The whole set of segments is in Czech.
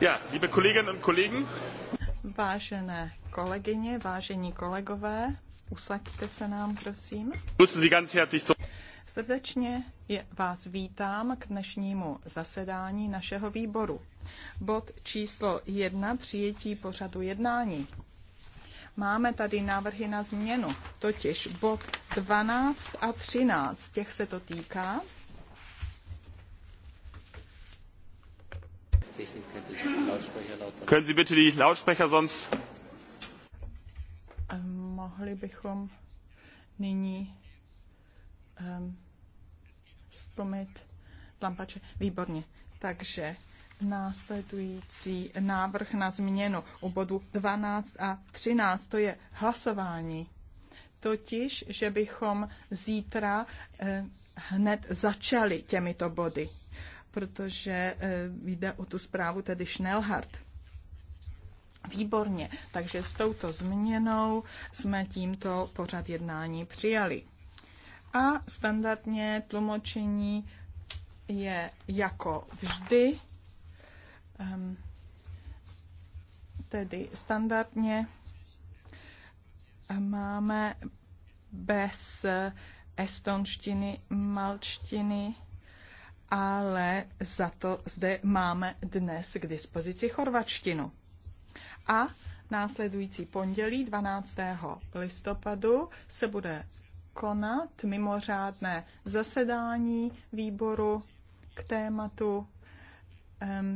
Ja, liebe Kolleginnen und Kollegen. Vážené kolegyně, vážení kolegové, usaďte se nám, prosím. Grüße Sie ganz herzlich zu Srdečně je, vás vítám k dnešnímu zasedání našeho výboru. Bod číslo jedna přijetí pořadu jednání. Máme tady návrhy na změnu, totiž bod 12 a 13, těch se to týká. Können Sie bitte die Lautsprecher sonst? Mohli bychom nyní um, stlumit lampače. Výborně. Takže následující návrh na změnu u bodu 12 a 13, to je hlasování. Totiž, že bychom zítra eh, hned začali těmito body protože eh, jde o tu zprávu tedy Schnellhardt. Výborně, takže s touto změnou jsme tímto pořad jednání přijali. A standardně tlumočení je jako vždy, ehm, tedy standardně máme bez estonštiny, malčtiny, ale za to zde máme dnes k dispozici chorvačtinu. A následující pondělí 12. listopadu se bude konat mimořádné zasedání výboru k tématu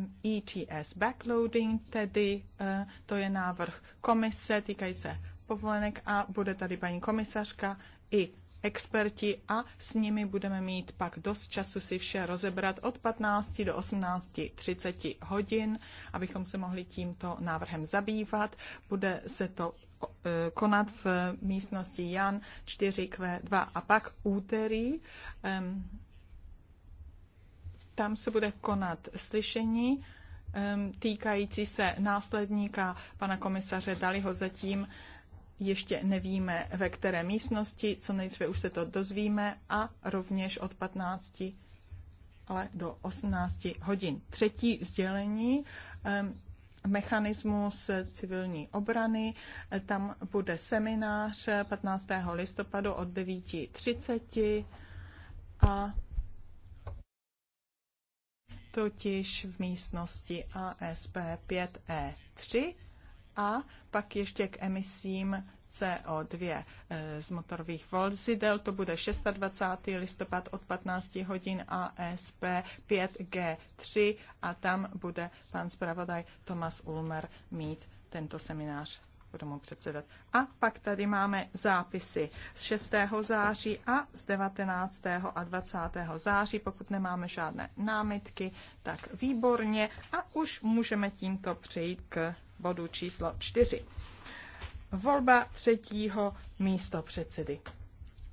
um, ETS backloading, tedy uh, to je návrh komise týkající povolenek a bude tady paní komisařka i experti a s nimi budeme mít pak dost času si vše rozebrat od 15 do 18.30 hodin, abychom se mohli tímto návrhem zabývat. Bude se to eh, konat v místnosti Jan 4Q2 a pak úterý. Tam se bude konat slyšení týkající se následníka pana komisaře Daliho zatím ještě nevíme, ve které místnosti, co nejdříve už se to dozvíme a rovněž od 15 ale do 18 hodin. Třetí sdělení, mechanismus civilní obrany. Tam bude seminář 15. listopadu od 9.30 a totiž v místnosti ASP 5E3 a pak ještě k emisím CO2 eh, z motorových vozidel, to bude 26. listopad od 15 hodin ASP 5G3 a tam bude pan zpravodaj Tomas Ulmer mít tento seminář budu předsedat. A pak tady máme zápisy z 6. září a z 19. a 20. září. Pokud nemáme žádné námitky, tak výborně. A už můžeme tímto přejít k bodu číslo 4. Volba třetího místo předsedy.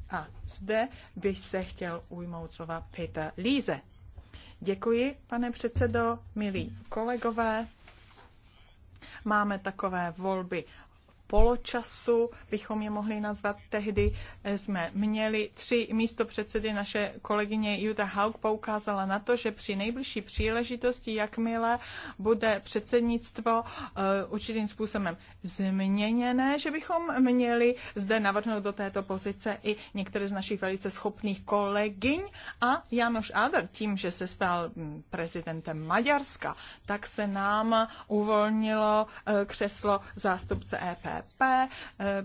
A zde bych se chtěl ujmout slova Peter Líze. Děkuji, pane předsedo, milí kolegové. Máme takové volby poločasu, bychom je mohli nazvat tehdy, eh, jsme měli tři místo předsedy. Naše kolegyně Jutta Haug poukázala na to, že při nejbližší příležitosti, jakmile bude předsednictvo eh, určitým způsobem změněné, že bychom měli zde navrhnout do této pozice i některé z našich velice schopných kolegyň a Janoš Ader, tím, že se stal hm, prezidentem Maďarska, tak se nám uvolnilo eh, křeslo zástupce EP EP, eh,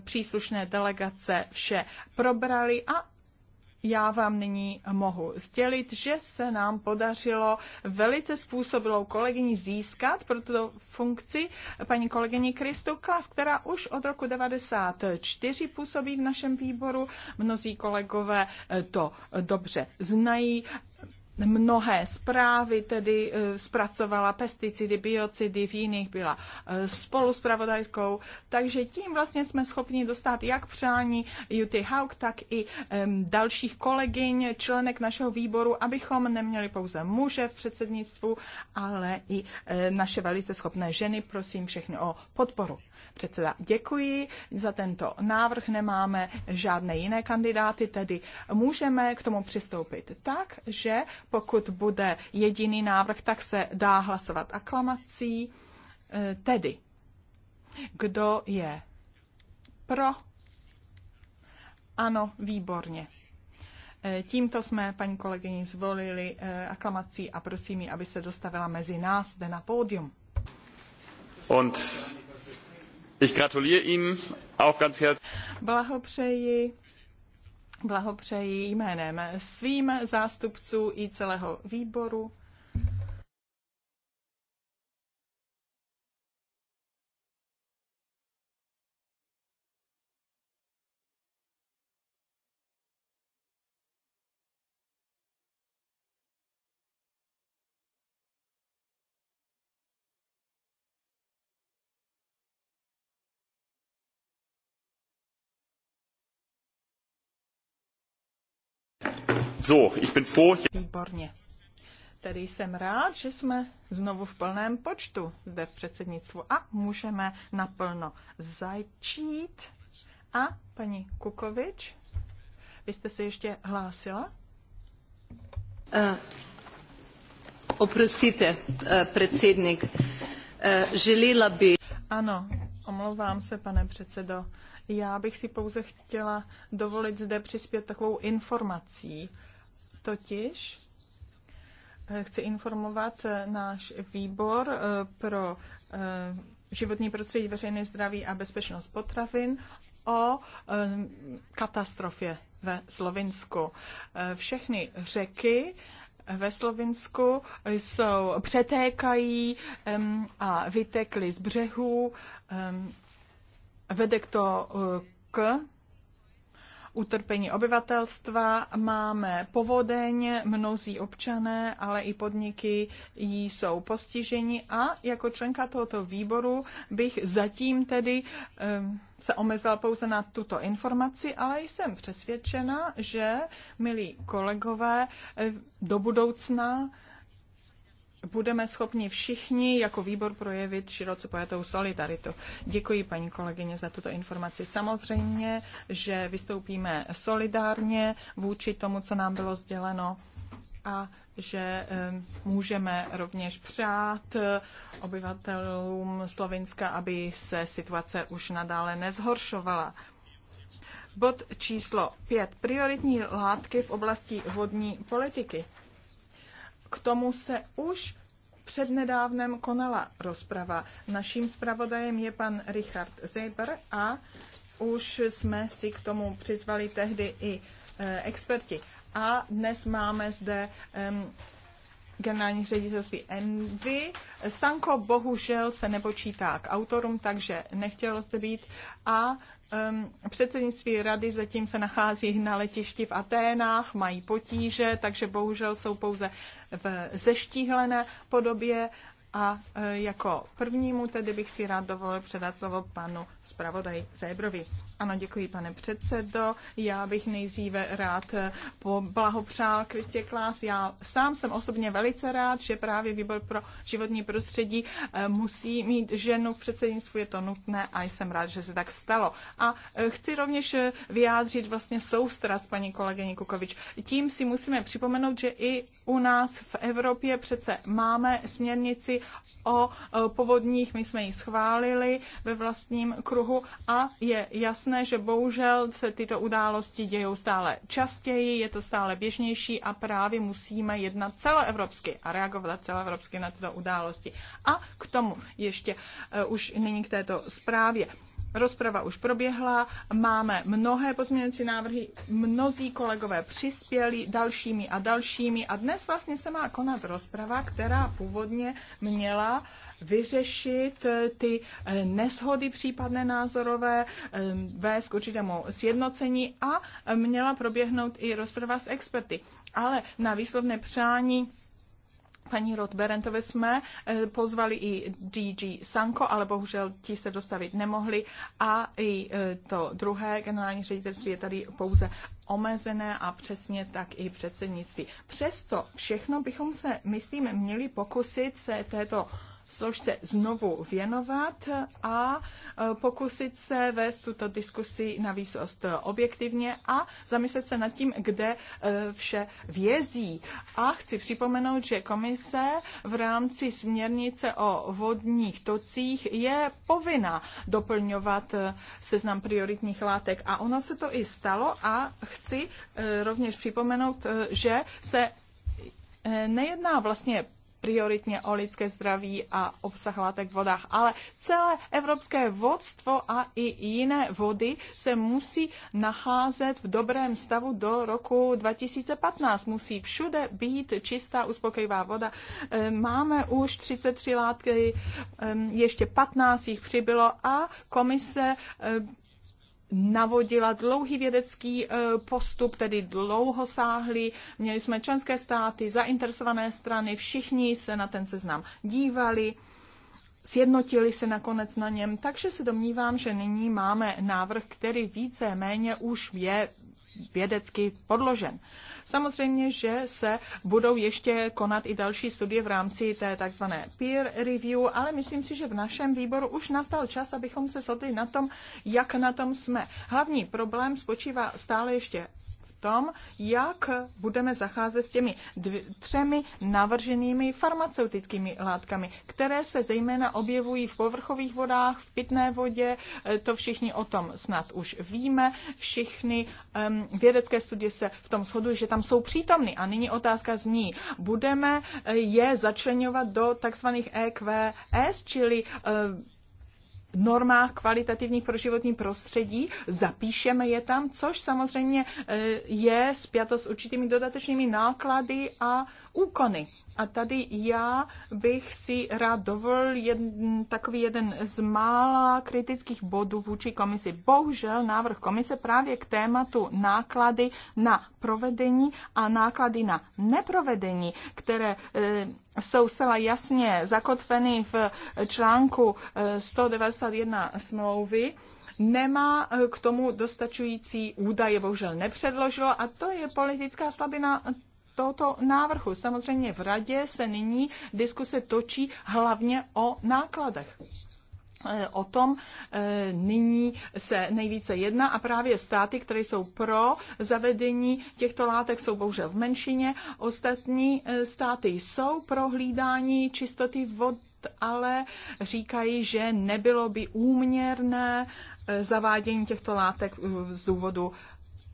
příslušné delegace vše probrali a já vám nyní mohu sdělit, že se nám podařilo velice způsobilou kolegyni získat pro tuto funkci paní kolegyni Kristu Klas, která už od roku 1994 působí v našem výboru. Mnozí kolegové eh, to dobře znají mnohé zprávy, tedy e, zpracovala pesticidy, biocidy, v jiných byla e, spolu s takže tím vlastně jsme schopni dostat jak přání Juty Hauk, tak i dalších kolegyň, členek našeho výboru, abychom neměli pouze muže v předsednictvu, ale i e, naše velice schopné ženy. Prosím všechny o podporu. Předseda, děkuji za tento návrh. Nemáme žádné jiné kandidáty, tedy můžeme k tomu přistoupit tak, že pokud bude jediný návrh, tak se dá hlasovat aklamací. E, tedy, kdo je pro? Ano, výborně. E, tímto jsme paní kolegyni zvolili e, aklamací a prosím ji, aby se dostavila mezi nás zde na pódium. Und Ich gratuliere Ihnen auch ganz herzlich. Blahopřeji blahopřeji jménem svým zástupců i celého výboru. So, ich bin froh. Výborně. Tedy jsem rád, že jsme znovu v plném počtu zde v předsednictvu a můžeme naplno začít. A paní Kukovič, vy jste se ještě hlásila? Uh, eh, oprostíte, uh, eh, předsednik. Uh, eh, želila by... Ano, omlouvám se, pane předsedo. Já bych si pouze chtěla dovolit zde přispět takovou informací Totiž eh, chci informovat eh, náš výbor eh, pro životní prostředí, veřejné zdraví a bezpečnost potravin o katastrofě ve Slovinsku. Všechny řeky ve Slovinsku jsou, přetékají a vytekly z břehů. Vede k to k utrpení obyvatelstva, máme povodeň, mnozí občané, ale i podniky jí jsou postiženi a jako členka tohoto výboru bych zatím tedy se omezila pouze na tuto informaci, ale jsem přesvědčena, že, milí kolegové, do budoucna budeme schopni všichni jako výbor projevit široce pojatou solidaritu. Děkuji paní kolegyně za tuto informaci. Samozřejmě, že vystoupíme solidárně vůči tomu, co nám bylo sděleno a že eh, můžeme rovněž přát eh, obyvatelům Slovenska, aby se situace už nadále nezhoršovala. Bod číslo 5. Prioritní látky v oblasti vodní politiky. K tomu se už přednedávnem konala rozprava. Naším zpravodajem je pan Richard Zeber a už jsme si k tomu přizvali tehdy i e, experti. A dnes máme zde e, generální ředitelství Envy. Sanko bohužel se nepočítá k autorům, takže nechtělo zde být. A Um, předsednictví rady zatím se nachází na letišti v Aténách, mají potíže, takže bohužel jsou pouze v zeštíhlené podobě. A eh, jako prvnímu tedy bych si rád dovolil předat slovo panu zpravodaji Zébrovi. Ano, děkuji, pane předsedo. Já bych nejdříve rád eh, poblahopřál Kristě Klás. Já sám jsem osobně velice rád, že právě výbor pro životní prostředí eh, musí mít ženu v předsednictvu. Je to nutné a jsem rád, že se tak stalo. A eh, chci rovněž vyjádřit vlastně soustrast paní kolegyni Kukovič. Tím si musíme připomenout, že i u nás v Evropě přece máme směrnici o povodních. My jsme ji schválili ve vlastním kruhu a je jasné, jasné, že bohužel se tyto události dějou stále častěji, je to stále běžnější a právě musíme jednat celoevropsky a reagovat celoevropsky na tyto události. A k tomu ještě uh, už nyní k této zprávě. Rozprava už proběhla, máme mnohé pozměňující návrhy, mnozí kolegové přispěli dalšími a dalšími a dnes vlastně se má konat rozprava, která původně měla vyřešit eh, ty eh, neshody případné názorové, eh, vést k určitému sjednocení a měla proběhnout i rozprava s experty. Ale na výslovné přání paní Rotberentové jsme eh, pozvali i DG Sanko, ale bohužel ti se dostavit nemohli a i eh, to druhé generální ředitelství je tady pouze omezené a přesně tak i předsednictví. Přesto všechno bychom se, myslím, měli pokusit se této složce znovu věnovat a e, pokusit se vést tuto diskusi na výsost objektivně a zamyslet se nad tím, kde e, vše vězí. A chci připomenout, že komise v rámci směrnice o vodních tocích je povinna doplňovat e, seznam prioritních látek. A ono se to i stalo a chci rovněž připomenout, že se nejedná vlastně prioritně o lidské zdraví a obsah látek v vodách, ale celé evropské vodstvo a i jiné vody se musí nacházet v dobrém stavu do roku 2015. Musí všude být čistá, uspokojivá voda. Eh, máme už 33 látky, eh, ještě 15 jich přibylo a komise eh, navodila dlouhý vědecký eh, postup, tedy dlouho sáhli. Měli jsme členské státy, zainteresované strany, všichni se na ten seznam dívali, sjednotili se nakonec na něm, takže se domnívám, že nyní máme návrh, který více méně už je vědecky podložen. Samozřejmě, že se budou ještě konat i další studie v rámci té takzvané peer review, ale myslím si, že v našem výboru už nastal čas, abychom se shodli na tom, jak na tom jsme. Hlavní problém spočívá stále ještě tom, jak budeme zacházet s těmi dvě, třemi navrženými farmaceutickými látkami, které se zejména objevují v povrchových vodách, v pitné vodě. Eh, to všichni o tom snad už víme. Všichni um, vědecké studie se v tom shodují, že tam jsou přítomny. A nyní otázka zní, budeme eh, je začlenovat do takzvaných EQS, čili Uh, normách kvalitativních pro životní prostředí, zapíšeme je tam, což samozřejmě eh, je spjato s určitými dodatečnými náklady a úkony. A tady já bych si rád dovolil jeden, takový jeden z mála kritických bodů vůči komisi. Bohužel návrh komise právě k tématu náklady na provedení a náklady na neprovedení, které eh, jsou zcela jasně zakotveny v článku 191 eh, smlouvy, nemá eh, k tomu dostačující údaje, bohužel nepředložilo a to je politická slabina tohoto návrhu. Samozřejmě v radě se nyní diskuse točí hlavně o nákladech. Eh, o tom eh, nyní se nejvíce jedná a právě státy, které jsou pro zavedení těchto látek, jsou bohužel v menšině. Ostatní eh, státy jsou pro hlídání čistoty vod, ale říkají, že nebylo by úměrné zavádění těchto látek z důvodu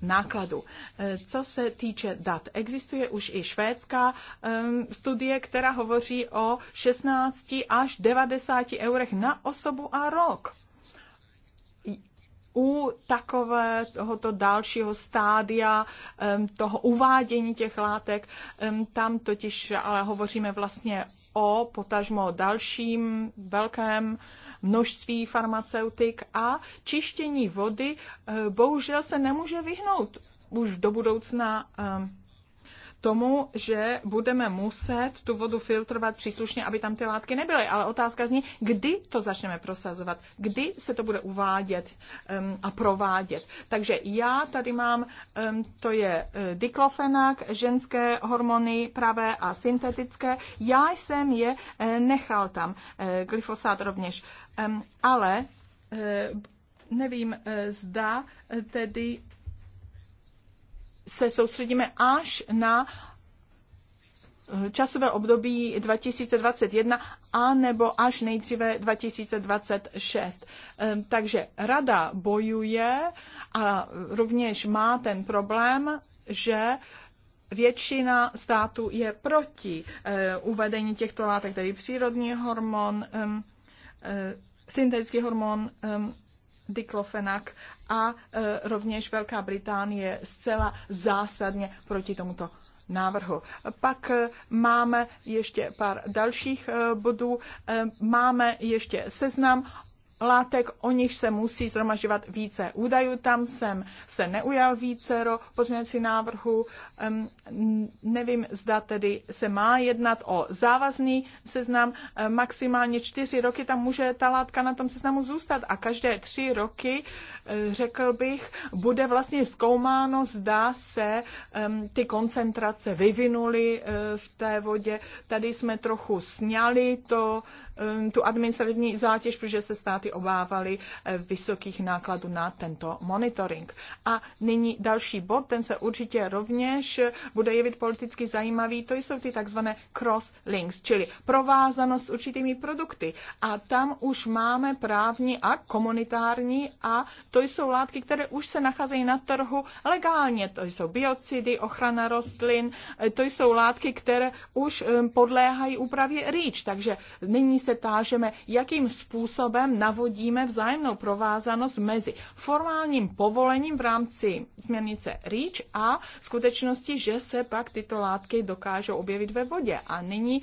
nákladu. Eh, co se týče dat, existuje už i švédská ehm, studie, která hovoří o 16 až 90 eurech na osobu a rok. U takového dalšího stádia ehm, toho uvádění těch látek, ehm, tam totiž ale hovoříme vlastně o potažmo dalším velkém množství farmaceutik a čištění vody eh, bohužel se nemůže vyhnout už do budoucna eh, tomu, že budeme muset tu vodu filtrovat příslušně, aby tam ty látky nebyly. Ale otázka zní, kdy to začneme prosazovat, kdy se to bude uvádět um, a provádět. Takže já tady mám, um, to je uh, diklofenak, ženské hormony pravé a syntetické. Já jsem je uh, nechal tam, uh, glyfosát rovněž. Um, ale uh, nevím, zda tedy se soustředíme až na eh, časové období 2021 a nebo až nejdříve 2026. Ehm, takže rada bojuje a rovněž má ten problém, že většina států je proti eh, uvedení těchto látek, tedy přírodní hormon, ehm, eh, syntetický hormon, ehm, diklofenak a e, rovněž Velká Británie zcela zásadně proti tomuto návrhu. Pak e, máme ještě pár dalších e, bodů. E, máme ještě seznam látek, o nich se musí zhromažďovat více údajů. Tam jsem se neujal více pozměňovací návrhu. Um, nevím, zda tedy se má jednat o závazný seznam. maximálně čtyři roky tam může ta látka na tom seznamu zůstat a každé tři roky, e, řekl bych, bude vlastně zkoumáno, zda se um, ty koncentrace vyvinuly e, v té vodě. Tady jsme trochu sněli to Um, tu administrativní zátěž, protože se státy obávaly eh, vysokých nákladů na tento monitoring. A nyní další bod, ten se určitě rovněž bude jevit politicky zajímavý, to jsou ty takzvané cross-links, čili provázanost s určitými produkty. A tam už máme právní a komunitární a to jsou látky, které už se nacházejí na trhu legálně. To jsou biocidy, ochrana rostlin, eh, to jsou látky, které už eh, podléhají úpravě REACH, takže nyní se tážeme, jakým způsobem navodíme vzájemnou provázanost mezi formálním povolením v rámci směrnice REACH a skutečnosti, že se pak tyto látky dokážou objevit ve vodě. A nyní e,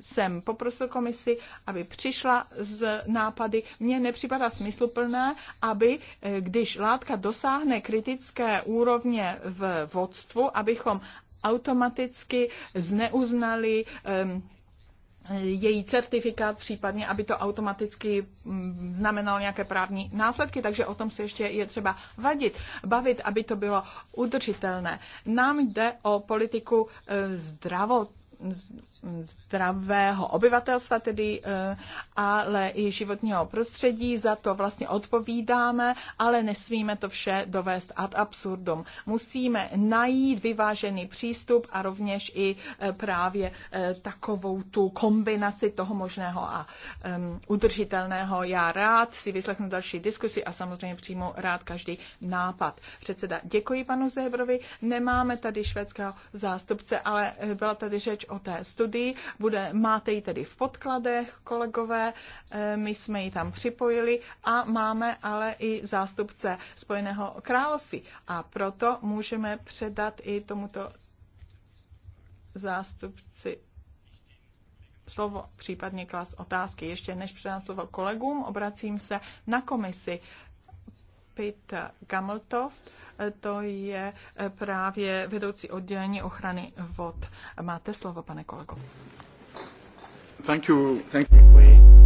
jsem poprosil komisi, aby přišla z nápady. Mně nepřipadá smysluplné, aby e, když látka dosáhne kritické úrovně v vodstvu, abychom automaticky zneuznali um, její certifikát, případně, aby to automaticky mm, znamenalo nějaké právní následky, takže o tom se ještě je třeba vadit, bavit, aby to bylo udržitelné. Nám jde o politiku eh, zdravot zdravého obyvatelstva tedy, eh, ale i životního prostředí. Za to vlastně odpovídáme, ale nesmíme to vše dovést ad absurdum. Musíme najít vyvážený přístup a rovněž i eh, právě eh, takovou tu kombinaci toho možného a udržitelného. Já rád si vyslechnu další diskusi a samozřejmě přijmu rád každý nápad. Předseda, děkuji panu Zébrovi. Nemáme tady švédského zástupce, ale byla tady řeč o té studii studii, bude, máte ji tedy v podkladech, kolegové, eh, my jsme ji tam připojili a máme ale i zástupce Spojeného království a proto můžeme předat i tomuto zástupci slovo, případně klas otázky. Ještě než předám slovo kolegům, obracím se na komisi Pit Gameltoft to je eh, právě vedoucí oddělení ochrany vod. Máte slovo, pane kolego. Thank you. Thank you.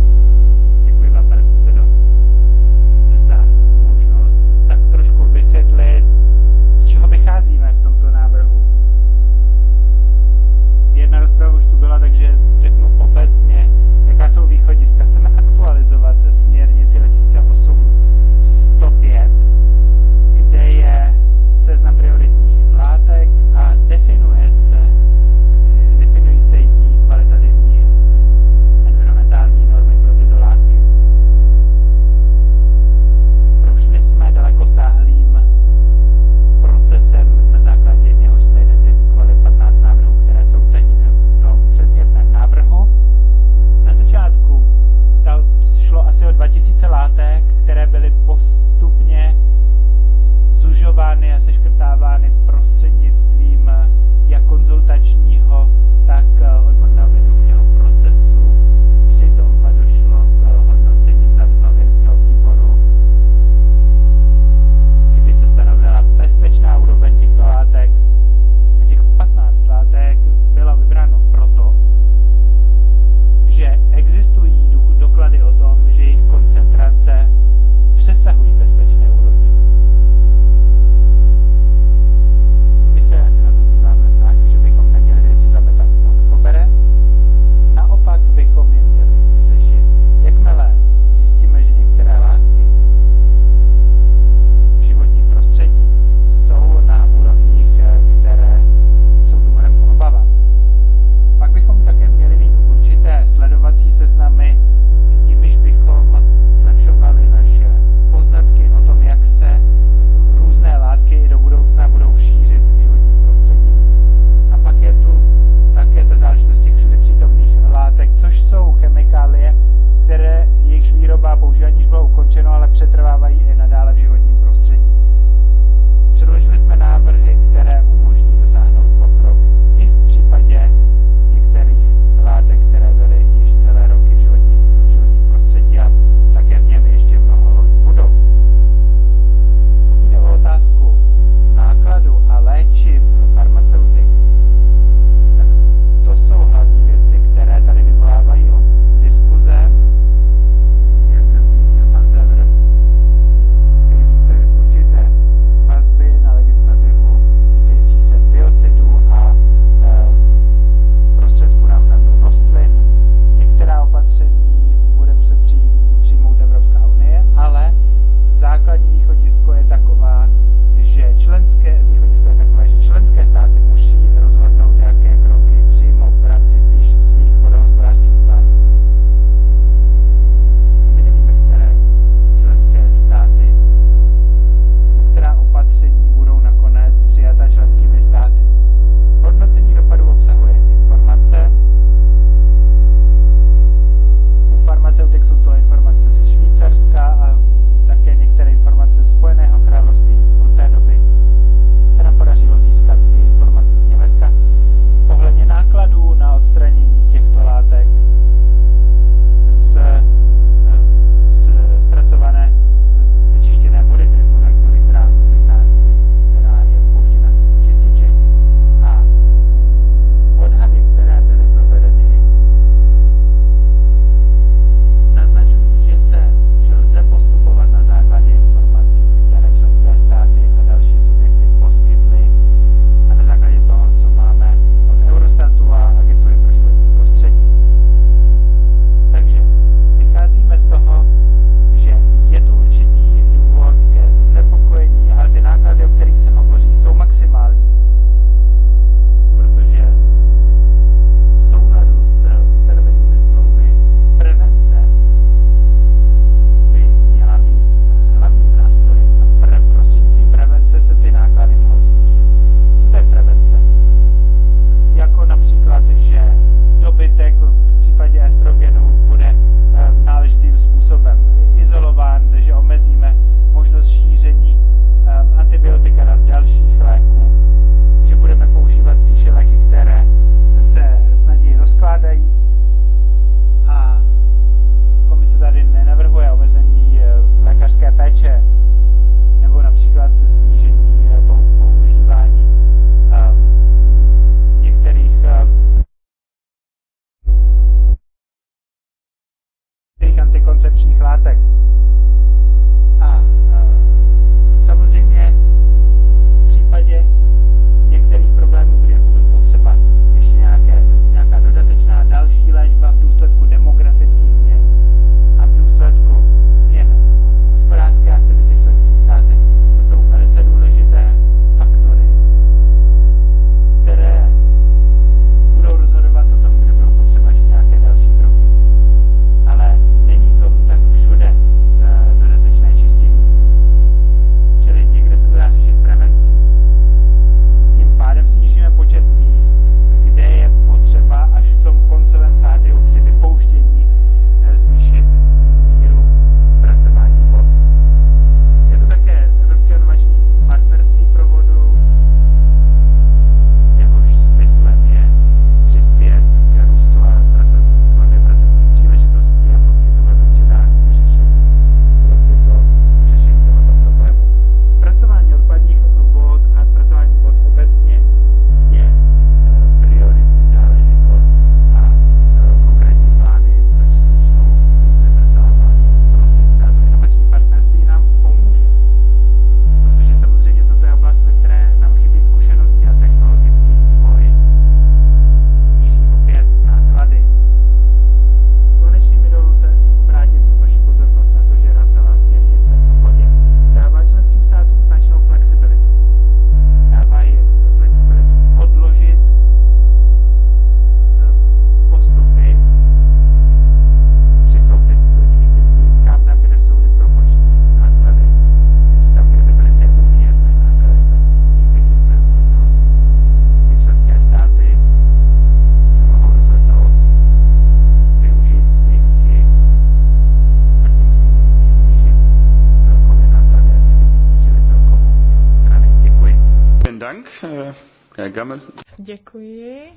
Děkuji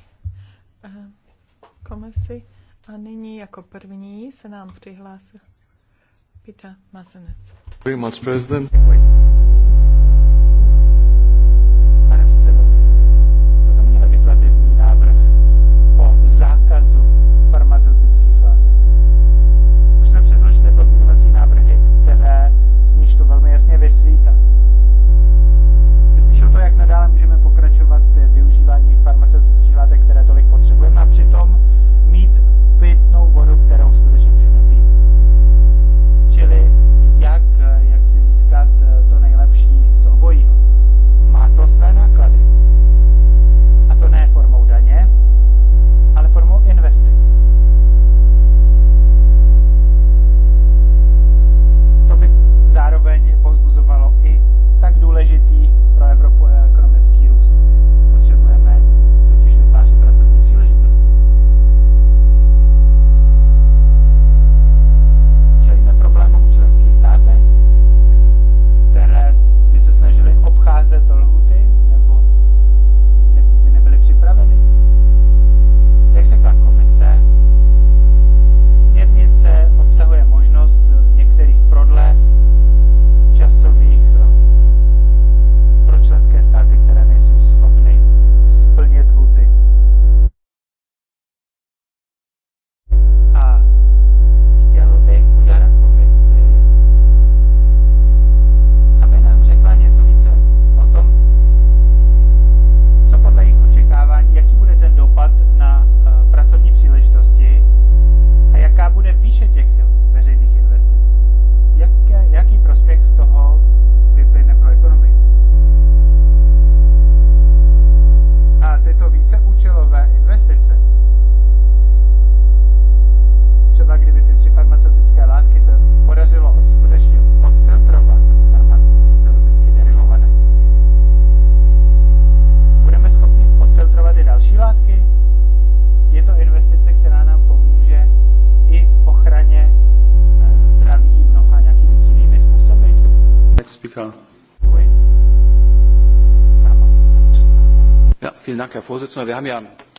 eh, komisi. A nyní jako první se nám přihlásil Pita Masenec. Very much, President.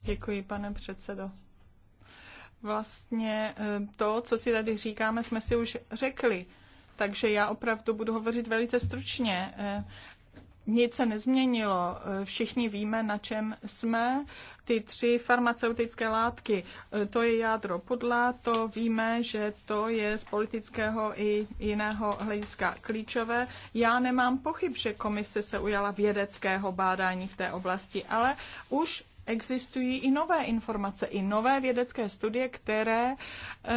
Děkuji, pane předsedo. Vlastně eh, to, co si tady říkáme, jsme si už řekli takže já opravdu budu hovořit velice stručně. Eh, nic se nezměnilo. Eh, všichni víme, na čem jsme. Ty tři farmaceutické látky, eh, to je jádro pudla, to víme, že to je z politického i jiného hlediska klíčové. Já nemám pochyb, že komise se ujala vědeckého bádání v té oblasti, ale už existují i nové informace, i nové vědecké studie, které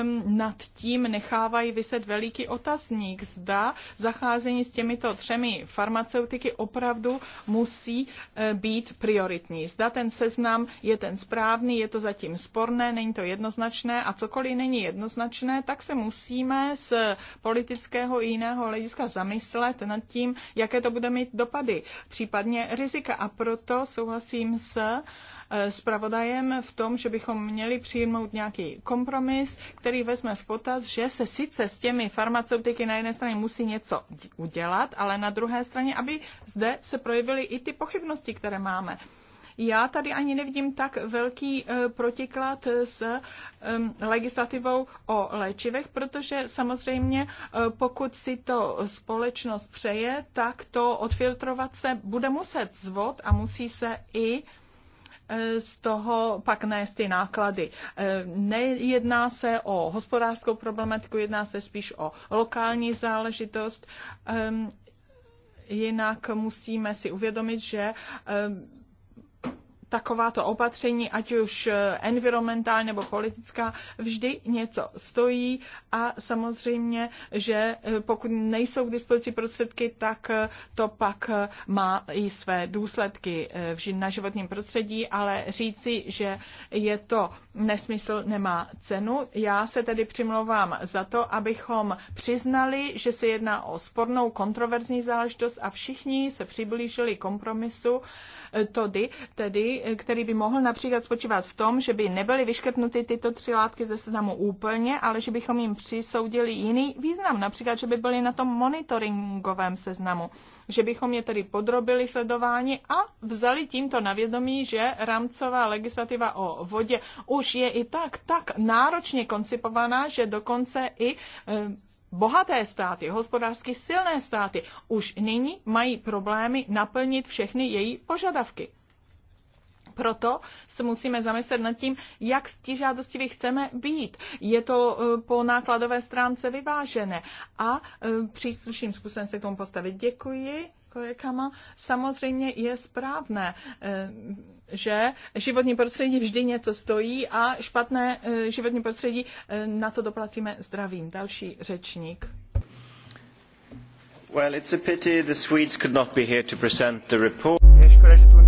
um, nad tím nechávají vyset veliký otazník. Zda zacházení s těmito třemi farmaceutiky opravdu musí uh, být prioritní. Zda ten seznam je ten správný, je to zatím sporné, není to jednoznačné a cokoliv není jednoznačné, tak se musíme z politického i jiného hlediska zamyslet nad tím, jaké to bude mít dopady, případně rizika. A proto souhlasím s Eh, zpravodajem v tom, že bychom měli přijmout nějaký kompromis, který vezme v potaz, že se sice s těmi farmaceutiky na jedné straně musí něco udělat, ale na druhé straně, aby zde se projevily i ty pochybnosti, které máme. Já tady ani nevidím tak velký eh, protiklad s legislativou o léčivech, protože samozřejmě eh, pokud si to společnost přeje, tak to odfiltrovat se bude muset zvod a musí se i E, z toho pak nést ty náklady. E, nejedná se o hospodářskou problematiku, jedná se spíš o lokální záležitost. Ehm, jinak musíme si uvědomit, že ehm, takováto opatření, ať už eh, environmentální nebo politická, vždy něco stojí a samozřejmě, že eh, pokud nejsou k dispozici prostředky, tak eh, to pak má i své důsledky na životním prostředí, ale říci, že je to nesmysl, nemá cenu. Já se tedy přimlouvám za to, abychom přiznali, že se jedná o spornou kontroverzní záležitost a všichni se přiblížili kompromisu, Tody, tedy, který by mohl například spočívat v tom, že by nebyly vyškrtnuty tyto tři látky ze seznamu úplně, ale že bychom jim přisoudili jiný význam, například, že by byly na tom monitoringovém seznamu, že bychom je tedy podrobili sledování a vzali tímto na vědomí, že rámcová legislativa o vodě už je i tak tak náročně koncipovaná, že dokonce i eh, bohaté státy, hospodářsky silné státy už nyní mají problémy naplnit všechny její požadavky. Proto se musíme zamyslet nad tím, jak žádostiví chceme být. Je to eh, po nákladové stránce vyvážené a eh, příslušným způsobem se k tomu postavit. Děkuji kolegama, samozřejmě je správné, eh, že životní prostředí vždy něco stojí a špatné eh, životní prostředí eh, na to doplacíme zdravím. Další řečník. Well, it's a pity the Swedes could not be here to present the report. Je škoda, že tu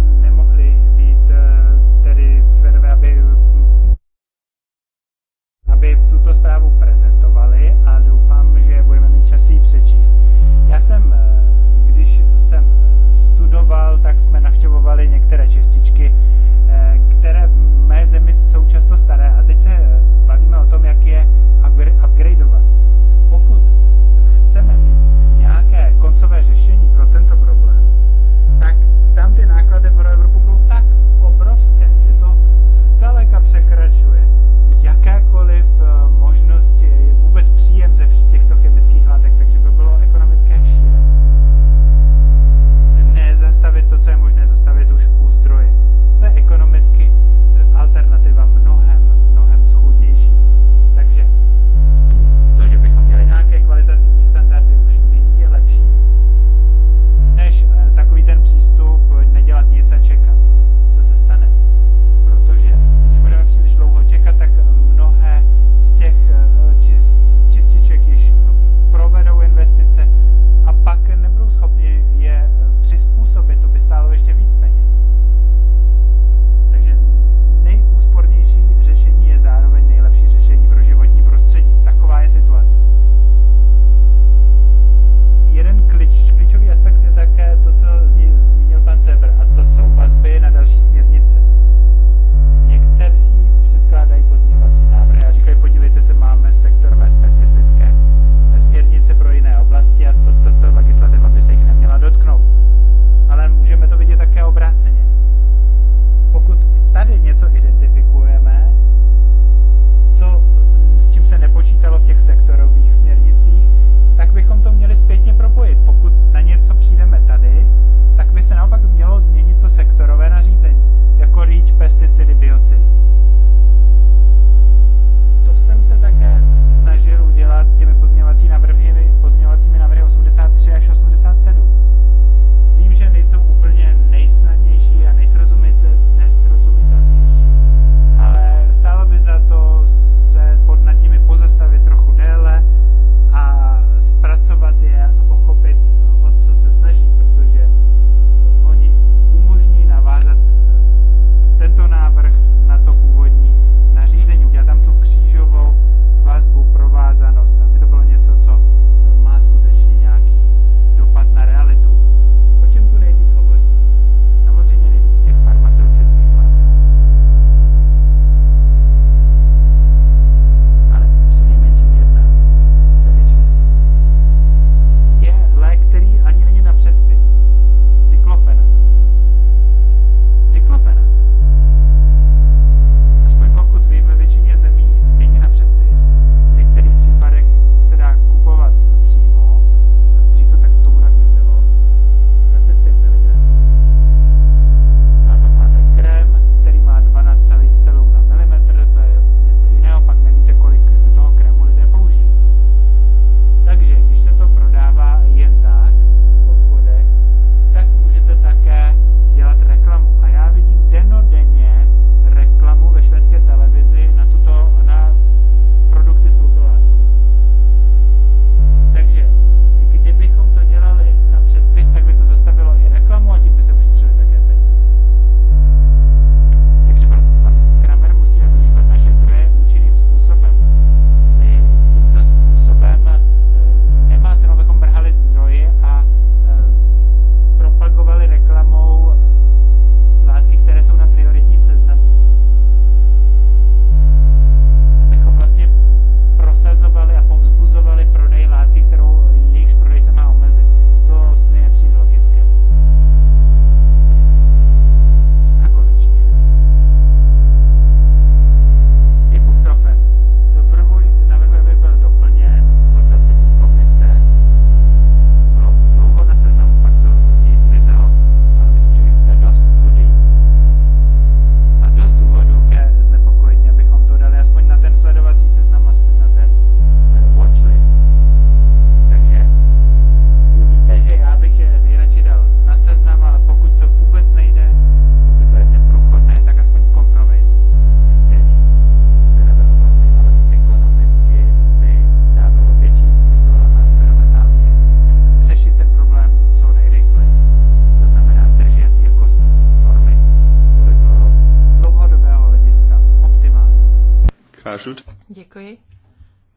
Děkuji,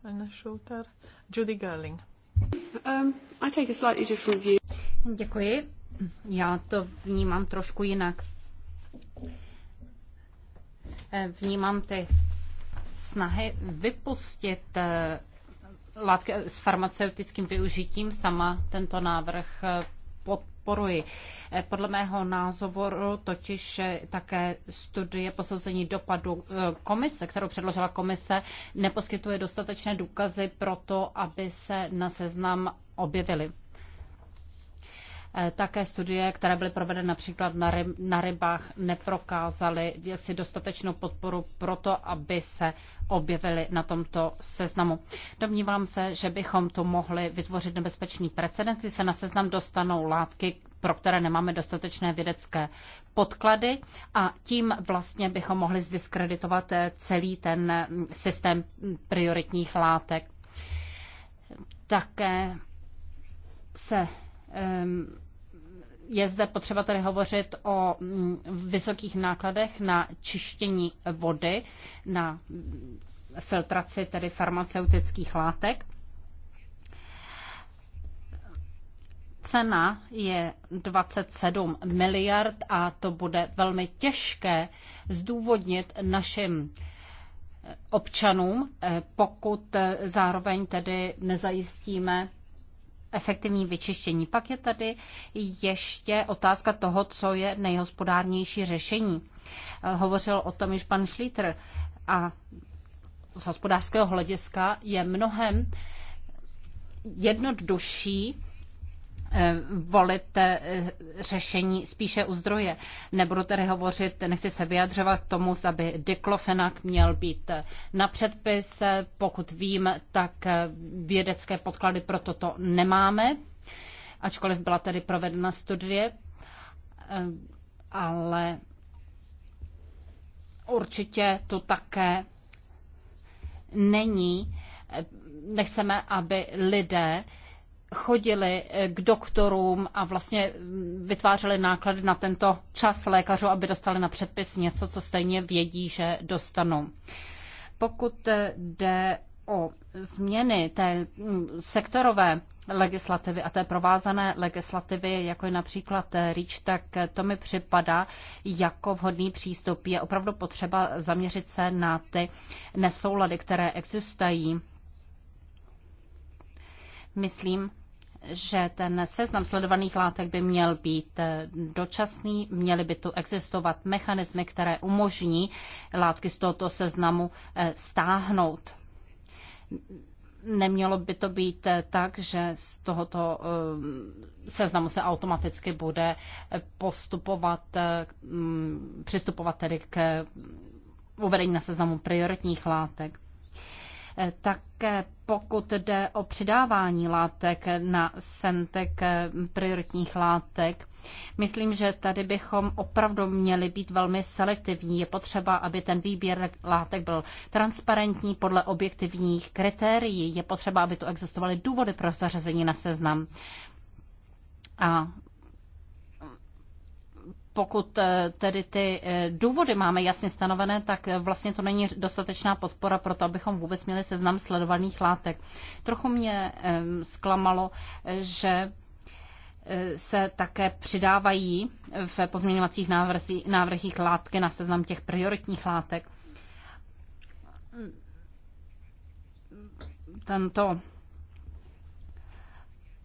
Anna Šoutar. Judy Gerling. Um, I take a slightly different view. Děkuji. Já to vnímám trošku jinak. Eh, vnímám ty snahy vypustit eh, látky eh, s farmaceutickým využitím sama tento návrh podporuji. Eh, podle mého názoru totiž eh, také studie posouzení dopadu eh, komise, kterou předložila komise, neposkytuje dostatečné důkazy pro to, aby se na seznam objevily. Eh, také studie, které byly provedeny například na, ryb, na rybách, neprokázaly si dostatečnou podporu pro to, aby se objevily na tomto seznamu. Domnívám se, že bychom tu mohli vytvořit nebezpečný precedent, kdy se na seznam dostanou látky, pro které nemáme dostatečné vědecké podklady a tím vlastně bychom mohli zdiskreditovat eh, celý ten mm, systém prioritních látek. Také se um, je zde potřeba tedy hovořit o mm, vysokých nákladech na čištění vody, na filtraci tedy farmaceutických látek. Cena je 27 miliard a to bude velmi těžké zdůvodnit našim eh, občanům, eh, pokud eh, zároveň tedy nezajistíme efektivní vyčištění. Pak je tady ještě otázka toho, co je nejhospodárnější řešení. Eh, hovořil o tom již pan Šlítr a z hospodářského hlediska je mnohem jednodušší Eh, volit eh, řešení spíše u zdroje. Nebudu tedy hovořit, nechci se vyjadřovat k tomu, aby diklofenak měl být eh, na předpis. Pokud vím, tak vědecké podklady pro toto nemáme, ačkoliv byla tedy provedena studie, ale určitě to také není. Nechceme, aby lidé chodili eh, k doktorům a vlastně mm, vytvářeli náklady na tento čas lékařů, aby dostali na předpis něco, co stejně vědí, že dostanou. Pokud eh, jde o změny té mm, sektorové legislativy a té provázané legislativy, jako je například eh, REACH, tak to mi připadá jako vhodný přístup. Je opravdu potřeba zaměřit se na ty nesoulady, které existují. Myslím, že ten seznam sledovaných látek by měl být eh, dočasný, měly by tu existovat mechanismy, které umožní látky z tohoto seznamu eh, stáhnout. Nemělo by to být eh, tak, že z tohoto seznamu se automaticky bude postupovat, přistupovat tedy k uvedení na seznamu prioritních látek. Také pokud jde o přidávání látek na sentek eh, prioritních látek, myslím, že tady bychom opravdu měli být velmi selektivní. Je potřeba, aby ten výběr látek byl transparentní podle objektivních kritérií. Je potřeba, aby tu existovaly důvody pro zařazení na seznam. A pokud eh, tedy ty eh, důvody máme jasně stanovené, tak eh, vlastně to není dostatečná podpora pro to, abychom vůbec měli seznam sledovaných látek. Trochu mě zklamalo, že se také přidávají v pozměňovacích návrhích látky na seznam těch prioritních látek. Tento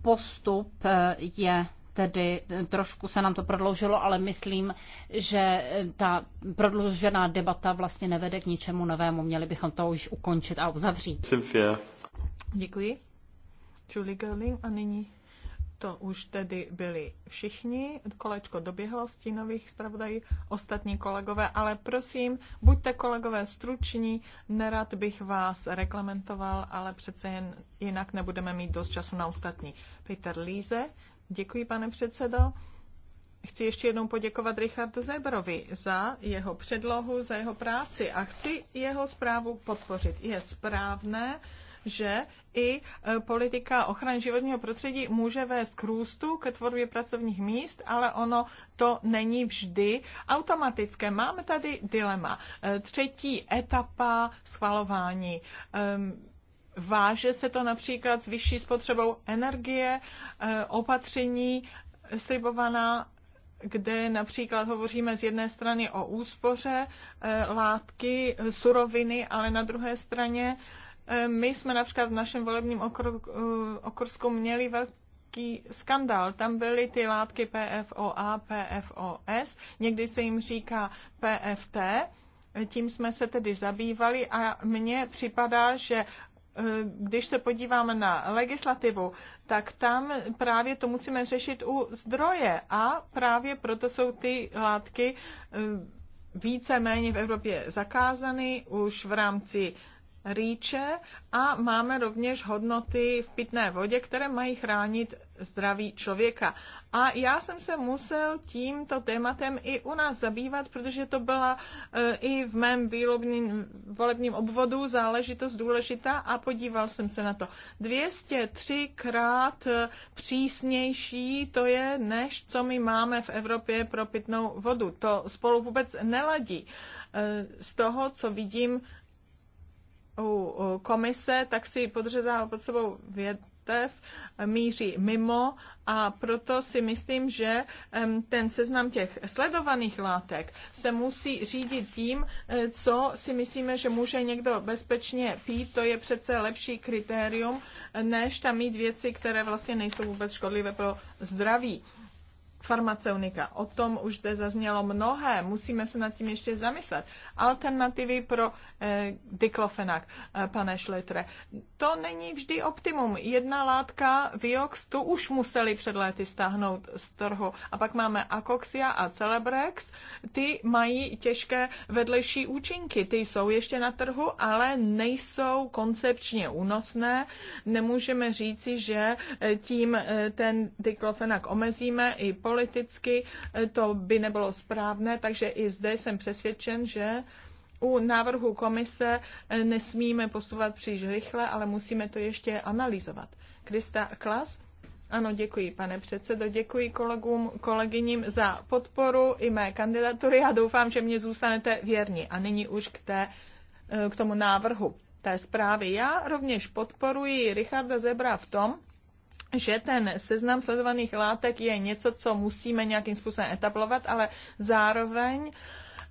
postup je tedy trošku se nám to prodloužilo, ale myslím, že ta prodloužená debata vlastně nevede k ničemu novému. Měli bychom to už ukončit a uzavřít. Děkuji. Julie Gerling a nyní to už tedy byli všichni. Kolečko doběhlo nových. zpravodají, ostatní kolegové, ale prosím, buďte kolegové struční, nerad bych vás reklamentoval, ale přece jen jinak nebudeme mít dost času na ostatní. Peter Líze, Děkuji, pane předsedo. Chci ještě jednou poděkovat Richardu Zebrovi za jeho předlohu, za jeho práci a chci jeho zprávu podpořit. Je správné, že i e, politika ochrany životního prostředí může vést k růstu, ke tvorbě pracovních míst, ale ono to není vždy automatické. Máme tady dilema. E, třetí etapa schvalování. Um, Váže se to například s vyšší spotřebou energie, eh, opatření slibovaná, kde například hovoříme z jedné strany o úspoře eh, látky, suroviny, ale na druhé straně eh, my jsme například v našem volebním okrsku měli velký skandál. Tam byly ty látky PFOA, PFOS, někdy se jim říká PFT, tím jsme se tedy zabývali a mně připadá, že Eh, když se podíváme na legislativu, tak tam právě to musíme řešit u zdroje a právě proto jsou ty látky eh, více méně v Evropě zakázány už v rámci rýče a máme rovněž hodnoty v pitné vodě, které mají chránit zdraví člověka. A já jsem se musel tímto tématem i u nás zabývat, protože to byla eh, i v mém výlobním, volebním obvodu záležitost důležitá a podíval jsem se na to. 203 krát eh, přísnější to je, než co my máme v Evropě pro pitnou vodu. To spolu vůbec neladí. Eh, z toho, co vidím u komise, tak si podřezává pod sebou větev, eh, míří mimo a proto si myslím, že ten seznam těch sledovaných látek se musí řídit tím, eh, co si myslíme, že může někdo bezpečně pít. To je přece lepší kritérium, eh, než tam mít věci, které vlastně nejsou vůbec škodlivé pro zdraví farmaceutika. O tom už zde zaznělo mnohé, musíme se nad tím ještě zamyslet. Alternativy pro eh, diklofenak, eh, pane Šletre. To není vždy optimum. Jedna látka, Viox, tu už museli před léty stáhnout z trhu. A pak máme Akoxia a Celebrex. Ty mají těžké vedlejší účinky. Ty jsou ještě na trhu, ale nejsou koncepčně únosné. Nemůžeme říci, že eh, tím eh, ten diklofenak omezíme i pol politicky, eh, to by nebylo správné, takže i zde jsem přesvědčen, že u návrhu komise eh, nesmíme postupovat příliš rychle, ale musíme to ještě analyzovat. Krista Klas? Ano, děkuji, pane předsedo, děkuji kolegům, kolegyním za podporu i mé kandidatury a doufám, že mě zůstanete věrni. A nyní už k, té, eh, k tomu návrhu té zprávy. Já rovněž podporuji Richarda Zebra v tom, že ten seznam sledovaných látek je něco, co musíme nějakým způsobem etablovat, ale zároveň uh,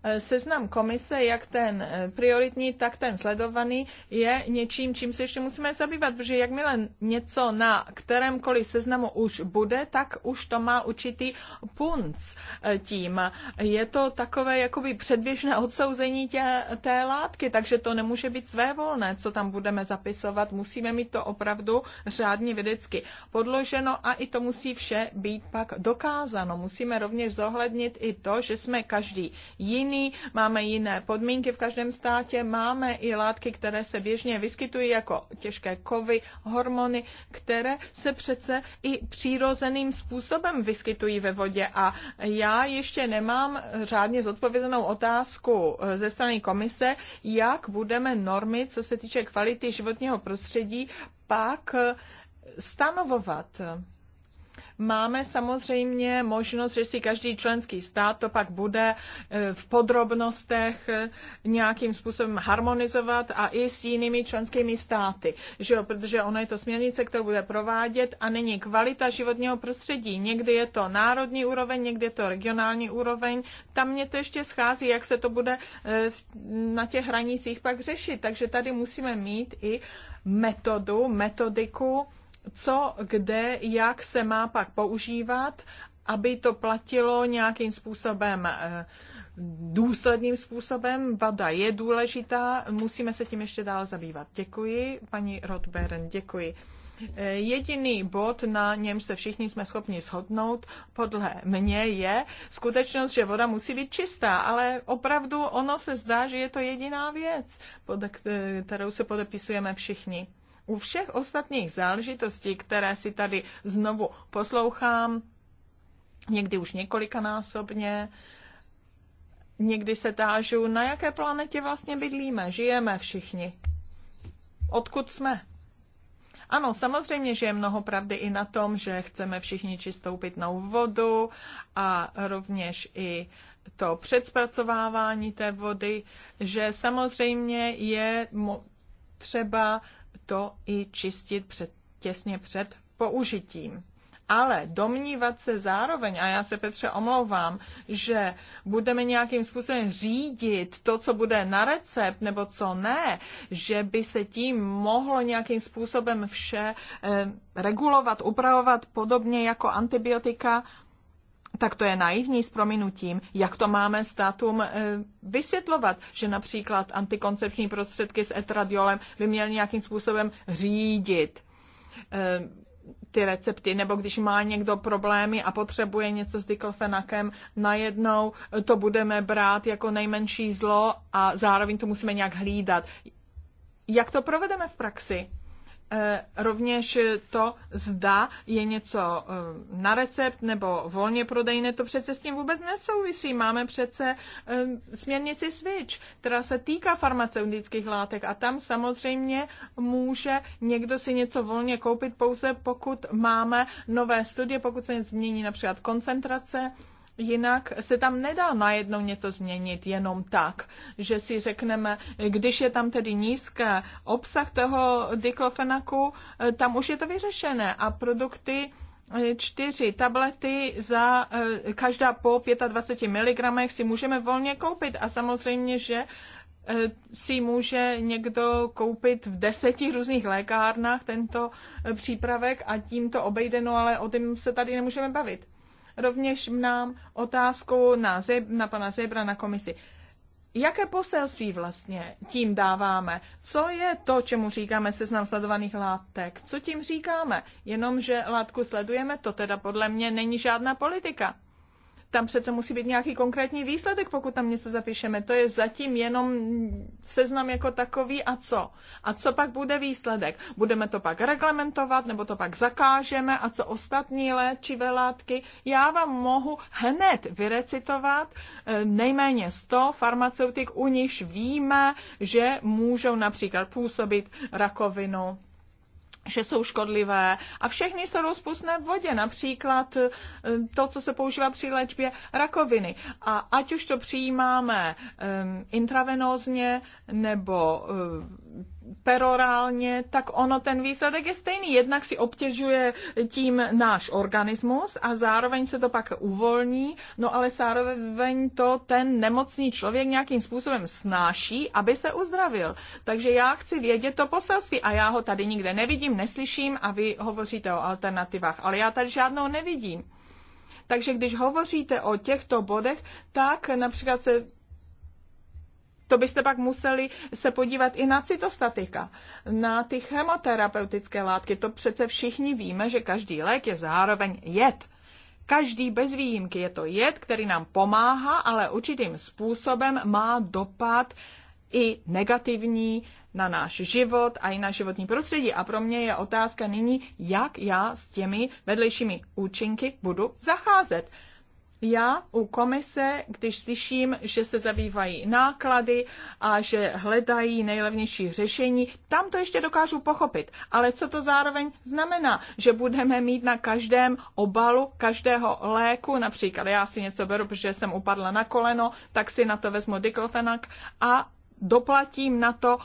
E, seznam komise, jak ten e, prioritní, tak ten sledovaný, je něčím, čím se ještě musíme zabývat, protože jakmile něco na kterémkoliv seznamu už bude, tak už to má určitý punc e, tím. Je to takové jakoby předběžné odsouzení tě, té látky, takže to nemůže být svévolné, co tam budeme zapisovat. Musíme mít to opravdu řádně vědecky podloženo a i to musí vše být pak dokázáno. Musíme rovněž zohlednit i to, že jsme každý jiný jiný, máme jiné podmínky v každém státě, máme i látky, které se běžně vyskytují jako těžké kovy, hormony, které se přece i přírozeným způsobem vyskytují ve vodě. A já ještě nemám řádně zodpovězenou otázku eh, ze strany komise, jak budeme normy, co se týče kvality životního prostředí, pak eh, stanovovat Máme samozřejmě možnost, že si každý členský stát to pak bude e, v podrobnostech e, nějakým způsobem harmonizovat a i s jinými členskými státy, že jo? protože ono je to směrnice, kterou bude provádět a není kvalita životního prostředí. Někdy je to národní úroveň, někdy je to regionální úroveň. Tam mě to ještě schází, jak se to bude e, na těch hranicích pak řešit. Takže tady musíme mít i metodu, metodiku, co, kde, jak se má pak používat, aby to platilo nějakým způsobem eh, důsledným způsobem. Vada je důležitá, musíme se tím ještě dál zabývat. Děkuji, paní Rodberen, děkuji. Eh, jediný bod, na něm se všichni jsme schopni shodnout, podle mě je skutečnost, že voda musí být čistá, ale opravdu ono se zdá, že je to jediná věc, pod kterou se podepisujeme všichni. U všech ostatních záležitostí, které si tady znovu poslouchám, někdy už několikanásobně, někdy se tážu, na jaké planetě vlastně bydlíme, žijeme všichni, odkud jsme. Ano, samozřejmě, že je mnoho pravdy i na tom, že chceme všichni čistou pitnou vodu a rovněž i to předzpracovávání té vody, že samozřejmě je třeba to i čistit před, těsně před použitím. Ale domnívat se zároveň, a já se Petře omlouvám, že budeme nějakým způsobem řídit to, co bude na recept nebo co ne, že by se tím mohlo nějakým způsobem vše eh, regulovat, upravovat, podobně jako antibiotika, tak to je naivní s prominutím, jak to máme státům eh, vysvětlovat, že například antikoncepční prostředky s etradiolem by měl nějakým způsobem řídit eh, ty recepty, nebo když má někdo problémy a potřebuje něco s diklofenakem, najednou eh, to budeme brát jako nejmenší zlo a zároveň to musíme nějak hlídat. Jak to provedeme v praxi? Eh, rovněž to, zda je něco eh, na recept nebo volně prodejné, to přece s tím vůbec nesouvisí. Máme přece eh, směrnici SWITCH, která se týká farmaceutických látek a tam samozřejmě může někdo si něco volně koupit pouze pokud máme nové studie, pokud se změní například koncentrace Jinak se tam nedá najednou něco změnit jenom tak, že si řekneme, když je tam tedy nízký obsah toho diklofenaku, eh, tam už je to vyřešené a produkty eh, čtyři tablety za eh, každá po 25 mg si můžeme volně koupit a samozřejmě, že si může někdo koupit v deseti různých lékárnách tento přípravek a tím to obejde, no ale o tom se tady nemůžeme bavit rovněž nám otázku na, Zeb, na pana Zebra na komisi. Jaké poselství vlastně tím dáváme? Co je to, čemu říkáme seznam sledovaných látek? Co tím říkáme? Jenom, že látku sledujeme, to teda podle mě není žádná politika tam přece musí být nějaký konkrétní výsledek, pokud tam něco zapíšeme. To je zatím jenom seznam jako takový a co. A co pak bude výsledek? Budeme to pak reglementovat, nebo to pak zakážeme a co ostatní léčivé látky? Já vám mohu hned vyrecitovat eh, nejméně 100 farmaceutik, u nichž víme, že můžou například působit rakovinu že jsou škodlivé a všechny se rozpustné v vodě, například eh, to, co se používá při léčbě rakoviny. A ať už to přijímáme um, intravenózně nebo um, perorálně, tak ono ten výsledek je stejný. Jednak si obtěžuje tím náš organismus a zároveň se to pak uvolní, no ale zároveň to ten nemocný člověk nějakým způsobem snáší, aby se uzdravil. Takže já chci vědět to poselství a já ho tady nikde nevidím, neslyším a vy hovoříte o alternativách, ale já tady žádnou nevidím. Takže když hovoříte o těchto bodech, tak například se to byste pak museli se podívat i na cytostatika, na ty chemoterapeutické látky. To přece všichni víme, že každý lék je zároveň jed. Každý bez výjimky je to jed, který nám pomáhá, ale určitým způsobem má dopad i negativní na náš život a i na životní prostředí. A pro mě je otázka nyní, jak já s těmi vedlejšími účinky budu zacházet. Já u komise, když slyším, že se zabývají náklady a že hledají nejlevnější řešení, tam to ještě dokážu pochopit. Ale co to zároveň znamená? Že budeme mít na každém obalu každého léku, například já si něco beru, protože jsem upadla na koleno, tak si na to vezmu diklofenak a doplatím na to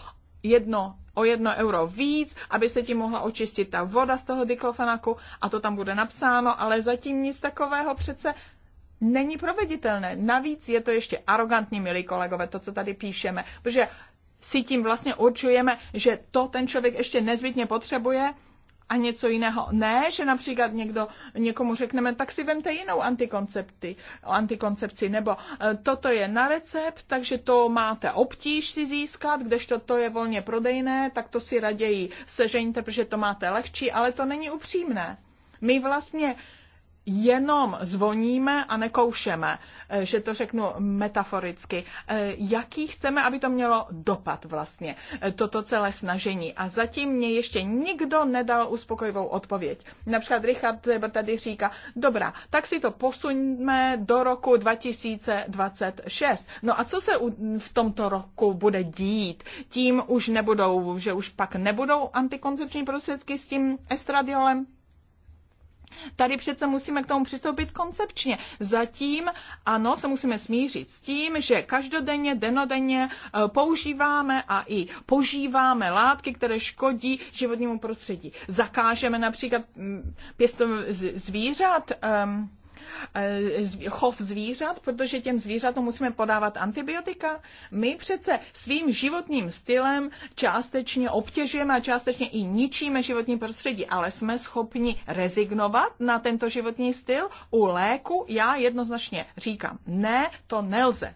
jedno o jedno euro víc, aby se ti mohla očistit ta voda z toho diklofenaku a to tam bude napsáno, ale zatím nic takového přece není proveditelné. Navíc je to ještě arrogantní, milí kolegové, to, co tady píšeme, protože si tím vlastně určujeme, že to ten člověk ještě nezbytně potřebuje a něco jiného. Ne, že například někdo, někomu řekneme, tak si vemte jinou antikoncepci, antikoncepci nebo e, toto je na recept, takže to máte obtíž si získat, kdežto to je volně prodejné, tak to si raději sežeňte, protože to máte lehčí, ale to není upřímné. My vlastně jenom zvoníme a nekoušeme, eh, že to řeknu metaforicky, eh, jaký chceme, aby to mělo dopad vlastně, eh, toto celé snažení. A zatím mě ještě nikdo nedal uspokojivou odpověď. Například Richard Zeber tady říká, dobrá, tak si to posuňme do roku 2026. No a co se v tomto roku bude dít? Tím už nebudou, že už pak nebudou antikoncepční prostředky s tím estradiolem? Tady přece musíme k tomu přistoupit koncepčně. Zatím, ano, se musíme smířit s tím, že každodenně, denodenně eh, používáme a i požíváme látky, které škodí životnímu prostředí. Zakážeme například mm, pěstování zvířat. Um, Eh, chov zvířat, protože těm zvířatům musíme podávat antibiotika. My přece svým životním stylem částečně obtěžujeme a částečně i ničíme životní prostředí, ale jsme schopni rezignovat na tento životní styl. U léku já jednoznačně říkám, ne, to nelze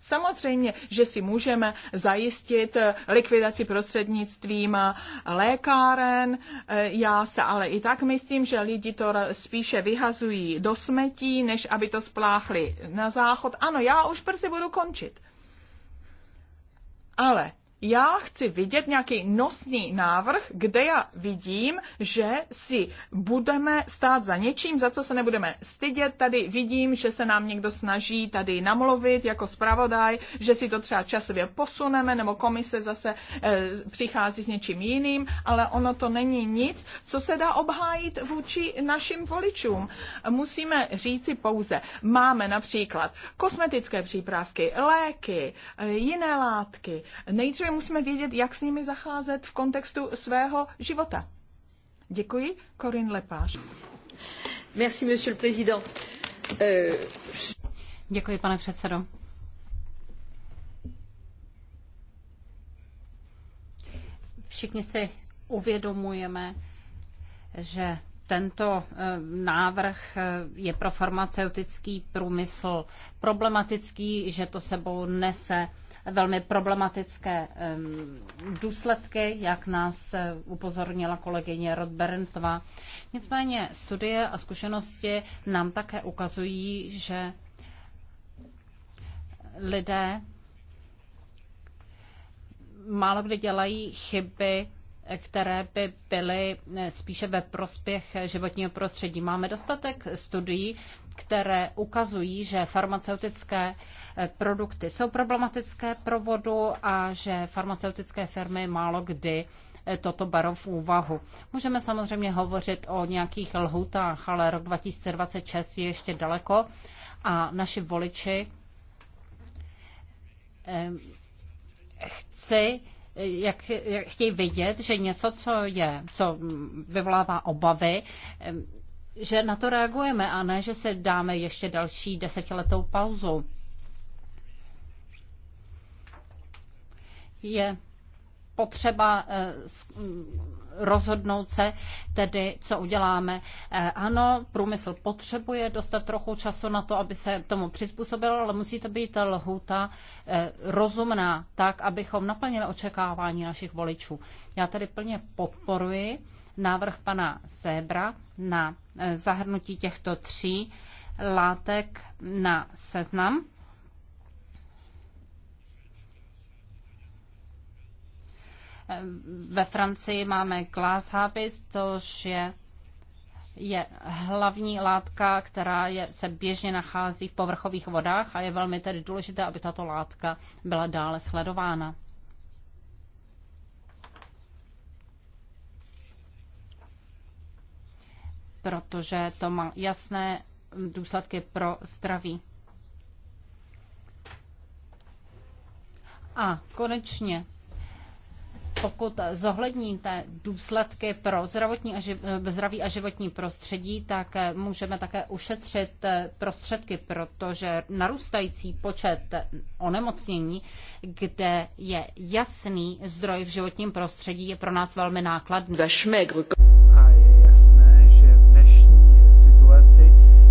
Samozřejmě, že si můžeme zajistit eh, likvidaci prostřednictvím eh, lékáren. Eh, já se ale i tak myslím, že lidi to spíše vyhazují do smetí, než aby to spláchli na záchod. Ano, já už brzy budu končit. Ale já chci vidět nějaký nosný návrh, kde já vidím, že si budeme stát za něčím, za co se nebudeme stydět. Tady vidím, že se nám někdo snaží tady namluvit jako zpravodaj, že si to třeba časově posuneme, nebo komise zase e, přichází s něčím jiným, ale ono to není nic, co se dá obhájit vůči našim voličům. Musíme říci pouze, máme například kosmetické přípravky, léky, eh, jiné látky, nejdříve musíme vědět, jak s nimi zacházet v kontextu svého života. Děkuji, Corin Lepáš. Merci, monsieur le président. Euh, Děkuji, pane předsedo. Všichni si uvědomujeme, že tento eh, návrh eh, je pro farmaceutický průmysl problematický, že to sebou nese velmi problematické důsledky, jak nás eh, upozornila kolegyně Rodberentva. Nicméně studie a zkušenosti nám také ukazují, že lidé málo kdy dělají chyby které by byly eh, spíše ve prospěch eh, životního prostředí. Máme dostatek studií, které ukazují, že farmaceutické eh, produkty jsou problematické pro vodu a že farmaceutické firmy málo kdy toto berou v úvahu. Můžeme samozřejmě hovořit o nějakých lhutách, ale rok 2026 je ještě daleko a naši voliči chci, jak, jak chtějí vidět, že něco, co je, co vyvolává obavy, že na to reagujeme a ne, že se dáme ještě další desetiletou pauzu. Je potřeba eh, rozhodnout se tedy, co uděláme. Eh, ano, průmysl potřebuje dostat trochu času na to, aby se tomu přizpůsobil, ale musí to být lhůta eh, rozumná, tak, abychom naplnili očekávání našich voličů. Já tedy plně podporuji návrh pana Sebra na eh, zahrnutí těchto tří látek na seznam. Ve Francii máme gláshabis, což je, je hlavní látka, která je, se běžně nachází v povrchových vodách a je velmi tedy důležité, aby tato látka byla dále sledována. protože to má jasné důsledky pro zdraví. A konečně pokud zohledníte důsledky pro zdravotní a živ, eh, zdraví a životní prostředí, tak eh, můžeme také ušetřit eh, prostředky, protože narůstající počet onemocnění, kde je jasný zdroj v životním prostředí, je pro nás velmi nákladný. A je jasné, že v dnešní situaci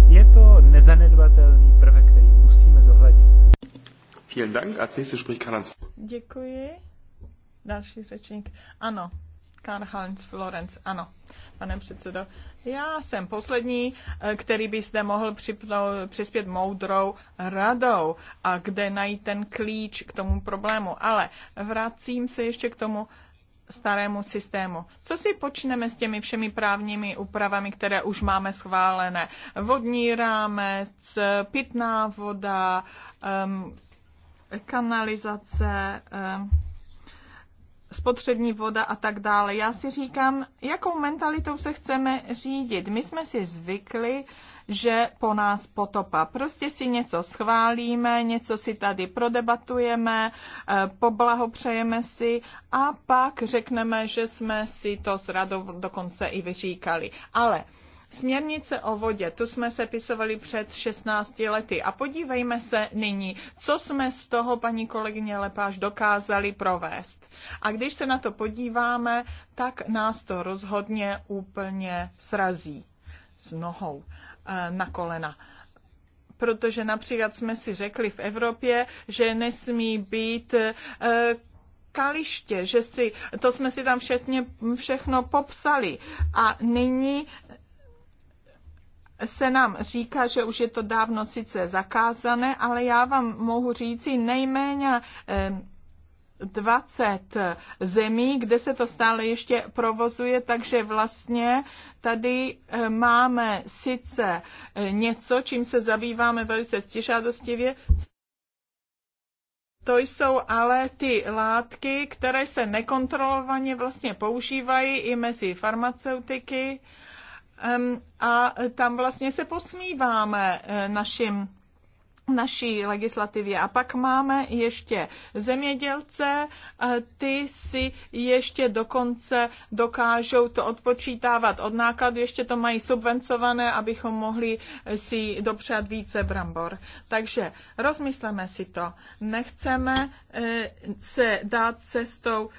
je to nezanedbatelný prvek, který musíme zohlednit. Vielen Dank. Als nächstes spricht karl Děkuji. Další řečník. Ano, Karl-Heinz Florenz, ano, pane předsedo. Já jsem poslední, eh, který by zde mohl přispět moudrou radou a kde najít ten klíč k tomu problému. Ale vracím se ještě k tomu starému systému. Co si počneme s těmi všemi právními úpravami, které už máme schválené? Vodní rámec, pitná voda, um, kanalizace, um, spotřební voda a tak dále. Já si říkám, jakou mentalitou se chceme řídit. My jsme si zvykli, že po nás potopa. Prostě si něco schválíme, něco si tady prodebatujeme, eh, poblahopřejeme si a pak řekneme, že jsme si to s radou dokonce i vyříkali. Ale Směrnice o vodě, tu jsme se pisovali před 16 lety a podívejme se nyní, co jsme z toho, paní kolegyně Lepáš, dokázali provést. A když se na to podíváme, tak nás to rozhodně úplně srazí s nohou eh, na kolena protože například jsme si řekli v Evropě, že nesmí být eh, kaliště, že si, to jsme si tam všechno popsali. A nyní se nám říká, že už je to dávno sice zakázané, ale já vám mohu říci nejméně 20 eh, zemí, kde se to stále ještě provozuje, takže vlastně tady eh, máme sice eh, něco, čím se zabýváme velice stěžádostivě, to jsou ale ty látky, které se nekontrolovaně vlastně používají i mezi farmaceutiky a tam vlastně se posmíváme eh, našim naší legislativě. A pak máme ještě zemědělce, ty si ještě dokonce dokážou to odpočítávat od nákladu, ještě to mají subvencované, abychom mohli eh, si dopřát více brambor. Takže rozmysleme si to. Nechceme eh, se dát cestou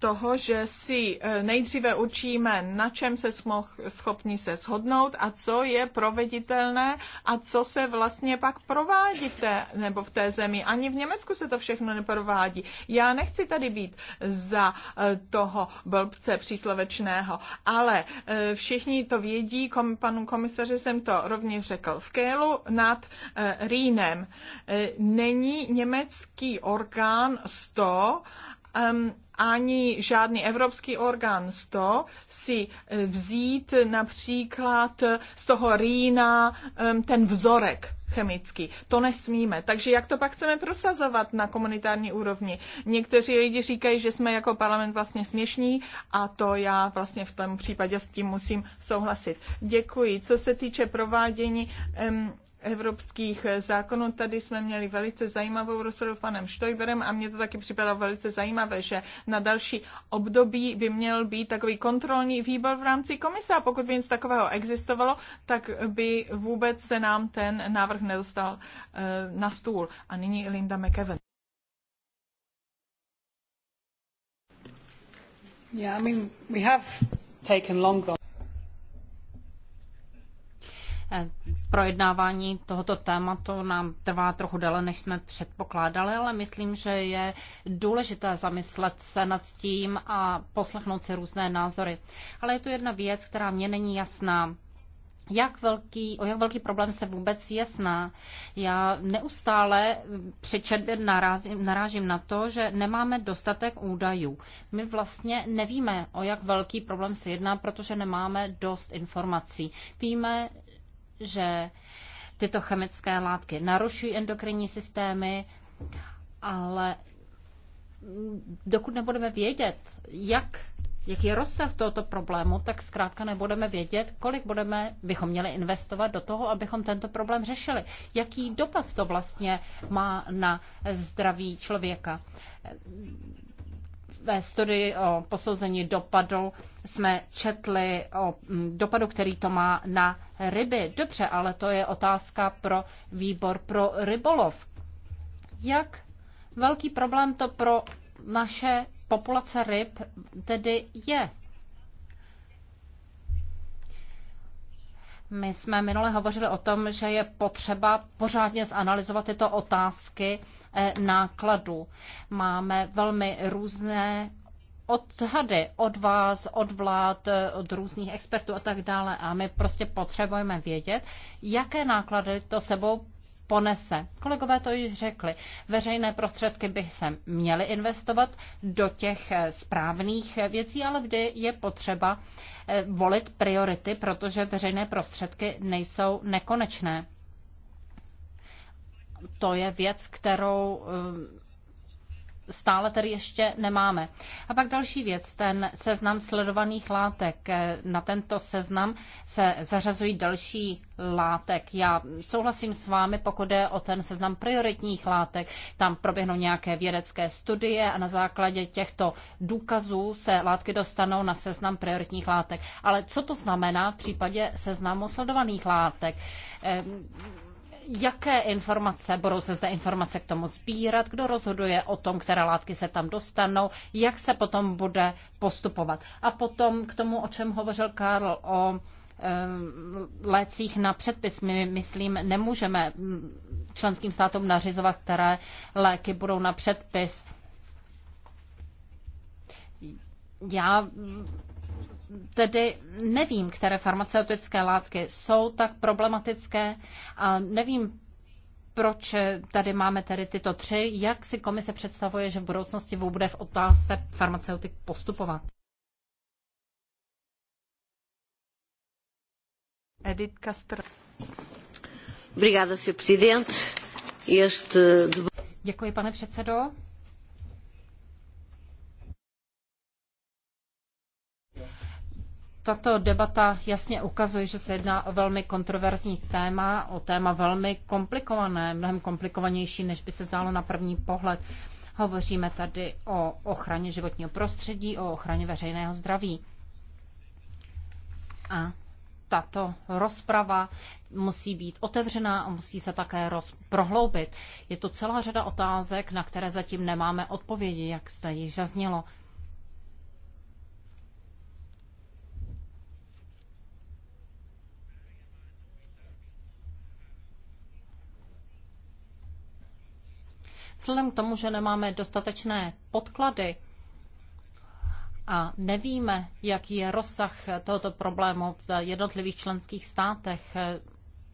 toho, že si eh, nejdříve učíme, na čem se smo, schopni se shodnout a co je proveditelné a co se vlastně pak provádí v té, nebo v té zemi. Ani v Německu se to všechno neprovádí. Já nechci tady být za eh, toho blbce příslovečného, ale eh, všichni to vědí, kom, panu komisaři jsem to rovněž řekl, v Kélu nad Rýnem není německý orgán 100, um, ehm, ani žádný evropský orgán z to si eh, vzít například eh, z toho rýna ten vzorek chemický. To nesmíme. Takže jak to pak chceme prosazovat na komunitární úrovni? Někteří lidi říkají, že jsme jako parlament vlastně směšní a to já vlastně v tom případě s tím musím souhlasit. Děkuji. Co se týče provádění um, evropských zákonů. Tady jsme měli velice zajímavou rozpravu s panem Štojberem a mně to taky připadalo velice zajímavé, že na další období by měl být takový kontrolní výbor v rámci komise a pokud by nic takového existovalo, tak by vůbec se nám ten návrh nedostal eh, na stůl. A nyní Linda McEwen. Yeah, I mean, we have taken longer. Eh, projednávání tohoto tématu nám trvá trochu déle, než jsme předpokládali, ale myslím, že je důležité zamyslet se nad tím a poslechnout si různé názory. Ale je tu jedna věc, která mě není jasná jak velký, o jak velký problém se vůbec jasná. Já neustále při četbě narazím, narážím na to, že nemáme dostatek údajů. My vlastně nevíme, o jak velký problém se jedná, protože nemáme dost informací. Víme, že tyto chemické látky narušují endokrinní systémy, ale dokud nebudeme vědět, jak, jaký je rozsah tohoto problému, tak zkrátka nebudeme vědět, kolik budeme, bychom měli investovat do toho, abychom tento problém řešili. Jaký dopad to vlastně má na zdraví člověka? ve studii o posouzení dopadu jsme četli o mm, dopadu, který to má na ryby. Dobře, ale to je otázka pro výbor pro rybolov. Jak velký problém to pro naše populace ryb tedy je? My jsme minule hovořili o tom, že je potřeba pořádně zanalizovat tyto otázky eh, nákladu. Máme velmi různé odhady od vás, od vlád, eh, od různých expertů a tak dále. A my prostě potřebujeme vědět, jaké náklady to sebou ponese. Kolegové to již řekli. Veřejné prostředky by se měly investovat do těch eh, správných eh, věcí, ale vždy je potřeba eh, volit priority, protože veřejné prostředky nejsou nekonečné. To je věc, kterou stále tedy ještě nemáme. A pak další věc, ten seznam sledovaných látek. Eh, na tento seznam se zařazují další látek. Já souhlasím s vámi, pokud jde o ten seznam prioritních látek. Tam proběhnou nějaké vědecké studie a na základě těchto důkazů se látky dostanou na seznam prioritních látek. Ale co to znamená v případě seznamu sledovaných látek? Eh, jaké informace, budou se zde informace k tomu sbírat, kdo rozhoduje o tom, které látky se tam dostanou, jak se potom bude postupovat. A potom k tomu, o čem hovořil Karl, o eh, lécích na předpis. My, myslím, nemůžeme mm, členským státům nařizovat, které léky budou na předpis. Já tedy nevím, které farmaceutické látky jsou tak problematické a nevím, proč tady máme tedy tyto tři, jak si komise představuje, že v budoucnosti bude v otázce farmaceutik postupovat. Edith Kasper. Obrigada, Presidente. Este... Děkuji, pane předsedo. tato debata jasně ukazuje, že se jedná o velmi kontroverzní téma, o téma velmi komplikované, mnohem komplikovanější, než by se zdálo na první pohled. Hovoříme tady o ochraně životního prostředí, o ochraně veřejného zdraví. A tato rozprava musí být otevřená a musí se také roz, prohloubit. Je to celá řada otázek, na které zatím nemáme odpovědi, jak zde již zaznělo. Vzhledem k tomu, že nemáme dostatečné podklady a nevíme, jaký je rozsah tohoto problému v jednotlivých členských státech,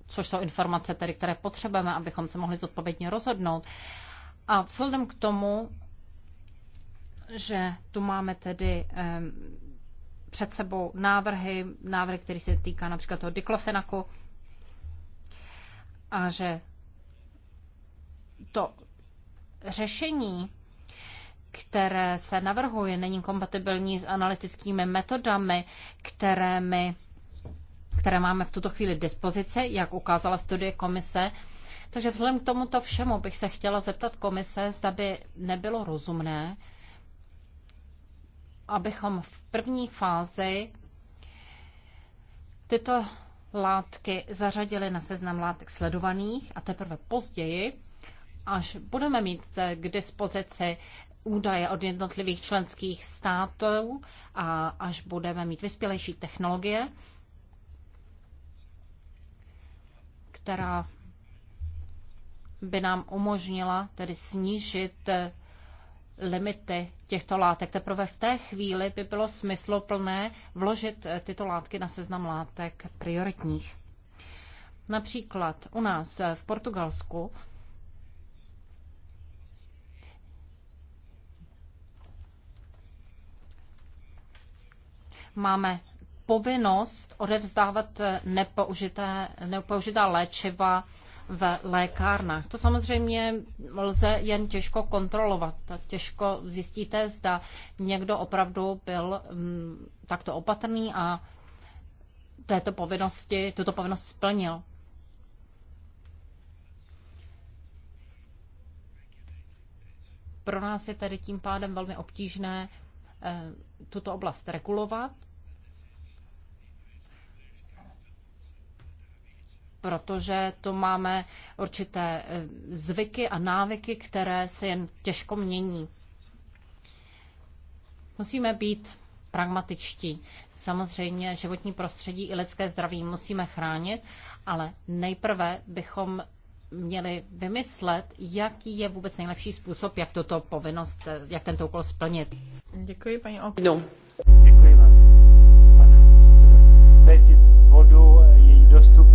což jsou informace, tedy, které potřebujeme, abychom se mohli zodpovědně rozhodnout. A vzhledem k tomu, že tu máme tedy před sebou návrhy, návrhy, který se týká například toho diklofenaku, a že to řešení, které se navrhuje, není kompatibilní s analytickými metodami, které, my, které máme v tuto chvíli dispozice, jak ukázala studie komise. Takže vzhledem k tomuto všemu bych se chtěla zeptat komise, zda by nebylo rozumné, abychom v první fázi tyto látky zařadili na seznam látek sledovaných a teprve později až budeme mít eh, k dispozici údaje od jednotlivých členských států a až budeme mít vyspělejší technologie, která by nám umožnila tedy snížit eh, limity těchto látek. Teprve v té chvíli by bylo smysluplné vložit eh, tyto látky na seznam látek prioritních. Například u nás v Portugalsku máme povinnost odevzdávat nepoužité, nepoužitá léčiva v lékárnách. To samozřejmě lze jen těžko kontrolovat. těžko zjistíte, zda někdo opravdu byl m, mm, takto opatrný a této povinnosti, tuto povinnost splnil. Pro nás je tedy tím pádem velmi obtížné eh, tuto oblast regulovat protože to máme určité eh, zvyky a návyky, které se jen těžko mění. Musíme být pragmatičtí. Samozřejmě životní prostředí i lidské zdraví musíme chránit, ale nejprve bychom měli vymyslet, jaký je vůbec nejlepší způsob, jak tuto povinnost, eh, jak tento úkol splnit. Děkuji, paní Op. No. Děkuji vám, pane předsedo. Zajistit vodu, její dostup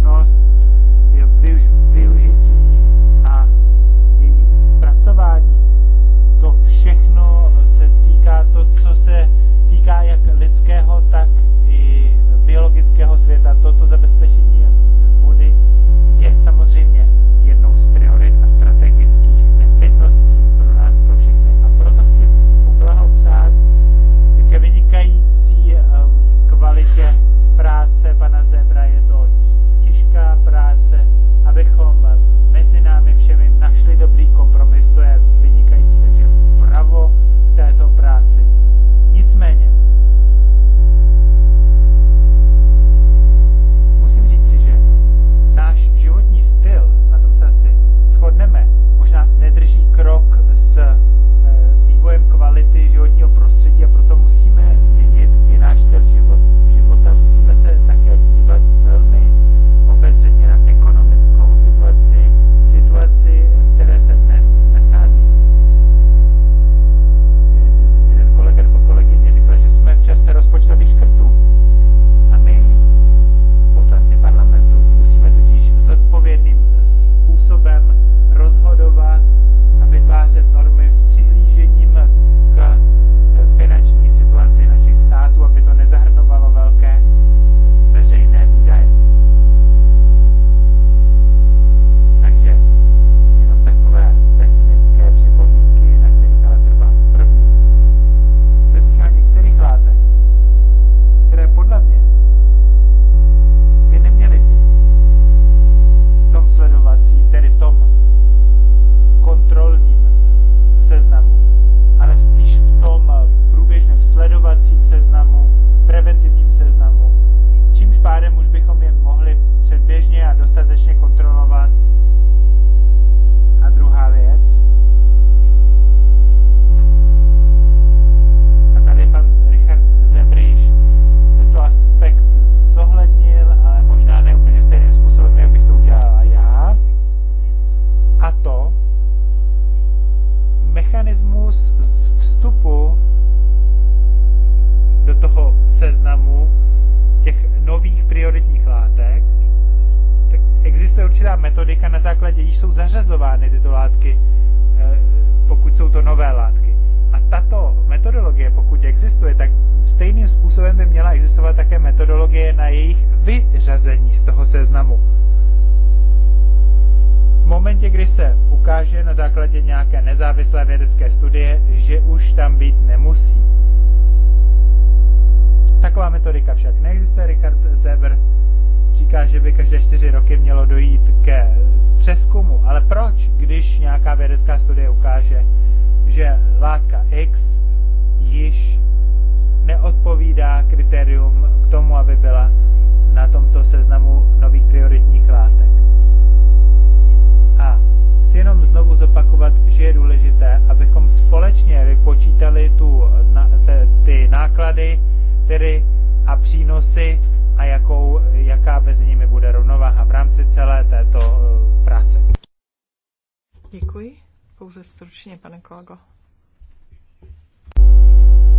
pouze stručně, pane kolego.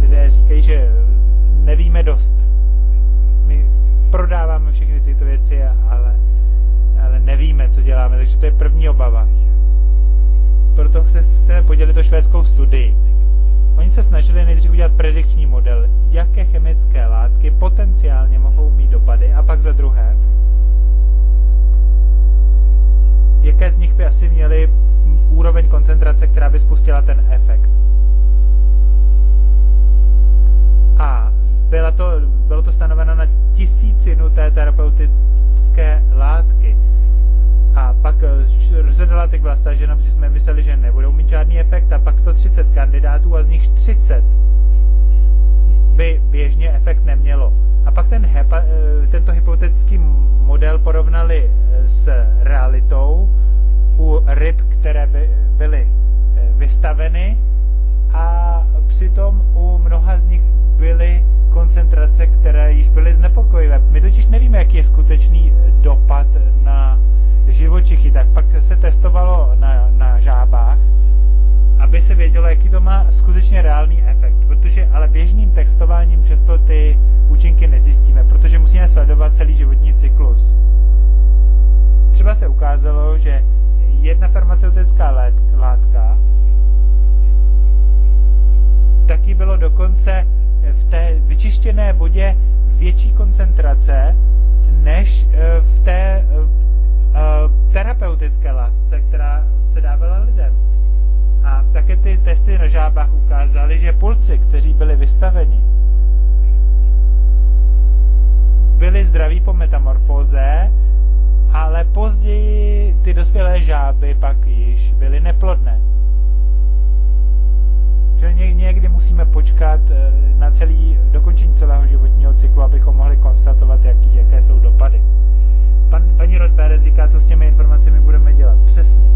Lidé říkají, že nevíme dost. My prodáváme všechny tyto věci, ale, ale nevíme, co děláme, takže to je první obava. Proto chceme podělit o švédskou studii. Oni se snažili nejdřív udělat predikční model, jaké chemické látky potenciálně mohou mít dopady, a pak za druhé, jaké z nich by asi měly úroveň koncentrace, která by spustila ten efekt. A byla to, bylo to stanoveno na tisícinu té terapeutické látky. A pak řada eh, látek byla stažena, protože jsme mysleli, že nebudou mít žádný efekt, a pak 130 kandidátů a z nich 30 by běžně efekt nemělo. A pak ten hepa, eh, tento hypotetický model porovnali eh, s realitou u ryb, které by byly eh, vystaveny a přitom u mnoha z nich byly koncentrace, které již byly znepokojivé. My totiž nevíme, jaký je skutečný eh, dopad na živočichy. Tak pak se testovalo na, na žábách, aby se vědělo, jaký to má skutečně reálný efekt. Protože ale běžným testováním často ty účinky nezjistíme, protože musíme sledovat celý životní cyklus. Třeba se ukázalo, že jedna farmaceutická látka, taky bylo dokonce v té vyčištěné vodě větší koncentrace než e, v té e, e, terapeutické látce, která se dávala lidem. A také ty testy na žábách ukázaly, že pulci, kteří byli vystaveni, byli zdraví po metamorfóze ale později ty dospělé žáby pak již byly neplodné. Čili někdy musíme počkat eh, na celý dokončení celého životního cyklu, abychom mohli konstatovat, jaký, jaké jsou dopady. Pan, paní Rodbere říká, co s těmi informacemi budeme dělat. Přesně.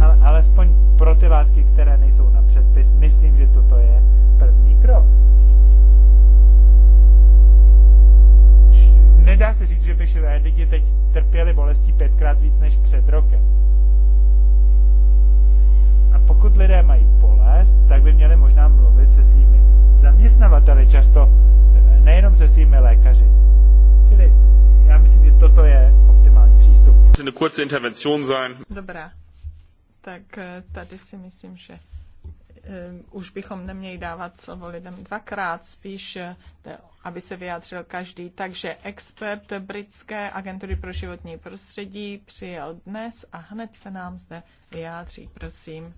Ale alespoň pro ty látky, které nejsou na předpis, myslím, že toto je první krok. nedá se říct, že by Švédi teď trpěli bolestí pětkrát víc než před rokem. A pokud lidé mají bolest, tak by měli možná mluvit se svými zaměstnavateli, často eh, nejenom se svými lékaři. Čili já myslím, že toto je optimální přístup. Dobrá, tak eh, tady si myslím, že Eh, už bychom neměli dávat slovo lidem dvakrát, spíš, eh, aby se vyjádřil každý. Takže expert britské agentury pro životní prostředí přijel dnes a hned se nám zde vyjádří, prosím.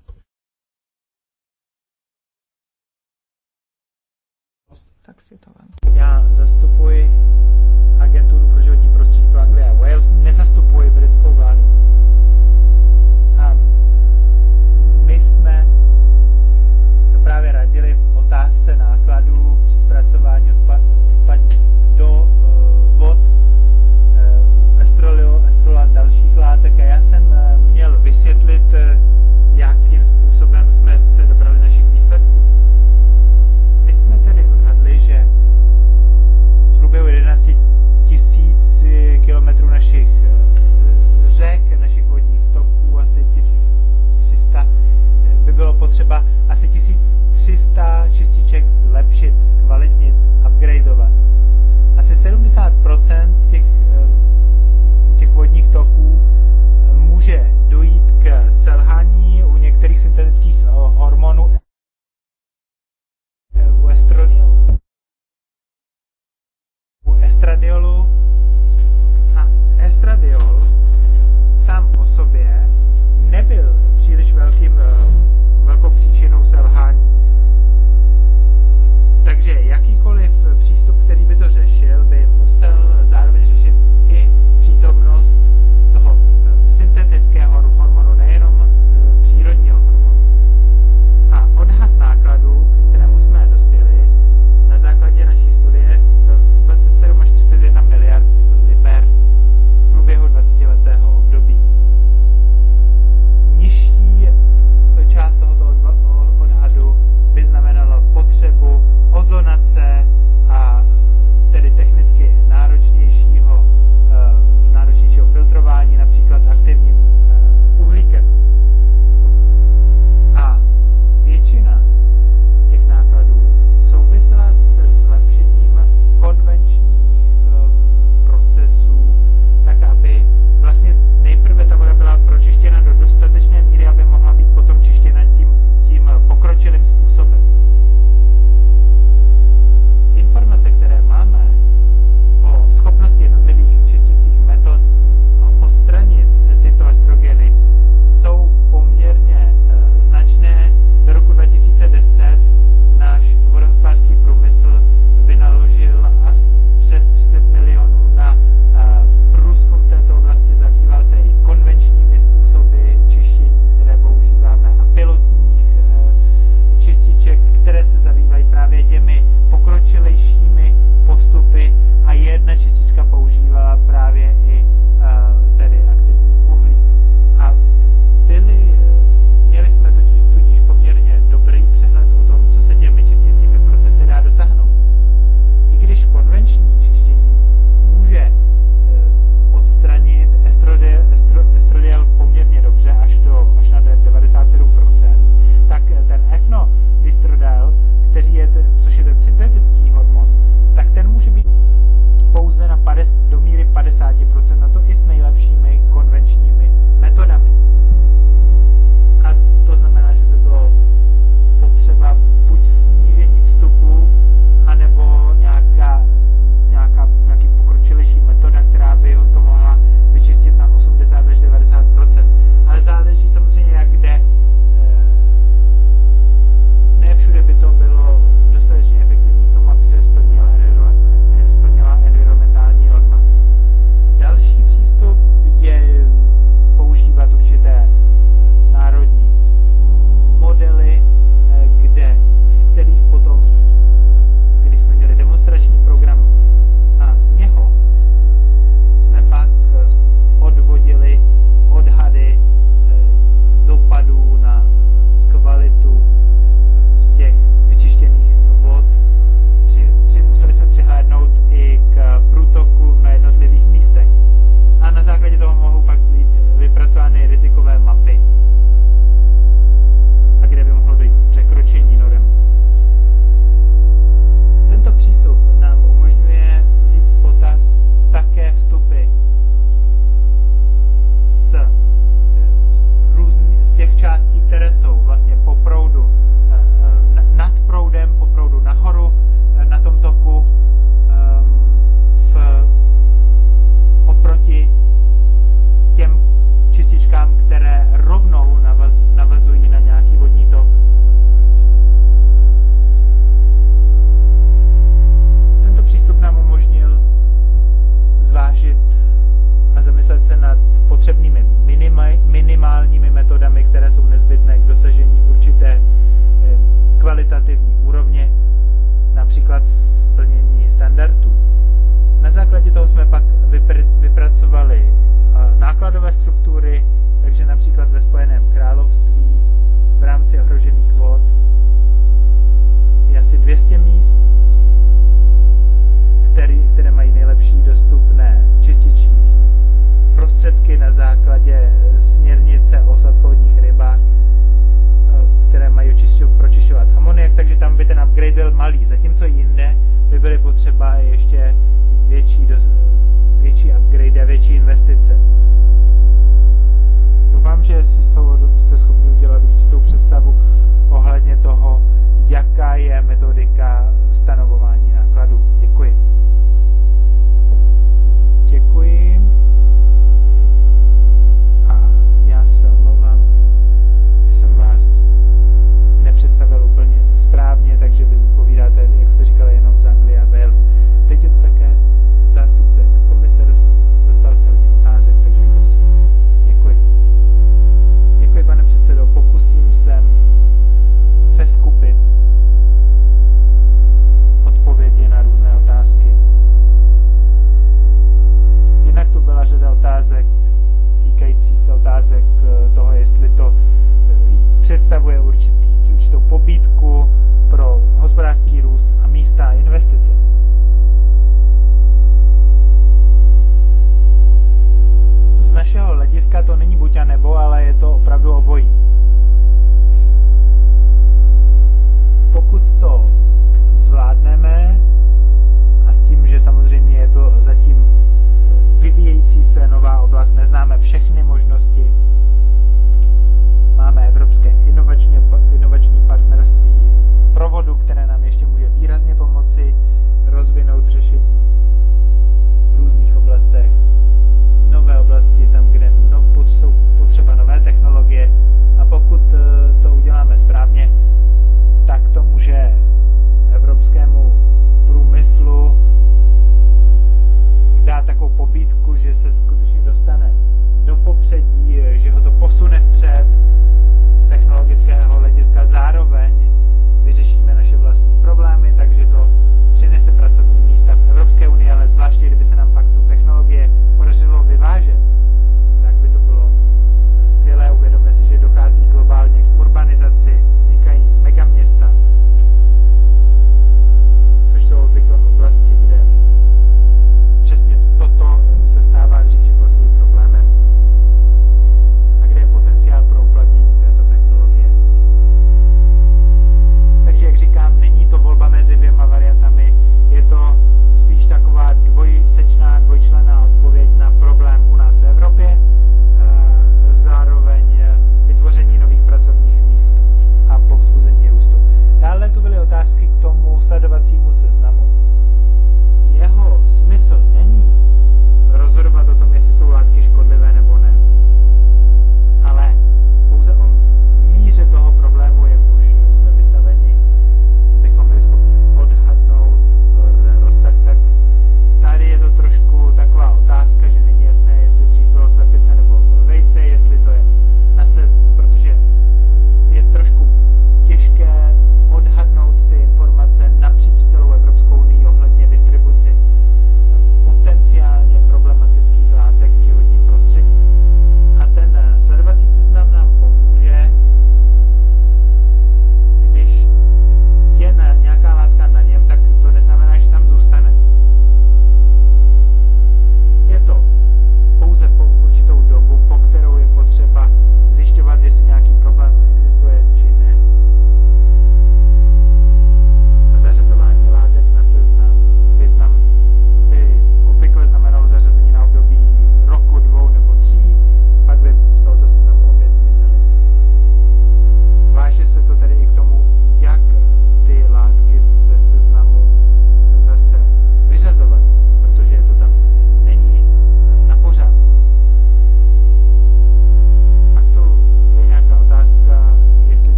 Tak si to vám. Já zastupuji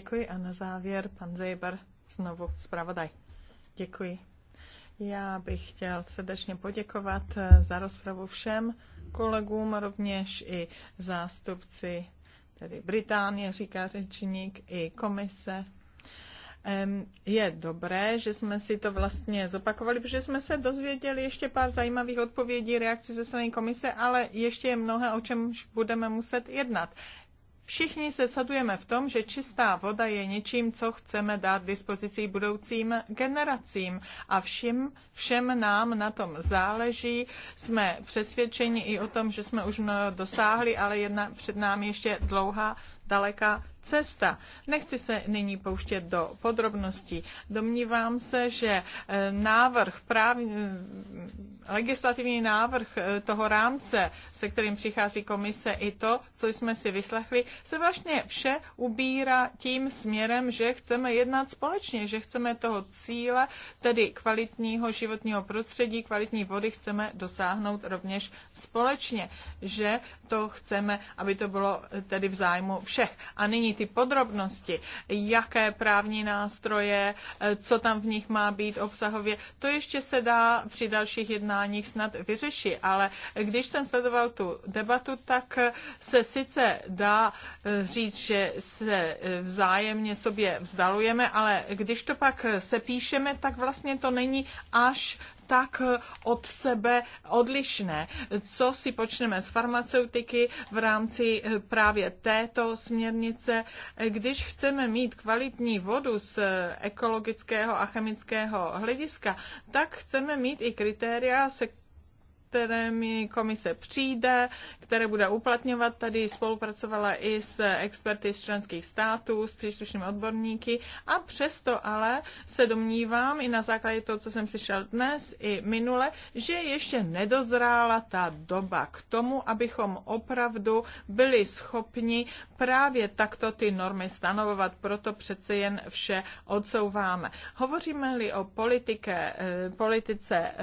děkuji a na závěr pan Zejber znovu zpravodaj. Děkuji. Já bych chtěl srdečně poděkovat eh, za rozpravu všem kolegům, rovněž i zástupci tedy Británie, říká řečník, i komise. Je dobré, že jsme si to vlastně zopakovali, protože jsme se dozvěděli ještě pár zajímavých odpovědí, reakcí ze strany komise, ale ještě je mnohé, o čemž budeme muset jednat. Všichni se shodujeme v tom, že čistá voda je něčím, co chceme dát dispozici budoucím generacím a všim, všem nám na tom záleží. Jsme přesvědčeni i o tom, že jsme už dosáhli, ale jedna, před námi ještě dlouhá, daleká cesta. Nechci se nyní pouštět do podrobností. Domnívám se, že eh, návrh práv... Eh, legislativní návrh eh, toho rámce, se kterým přichází komise i to, co jsme si vyslechli, se vlastně vše ubírá tím směrem, že chceme jednat společně, že chceme toho cíle, tedy kvalitního životního prostředí, kvalitní vody chceme dosáhnout rovněž společně, že to chceme, aby to bylo tedy v zájmu všech. A nyní ty podrobnosti, jaké právní nástroje, eh, co tam v nich má být obsahově, to ještě se dá při dalších jednáních snad vyřešit. Ale když jsem sledoval tu debatu, tak eh, se sice dá eh, říct, že se vzájemně sobě vzdalujeme, ale když to pak sepíšeme, tak vlastně to není až tak eh, od sebe odlišné. Co si počneme s farmaceutiky v rámci eh, právě této směrnice? Když chceme mít kvalitní vodu z eh, ekologického a chemického hlediska, tak chceme mít i kritéria, se kterými komise přijde, které bude uplatňovat. Tady spolupracovala i s experty z členských států, s příslušnými odborníky a přesto ale se domnívám i na základě toho, co jsem slyšel dnes i minule, že ještě nedozrála ta doba k tomu, abychom opravdu byli schopni právě takto ty normy stanovovat, proto přece jen vše odsouváme. Hovoříme-li o politike, eh, politice eh,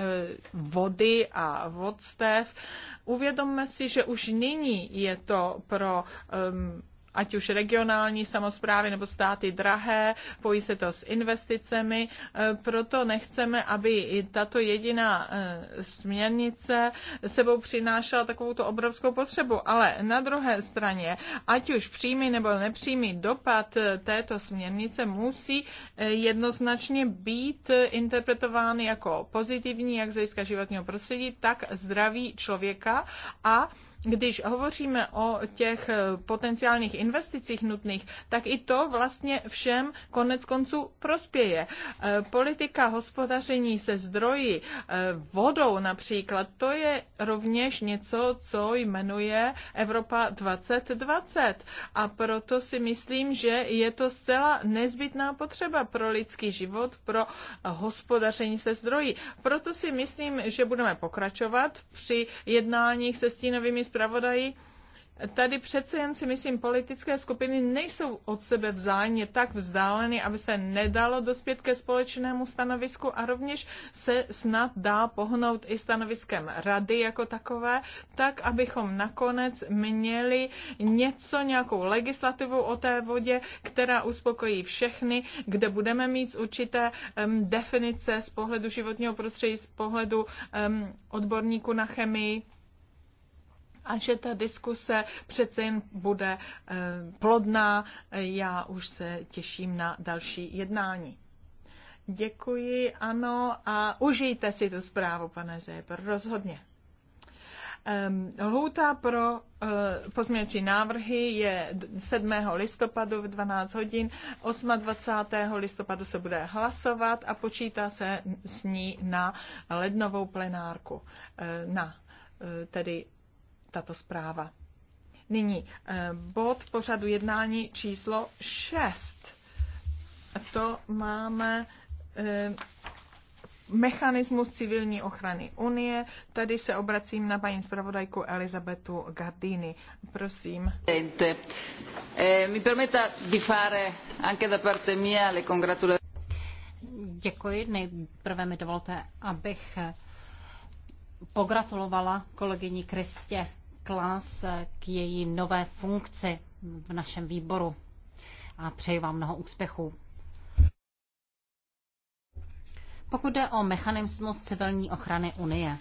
vody a vodstev, uvědomme si, že už nyní je to pro um, ať už regionální samozprávy nebo státy drahé, pojí se to s investicemi, e, proto nechceme, aby i tato jediná e, směrnice sebou přinášela takovouto obrovskou potřebu, ale na druhé straně, ať už přímý nebo nepřímý dopad e, této směrnice musí jednoznačně být interpretován jako pozitivní, jak z hlediska životního prostředí, tak zdraví člověka a když hovoříme o těch eh, potenciálních investicích nutných, tak i to vlastně všem konec konců prospěje. Eh, politika hospodaření se zdroji, eh, vodou například, to je rovněž něco, co jmenuje Evropa 2020. A proto si myslím, že je to zcela nezbytná potřeba pro lidský život, pro hospodaření se zdroji. Proto si myslím, že budeme pokračovat při jednáních se stínovými zpravodaji, tady přece jen si myslím, politické skupiny nejsou od sebe vzájemně tak vzdáleny, aby se nedalo dospět ke společnému stanovisku a rovněž se snad dá pohnout i stanoviskem rady jako takové, tak abychom nakonec měli něco, nějakou legislativu o té vodě, která uspokojí všechny, kde budeme mít určité um, definice z pohledu životního prostředí, z pohledu um, odborníku na chemii, a že ta diskuse přece jen bude eh, plodná. Já už se těším na další jednání. Děkuji, ano, a užijte si tu zprávu, pane Zébr, rozhodně. Ehm, lhůta pro eh, pozměňovací návrhy je 7. listopadu v 12 hodin. 28. listopadu se bude hlasovat a počítá se s ní na lednovou plenárku. Eh, na tedy tato zpráva. Nyní eh, bod pořadu jednání číslo 6. To máme eh, mechanismus civilní ochrany Unie. Tady se obracím na paní zpravodajku Elizabetu Gardini. Prosím. Eh, mi permetta di fare anche da parte mia le congratulazioni. Děkuji. Nejprve mi dovolte, abych pogratulovala kolegyni Kristě Klas k její nové funkci v našem výboru a přeji vám mnoho úspěchů. Pokud jde o mechanismus civilní ochrany Unie,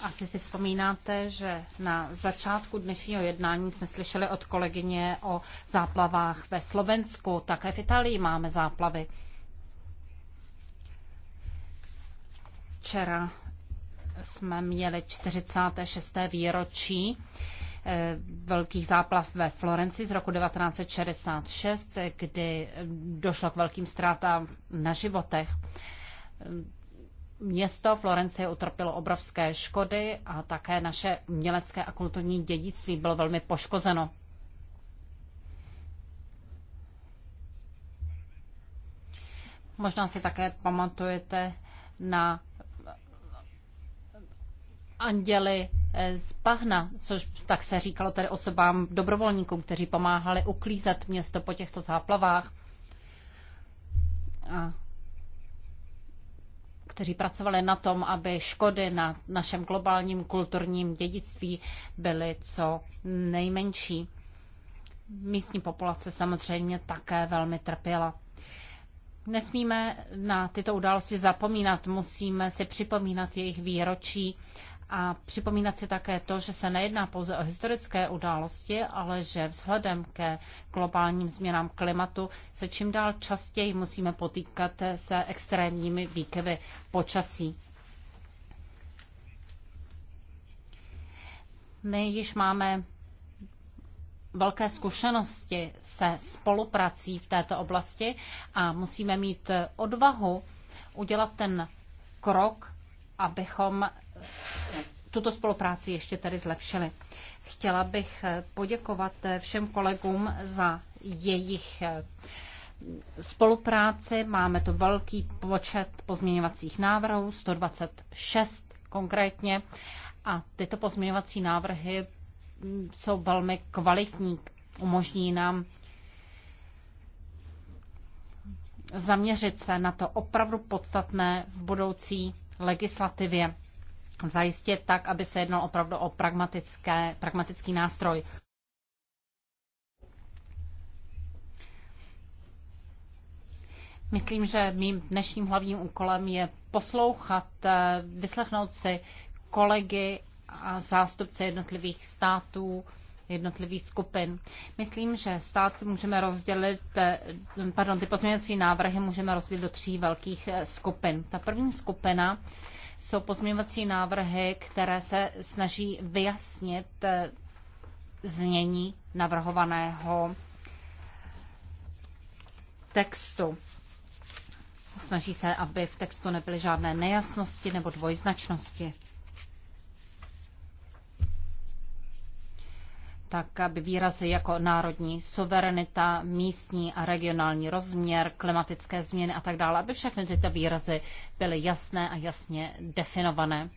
Asi si vzpomínáte, že na začátku dnešního jednání jsme slyšeli od kolegyně o záplavách ve Slovensku, také v Itálii máme záplavy. Včera jsme měli 46. výročí eh, velkých záplav ve Florenci z roku 1966, kdy eh, došlo k velkým ztrátám na životech. Město Florencie utrpělo obrovské škody a také naše umělecké a kulturní dědictví bylo velmi poškozeno. Možná si také pamatujete na anděli eh, z Pahna, což tak se říkalo tedy osobám dobrovolníkům, kteří pomáhali uklízet město po těchto záplavách a kteří pracovali na tom, aby škody na našem globálním kulturním dědictví byly co nejmenší. Místní populace samozřejmě také velmi trpěla. Nesmíme na tyto události zapomínat, musíme si připomínat jejich výročí a připomínat si také to, že se nejedná pouze o historické události, ale že vzhledem ke globálním změnám klimatu se čím dál častěji musíme potýkat se extrémními výkyvy počasí. My již máme velké zkušenosti se spoluprací v této oblasti a musíme mít odvahu udělat ten krok, abychom tuto spolupráci ještě tedy zlepšili. Chtěla bych poděkovat všem kolegům za jejich spolupráci. Máme to velký počet pozměňovacích návrhů, 126 konkrétně. A tyto pozměňovací návrhy jsou velmi kvalitní, umožní nám zaměřit se na to opravdu podstatné v budoucí legislativě zajistit tak, aby se jednalo opravdu o pragmatické, pragmatický nástroj. Myslím, že mým dnešním hlavním úkolem je poslouchat, eh, vyslechnout si kolegy a zástupce jednotlivých států, jednotlivých skupin. Myslím, že stát můžeme rozdělit, eh, pardon, ty pozměňovací návrhy můžeme rozdělit do tří velkých eh, skupin. Ta první skupina jsou pozměňovací návrhy, které se snaží vyjasnit eh, znění navrhovaného textu. Snaží se, aby v textu nebyly žádné nejasnosti nebo dvojznačnosti. tak aby výrazy jako národní suverenita, místní a regionální rozměr, klimatické změny a tak dále, aby všechny tyto výrazy byly jasné a jasně definované.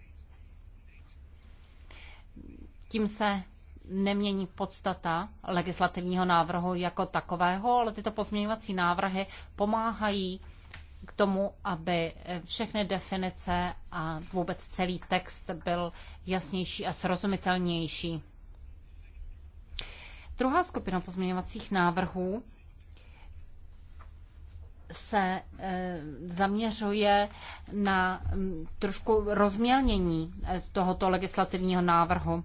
Tím se nemění podstata legislativního návrhu jako takového, ale tyto pozměňovací návrhy pomáhají k tomu, aby všechny definice a vůbec celý text byl jasnější a srozumitelnější. Druhá skupina pozměňovacích návrhů se eh, zaměřuje na mm, trošku rozmělnění eh, tohoto legislativního návrhu.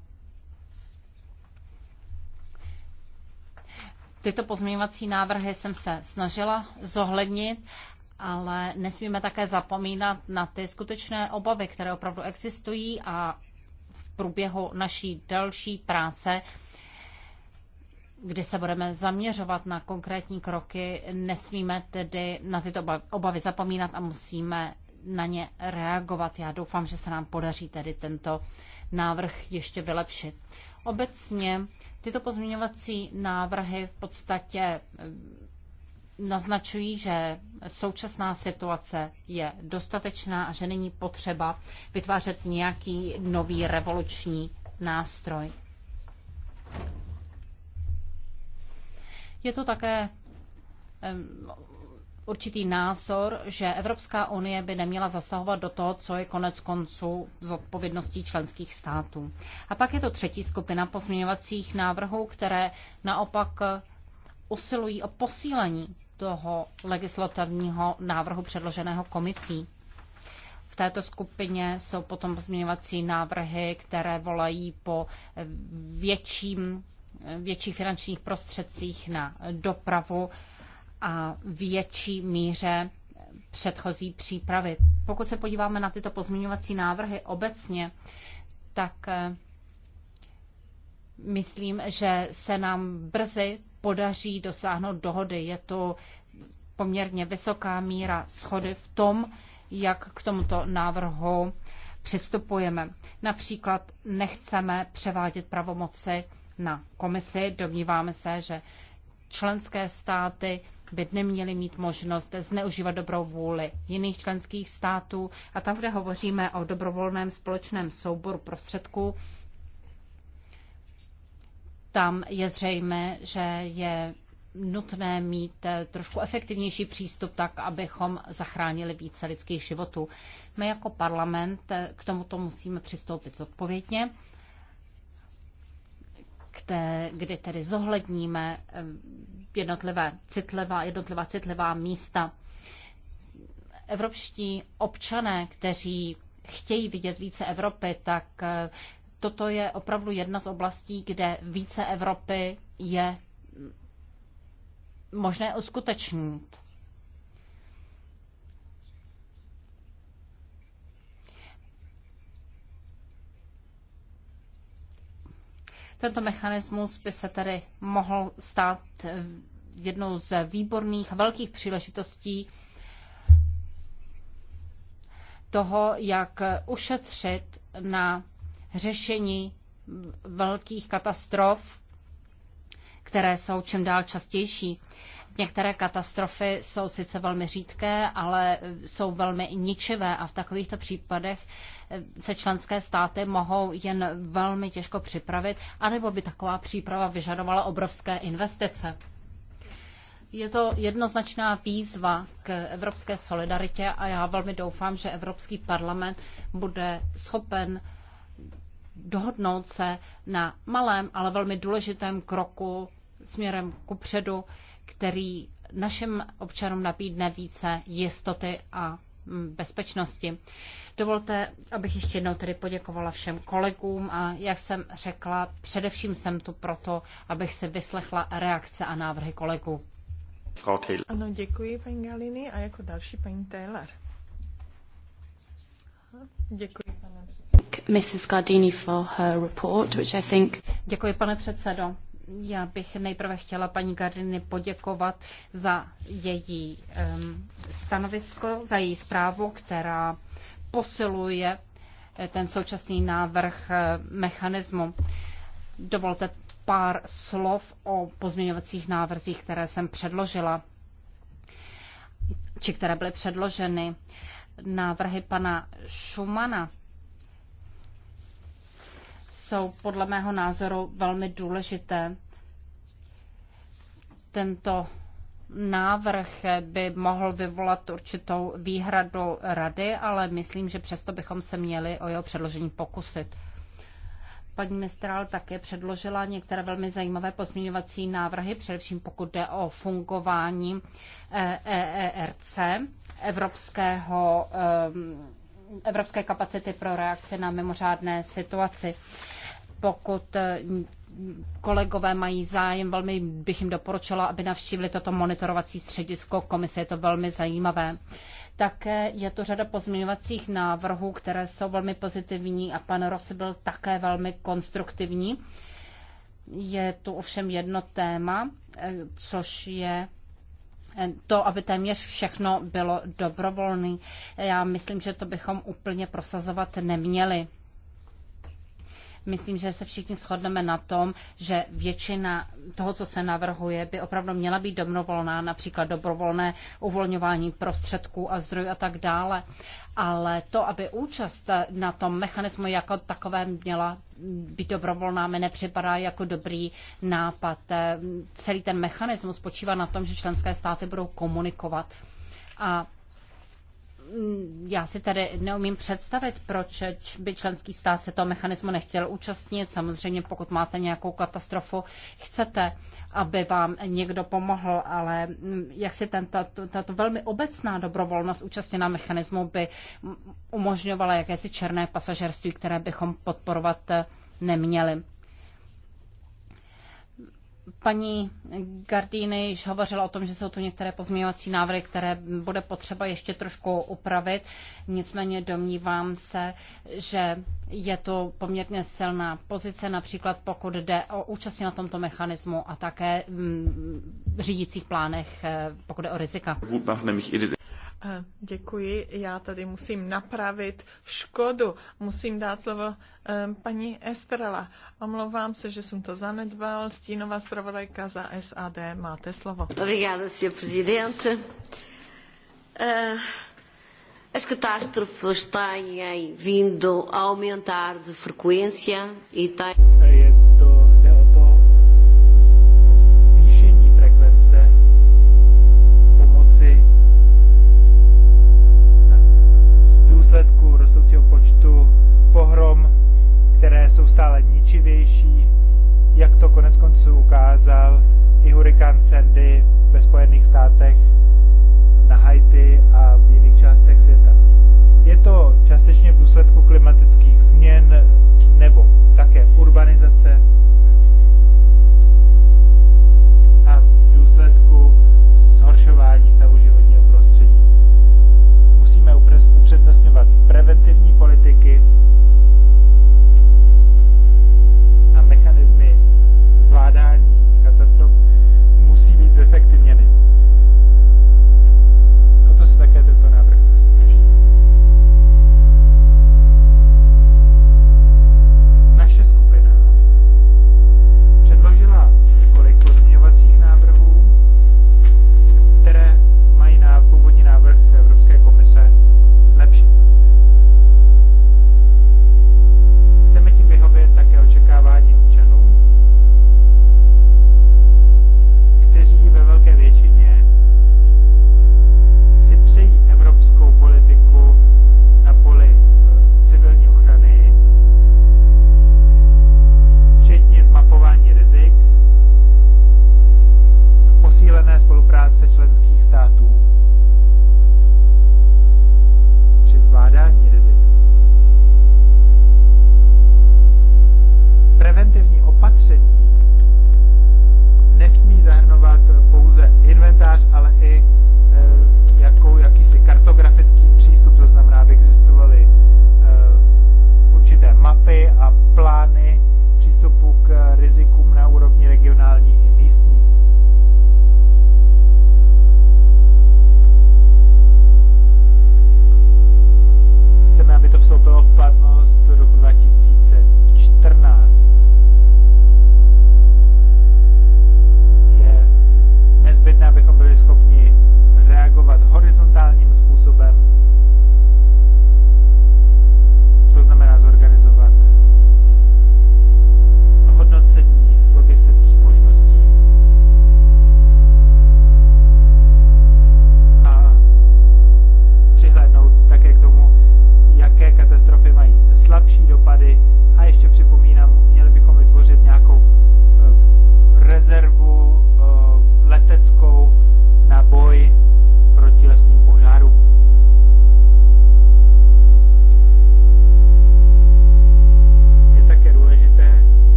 Tyto pozměňovací návrhy jsem se snažila zohlednit, ale nesmíme také zapomínat na ty skutečné obavy, které opravdu existují a v průběhu naší další práce kdy se budeme zaměřovat na konkrétní kroky, nesmíme tedy na tyto obavy zapomínat a musíme na ně reagovat. Já doufám, že se nám podaří tedy tento návrh ještě vylepšit. Obecně tyto pozměňovací návrhy v podstatě eh, naznačují, že současná situace je dostatečná a že není potřeba vytvářet nějaký nový revoluční nástroj. Je to také určitý názor, že Evropská unie by neměla zasahovat do toho, co je konec konců z odpovědností členských států. A pak je to třetí skupina pozměňovacích návrhů, které naopak eh, usilují o posílení toho legislativního návrhu předloženého komisí. V této skupině jsou potom pozměňovací návrhy, které volají po eh, větším větších finančních prostředcích na dopravu a větší míře předchozí přípravy. Pokud se podíváme na tyto pozměňovací návrhy obecně, tak eh, myslím, že se nám brzy podaří dosáhnout dohody. Je to poměrně vysoká míra schody v tom, jak k tomuto návrhu přistupujeme. Například nechceme převádět pravomoci na komisi. Domníváme se, že členské státy by neměly mít možnost zneužívat dobrou vůli jiných členských států. A tam, kde hovoříme o dobrovolném společném souboru prostředků, tam je zřejmé, že je nutné mít trošku efektivnější přístup tak, abychom zachránili více lidských životů. My jako parlament k tomuto musíme přistoupit zodpovědně kde kdy tedy zohledníme jednotlivé citlivá, jednotlivá citlivá místa. Evropští občané, kteří chtějí vidět více Evropy, tak eh, toto je opravdu jedna z oblastí, kde více Evropy je mm, možné uskutečnit. Tento mechanismus by se tedy mohl stát eh, jednou z výborných velkých příležitostí toho, jak ušetřit na řešení velkých katastrof, které jsou čím dál častější. Některé katastrofy jsou sice velmi řídké, ale jsou velmi ničivé a v takovýchto případech eh, se členské státy mohou jen velmi těžko připravit, anebo by taková příprava vyžadovala obrovské investice. Je to jednoznačná výzva k evropské solidaritě a já velmi doufám, že Evropský parlament bude schopen dohodnout se na malém, ale velmi důležitém kroku směrem ku předu, který našim občanům nabídne více jistoty a mm, bezpečnosti. Dovolte, abych ještě jednou tedy poděkovala všem kolegům a jak jsem řekla, především jsem tu proto, abych si vyslechla reakce a návrhy kolegů. Ano, děkuji paní Galiny a jako další paní Taylor. Děkuji, pane předsedo. Mrs. Gardini for her report, which I think... Děkuji, pane předsedo. Já bych nejprve chtěla paní Gardiny poděkovat za její stanovisko, za její zprávu, která posiluje eh, ten současný návrh eh, mechanismu. Dovolte pár slov o pozměňovacích návrzích, které jsem předložila, či které byly předloženy. Návrhy pana Šumana jsou podle mého názoru velmi důležité. Tento návrh by mohl vyvolat určitou výhradu rady, ale myslím, že přesto bychom se měli o jeho předložení pokusit. Paní Mistral také předložila některé velmi zajímavé pozměňovací návrhy, především pokud jde o fungování EERC, eh, e Evropského, eh, Evropské kapacity pro reakce na mimořádné situaci pokud eh, kolegové mají zájem, velmi bych jim doporučila, aby navštívili toto monitorovací středisko komise, je to velmi zajímavé. Také je to řada pozměňovacích návrhů, které jsou velmi pozitivní a pan Rossi byl také velmi konstruktivní. Je tu ovšem jedno téma, eh, což je eh, to, aby téměř všechno bylo dobrovolné. Já myslím, že to bychom úplně prosazovat neměli. Myslím, že se všichni shodneme na tom, že většina toho, co se navrhuje, by opravdu měla být dobrovolná, například dobrovolné uvolňování prostředků a zdrojů a tak dále. Ale to, aby účast na tom mechanismu jako takovém měla být dobrovolná, mi nepřipadá jako dobrý nápad. Celý ten mechanismus spočívá na tom, že členské státy budou komunikovat a Mm, já si tady neumím představit, proč by členský stát se toho mechanismu nechtěl účastnit. Samozřejmě, pokud máte nějakou katastrofu, chcete, aby vám někdo pomohl, ale mm, jak si tento, tato velmi obecná dobrovolnost účastněná mechanismu by mm, umožňovala jakési černé pasažerství, které bychom podporovat eh, neměli. Paní Gardíny již hovořila o tom, že jsou tu některé pozměňovací návrhy, které bude potřeba ještě trošku upravit. Nicméně domnívám se, že je to poměrně silná pozice, například pokud jde o účastní na tomto mechanismu a také v řídících plánech, eh, pokud jde o rizika. Eh, děkuji. Já tady musím napravit škodu. Musím dát slovo eh, paní Estrela. Omlouvám se, že jsem to zanedbal. Stínová zpravodajka za SAD. Máte slovo. Obrigada, senhor presidente. Eh, As catástrofes têm vindo a aumentar de frequência e têm...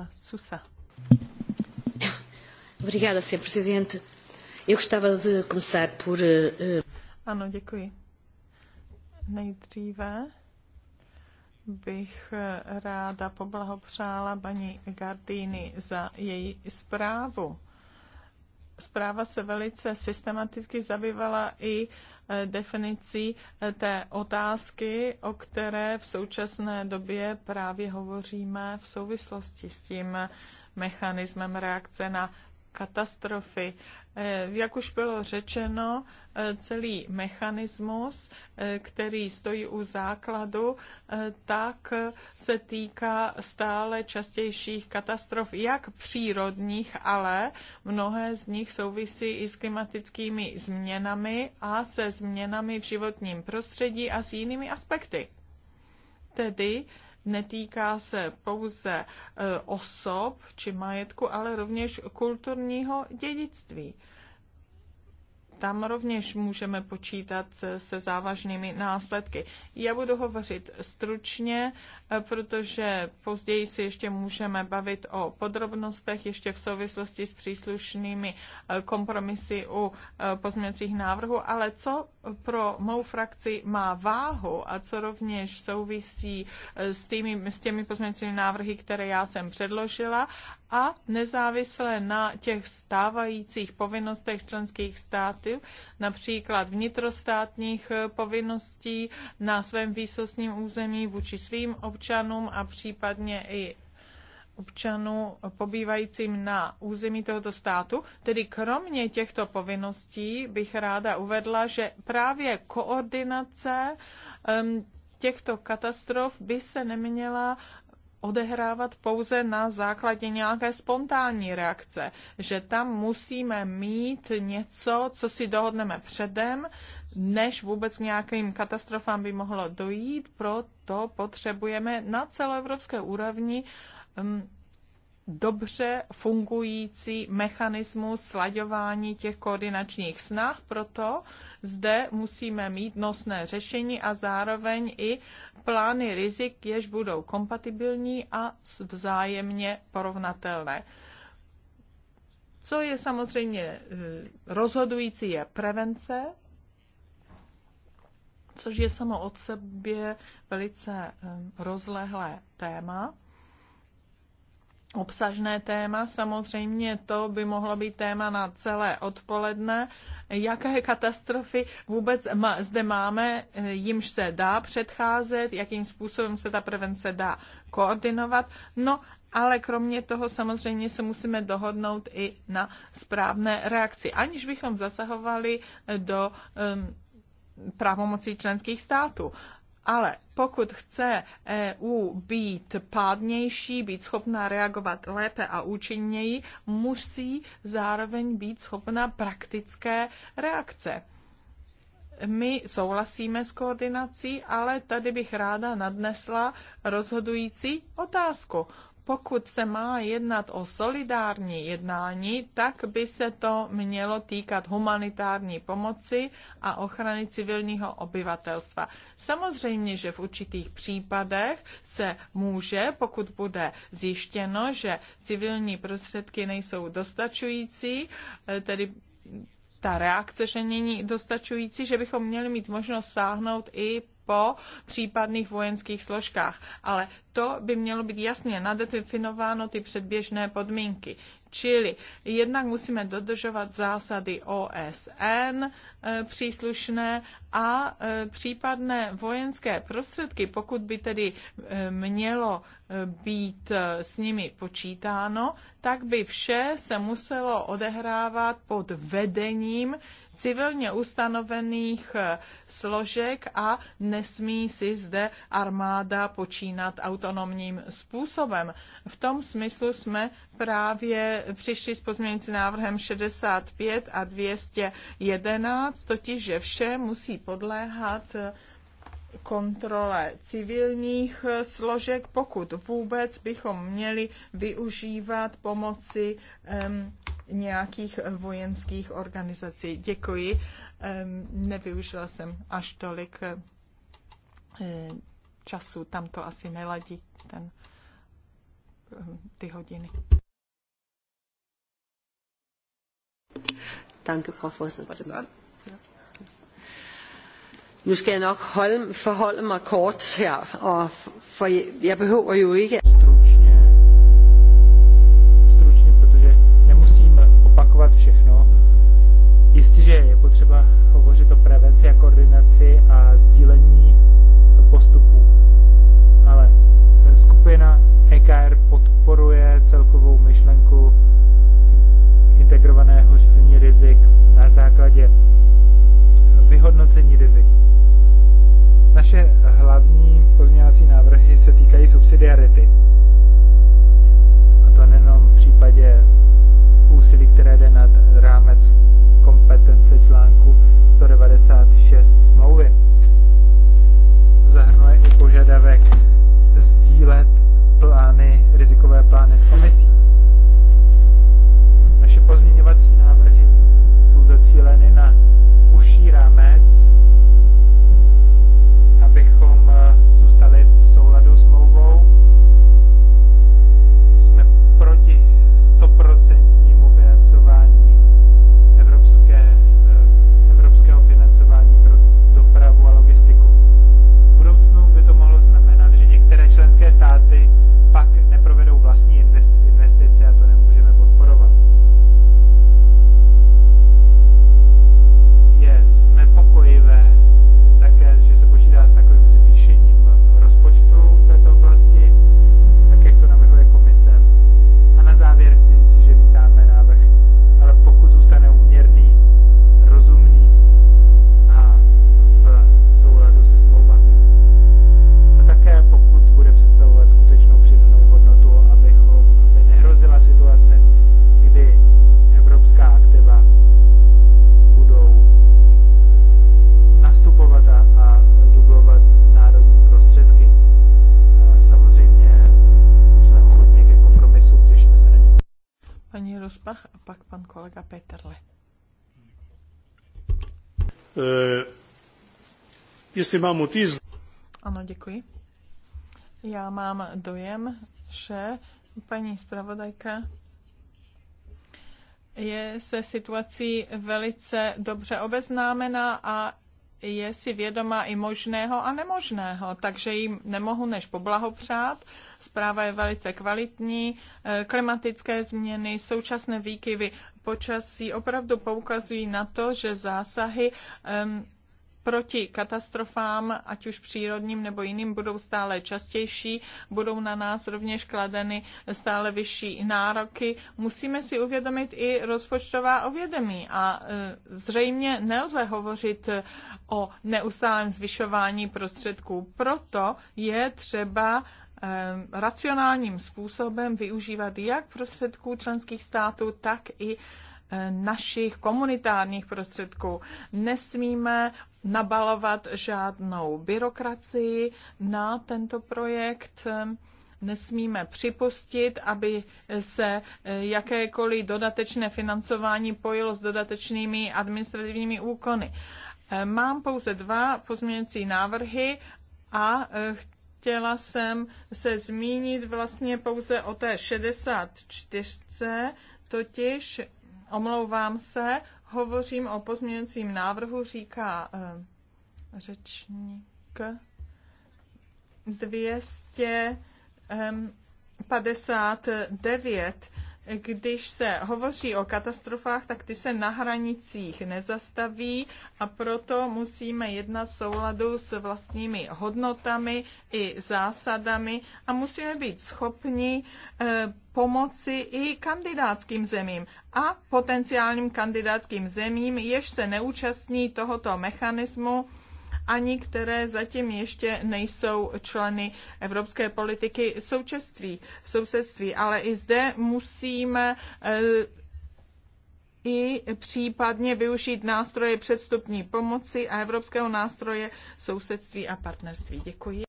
Paula Susa. Obrigada, Sr. Presidente. Eu gostava de começar por... Eh, eh, ano, děkuji. Nejdříve bych eh, ráda poblahopřála paní Gardini za její zprávu. Zpráva se velice systematicky zabývala i definicí eh, té otázky, o které v současné době právě hovoříme v souvislosti s tím mechanismem reakce na katastrofy. Eh, jak už bylo řečeno, eh, celý mechanismus, eh, který stojí u základu, tak se týká stále častějších katastrof, jak přírodních, ale mnohé z nich souvisí i s klimatickými změnami a se změnami v životním prostředí a s jinými aspekty. Tedy Netýká se pouze e, osob či majetku, ale rovněž kulturního dědictví. Tam rovněž můžeme počítat se závažnými následky. Já budu hovořit stručně, Eh, protože později si ještě můžeme bavit o podrobnostech, ještě v souvislosti s příslušnými eh, kompromisy u eh, pozměňovacích návrhů, ale co pro mou frakci má váhu a co rovněž souvisí s těmi, s těmi pozměňovacími návrhy, které já jsem předložila a nezávisle na těch stávajících povinnostech členských států, například vnitrostátních povinností na svém výsostním území vůči svým občanům, občanům a případně i občanů pobývajícím na území tohoto státu. Tedy kromě těchto povinností bych ráda uvedla, že právě koordinace těchto katastrof by se neměla odehrávat pouze na základě nějaké spontánní reakce, že tam musíme mít něco, co si dohodneme předem, než vůbec k nějakým katastrofám by mohlo dojít, proto potřebujeme na celoevropské úrovni um, dobře fungující mechanismus slaďování těch koordinačních snah, proto zde musíme mít nosné řešení a zároveň i plány rizik, jež budou kompatibilní a vzájemně porovnatelné. Co je samozřejmě eh, rozhodující, je prevence což je samo od sebe velice rozlehlé téma. Obsažné téma, samozřejmě to by mohlo být téma na celé odpoledne. Jaké katastrofy vůbec zde máme, eh, jimž se dá předcházet, jakým způsobem se ta prevence dá koordinovat. No, ale kromě toho samozřejmě se musíme dohodnout i na správné reakci, aniž bychom zasahovali do um, pravomocí členských států. Ale pokud chce EU být pádnější, být schopná reagovat lépe a účinněji, musí zároveň být schopna praktické reakce. My souhlasíme s koordinací, ale tady bych ráda nadnesla rozhodující otázku pokud se má jednat o solidární jednání, tak by se to mělo týkat humanitární pomoci a ochrany civilního obyvatelstva. Samozřejmě, že v určitých případech se může, pokud bude zjištěno, že civilní prostředky nejsou dostačující, eh, tedy ta reakce, že není dostačující, že bychom měli mít možnost sáhnout i po případných vojenských složkách. Ale to by mělo být jasně nadefinováno ty předběžné podmínky. Čili jednak musíme dodržovat zásady OSN e, příslušné a e, případné vojenské prostředky, pokud by tedy e, mělo být s nimi počítáno, tak by vše se muselo odehrávat pod vedením civilně ustanovených eh, složek a nesmí si zde armáda počínat autonomním způsobem. V tom smyslu jsme právě přišli s pozměňujícím návrhem 65 a 211, totiž že vše musí podléhat eh, kontrole civilních eh, složek, pokud vůbec bychom měli využívat pomoci um, nějakých eh, vojenských organizací. Děkuji. Nevyužila jsem až tolik eh, času, tam to asi neladí ten, ehm, ty hodiny. Danke, Frau Vorsitzende. Nu skal jeg nok holde, forholde mig kort her, og for jeg, jeg behøver jo ikke... jestli mám utíz. Ano, děkuji. Já mám dojem, že paní zpravodajka je se situací velice dobře obeznámena a je si vědoma i možného a nemožného, takže jim nemohu než poblahopřát. Zpráva je velice kvalitní, eh, klimatické změny, současné výkyvy počasí opravdu poukazují na to, že zásahy um, proti katastrofám, ať už přírodním nebo jiným, budou stále častější, budou na nás rovněž kladeny stále vyšší nároky. Musíme si uvědomit i rozpočtová ovědomí a e, zřejmě nelze hovořit o neustálém zvyšování prostředků. Proto je třeba e, racionálním způsobem využívat jak prostředků členských států, tak i našich komunitárních prostředků. Nesmíme nabalovat žádnou byrokracii na tento projekt. Nesmíme připustit, aby se jakékoliv dodatečné financování pojilo s dodatečnými administrativními úkony. Mám pouze dva pozměňující návrhy a chtěla jsem se zmínit vlastně pouze o té 64, totiž Omlouvám se, hovořím o pozměňujícím návrhu, říká uh, řečník 259 když se hovoří o katastrofách, tak ty se na hranicích nezastaví a proto musíme jednat v souladu s vlastními hodnotami i zásadami a musíme být schopni eh, pomoci i kandidátským zemím a potenciálním kandidátským zemím, jež se neúčastní tohoto mechanismu ani které zatím ještě nejsou členy evropské politiky součeství, sousedství. Ale i zde musíme eh, i případně využít nástroje předstupní pomoci a evropského nástroje sousedství a partnerství. Děkuji.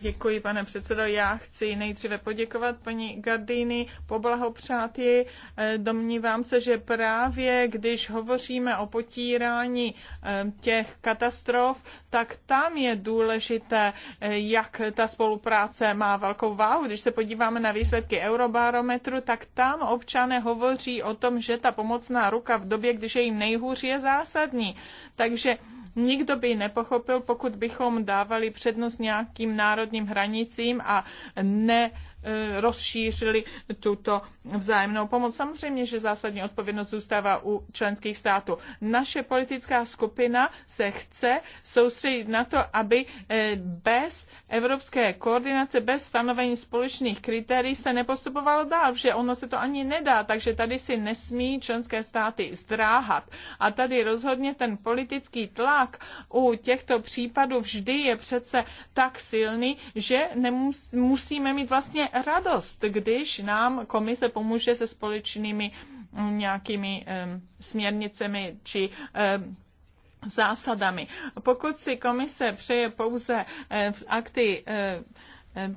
Děkuji, pane předsedo. Já chci nejdříve poděkovat paní Gardini, poblahopřát ji. E, domnívám se, že právě když hovoříme o potírání e, těch katastrof, tak tam je důležité, e, jak ta spolupráce má velkou váhu. Když se podíváme na výsledky Eurobarometru, tak tam občané hovoří o tom, že ta pomocná ruka v době, když je jim nejhůř, je zásadní. Takže Nikdo by nepochopil, pokud bychom dávali přednost nějakým národním hranicím a ne Eh, rozšířili tuto vzájemnou pomoc. Samozřejmě, že zásadní odpovědnost zůstává u členských států. Naše politická skupina se chce soustředit na to, aby eh, bez evropské koordinace, bez stanovení společných kritérií se nepostupovalo dál, že ono se to ani nedá, takže tady si nesmí členské státy zdráhat. A tady rozhodně ten politický tlak u těchto případů vždy je přece tak silný, že nemus- musíme mít vlastně radost, když nám komise pomůže se společnými mm, nějakými um, směrnicemi či um, zásadami. Pokud si komise přeje pouze uh, akty uh,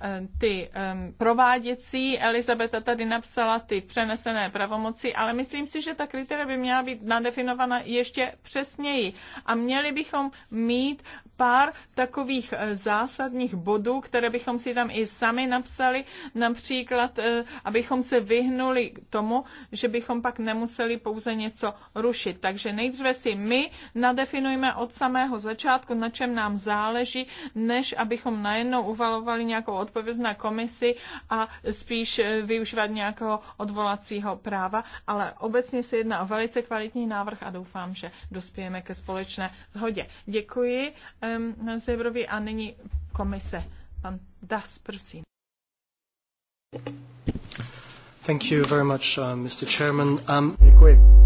Eh, ty um, prováděcí, Elizabeta tady napsala ty přenesené pravomoci, ale myslím si, že ta kritéria by měla být nadefinovaná ještě přesněji. A měli bychom mít pár takových eh, zásadních bodů, které bychom si tam i sami napsali, například, eh, abychom se vyhnuli k tomu, že bychom pak nemuseli pouze něco rušit. Takže nejdříve si my nadefinujeme od samého začátku, na čem nám záleží, než abychom najednou uvalovali nějakou odpověď na komisi a spíš eh, využívat nějakého odvolacího práva, ale obecně se jedná o velice kvalitní návrh a doufám, že dospějeme ke společné shodě. Děkuji um, Zebrovi a nyní komise. Pan Das, prosím. Thank you very much, uh, Mr. Chairman. Um... Děkuji.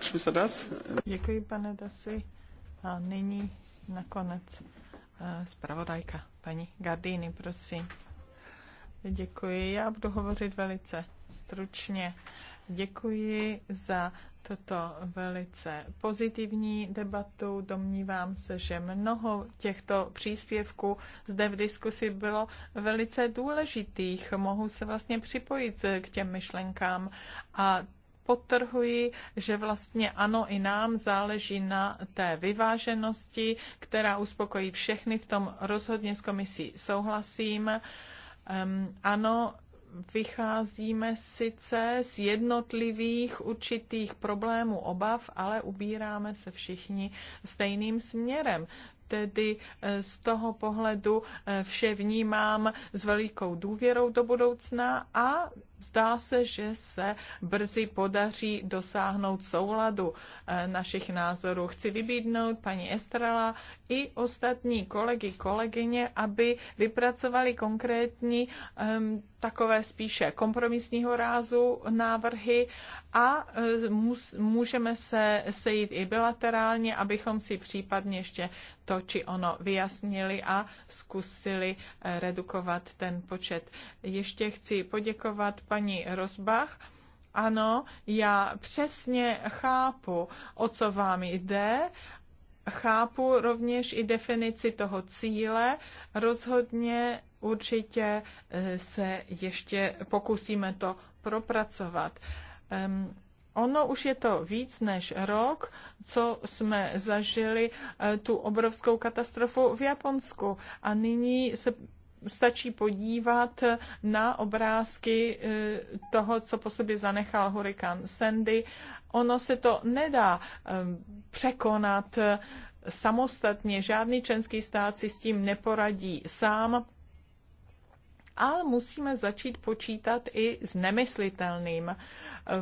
much, Mr. Das. Děkuji, pane Dasi. A nyní nakonec eh, zpravodajka, paní Gardini, prosím. Děkuji, já budu hovořit velice stručně. Děkuji za toto velice pozitivní debatu. Domnívám se, že mnoho těchto příspěvků zde v diskusi bylo velice důležitých. Mohu se vlastně připojit k těm myšlenkám a podtrhuji, že vlastně ano, i nám záleží na té vyváženosti, která uspokojí všechny. V tom rozhodně s komisí souhlasím. Um, ano, vycházíme sice z jednotlivých určitých problémů obav, ale ubíráme se všichni stejným směrem. Tedy e, z toho pohledu e, vše vnímám s velikou důvěrou do budoucna a Zdá se, že se brzy podaří dosáhnout souladu eh, našich názorů. Chci vybídnout paní Estrela i ostatní kolegy, kolegyně, aby vypracovali konkrétní ehm, takové spíše kompromisního rázu návrhy a eh, můžeme se sejít i bilaterálně, abychom si případně ještě to či ono vyjasnili a zkusili eh, redukovat ten počet. Ještě chci poděkovat paní Rozbach. Ano, já přesně chápu, o co vám jde. Chápu rovněž i definici toho cíle. Rozhodně určitě eh, se ještě pokusíme to propracovat. Um, Ono už je to víc než rok, co jsme zažili eh, tu obrovskou katastrofu v Japonsku. A nyní se stačí podívat na obrázky eh, toho, co po sobě zanechal hurikán Sandy. Ono se to nedá eh, překonat eh, samostatně. Žádný členský stát si s tím neporadí sám. Ale musíme začít počítat i s nemyslitelným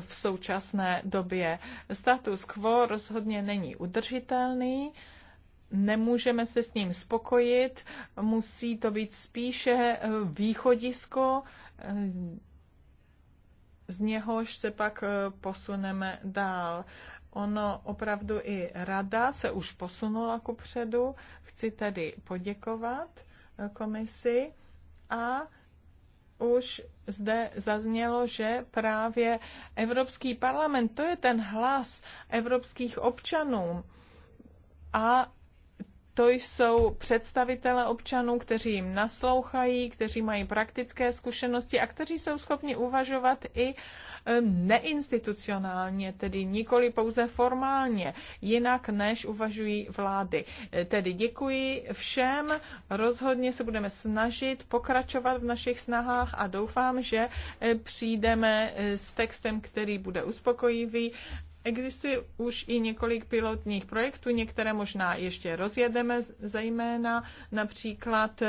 v současné době. Status quo rozhodně není udržitelný nemůžeme se s ním spokojit, musí to být spíše eh, východisko, eh, z něhož se pak eh, posuneme dál. Ono opravdu i rada se už posunula ku předu. Chci tedy poděkovat komisi a už zde zaznělo, že právě Evropský parlament, to je ten hlas evropských občanů a to jsou představitelé občanů, kteří jim naslouchají, kteří mají praktické zkušenosti a kteří jsou schopni uvažovat i neinstitucionálně, tedy nikoli pouze formálně, jinak než uvažují vlády. E, tedy děkuji všem, rozhodně se budeme snažit pokračovat v našich snahách a doufám, že e, přijdeme e, s textem, který bude uspokojivý Existuje už i několik pilotních projektů, některé možná ještě rozjedeme, zejména například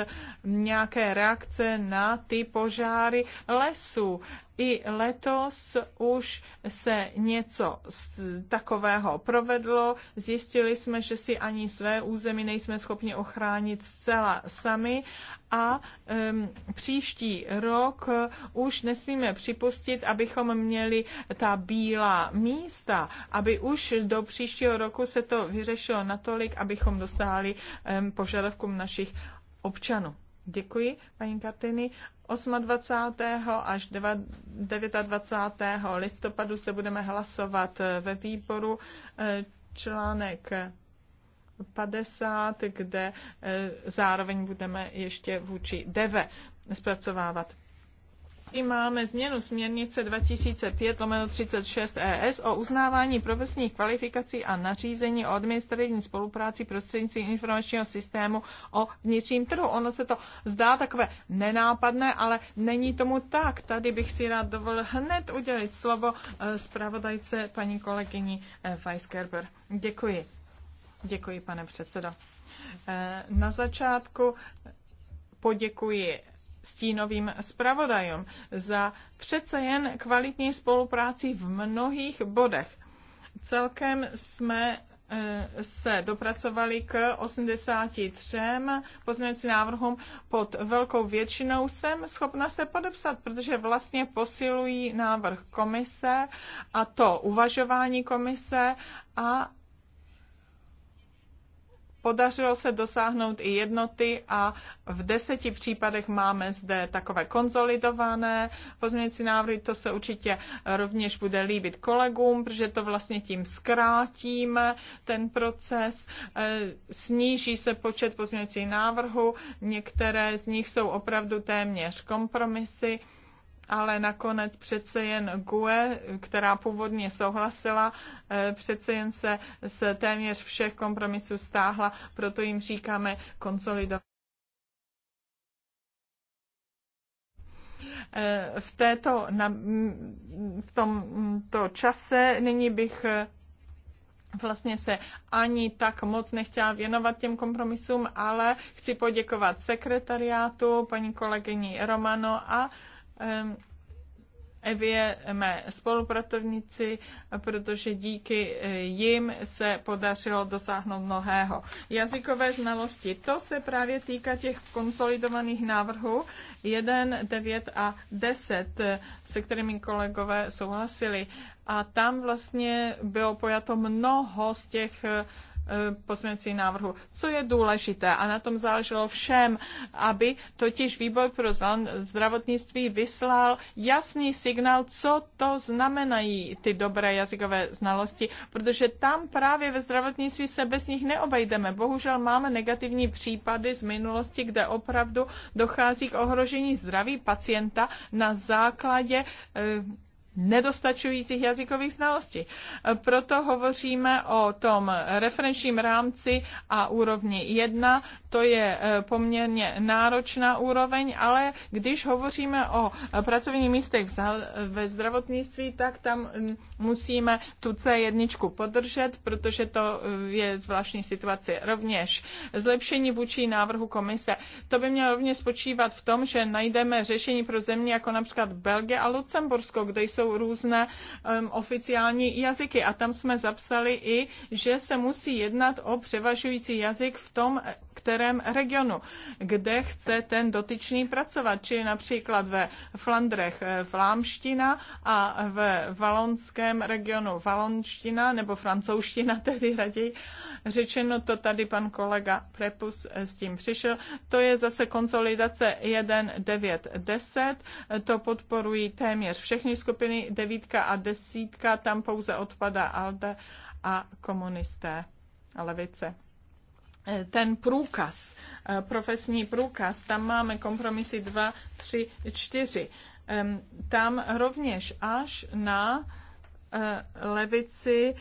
nějaké reakce na ty požáry lesů. I letos už se něco z takového provedlo. Zjistili jsme, že si ani své území nejsme schopni ochránit zcela sami a um, příští rok už nesmíme připustit, abychom měli ta bílá místa, aby už do příštího roku se to vyřešilo natolik, abychom dostáli um, požadavkům našich občanů. Děkuji, paní Katiny. 28. až 29. listopadu se budeme hlasovat eh, ve výboru eh, článek 50, kde eh, zároveň budeme ještě vůči DEVE zpracovávat. Máme změnu směrnice 2005-36 ES o uznávání profesních kvalifikací a nařízení o administrativní spolupráci prostřednictvím informačního systému o vnitřním trhu. Ono se to zdá takové nenápadné, ale není tomu tak. Tady bych si rád dovolil hned udělit slovo eh, zpravodajce paní kolegyni eh, Weisgerber. Děkuji. Děkuji, pane předsedo. Eh, na začátku poděkuji stínovým zpravodajům za přece jen kvalitní spolupráci v mnohých bodech. Celkem jsme eh, se dopracovali k 83 pozměňovacím návrhům pod velkou většinou, jsem schopna se podepsat, protože vlastně posilují návrh komise a to uvažování komise a Podařilo se dosáhnout i jednoty a v deseti případech máme zde takové konzolidované pozměňující návrhy. To se určitě rovněž bude líbit kolegům, protože to vlastně tím zkrátíme eh, ten proces. Eh, sníží se počet pozměňujících návrhů, některé z nich jsou opravdu téměř kompromisy ale nakonec přece jen GUE, která původně souhlasila, eh, přece jen se z téměř všech kompromisů stáhla, proto jim říkáme konsolidovat. Eh, v, této, v tomto čase nyní bych eh, vlastně se ani tak moc nechtěla věnovat těm kompromisům, ale chci poděkovat sekretariátu, paní kolegyni Romano a Evě, mé spolupracovníci, protože díky eh, jim se podařilo dosáhnout mnohého. Jazykové znalosti, to se právě týká těch konsolidovaných návrhů 1, 9 a 10, eh, se kterými kolegové souhlasili. A tam vlastně bylo pojato mnoho z těch eh, Eh, pozměňovacích návrhu. Co je důležité, a na tom záleželo všem, aby totiž výbor pro zdravotnictví vyslal jasný signál, co to znamenají ty dobré jazykové znalosti, protože tam právě ve zdravotnictví se bez nich neobejdeme. Bohužel máme negativní případy z minulosti, kde opravdu dochází k ohrožení zdraví pacienta na základě eh, nedostačujících jazykových znalostí. Proto hovoříme o tom referenčním rámci a úrovni 1. To je eh, poměrně náročná úroveň, ale když hovoříme o pracovních místech ve zdravotnictví, tak tam mm, musíme tu C1 podržet, protože to eh, je zvláštní situace. Rovněž zlepšení vůči návrhu komise. To by mělo rovněž spočívat v tom, že najdeme řešení pro země jako například Belgie a Lucembursko, kde jsou jsou různé um, oficiální jazyky a tam jsme zapsali i, že se musí jednat o převažující jazyk v tom kterém regionu, kde chce ten dotyčný pracovat. či například ve Flandrech eh, vlámština a ve valonském regionu valonština nebo francouzština tedy raději. Řečeno to tady pan kolega Prepus eh, s tím přišel. To je zase konsolidace 1.9.10. To podporují téměř všechny skupiny. Devítka a desítka, tam pouze odpadá ALDE a komunisté a levice ten průkaz, eh, profesní průkaz, tam máme kompromisy 2, 3, 4. Tam rovněž až na eh, levici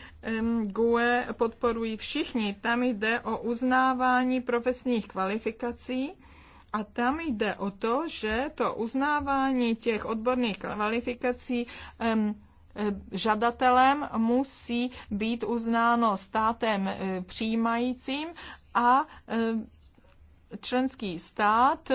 GUE podporují všichni. Tam jde o uznávání profesních kvalifikací a tam jde o to, že to uznávání těch odborných kvalifikací eh, žadatelem musí být uznáno státem přijímajícím a eh, členský stát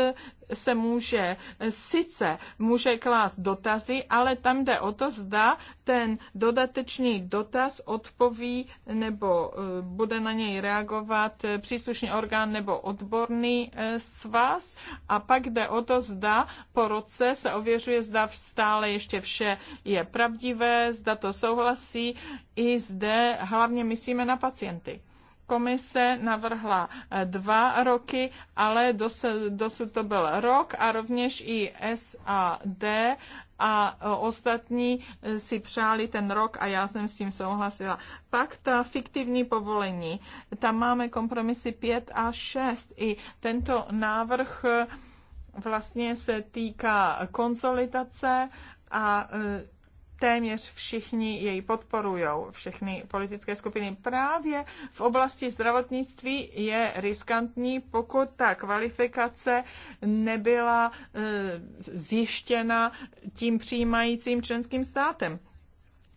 se může, eh, sice může klást dotazy, ale tam jde o to, zda ten dodatečný dotaz odpoví nebo eh, bude na něj reagovat příslušný orgán nebo odborný svaz a pak jde o to, zda po roce se ověřuje, zda stále ještě vše je pravdivé, zda to souhlasí i zde hlavně myslíme na pacienty komise navrhla eh, dva roky, ale dosud, dosud to byl rok a rovněž i SAD a eh, ostatní eh, si přáli ten rok a já jsem s tím souhlasila. Pak ta fiktivní povolení, tam máme kompromisy 5 a 6. I tento návrh vlastně se týká konsolidace a téměř všichni jej podporují, všechny politické skupiny. Právě v oblasti zdravotnictví je riskantní, pokud ta kvalifikace nebyla eh, zjištěna tím přijímajícím členským státem.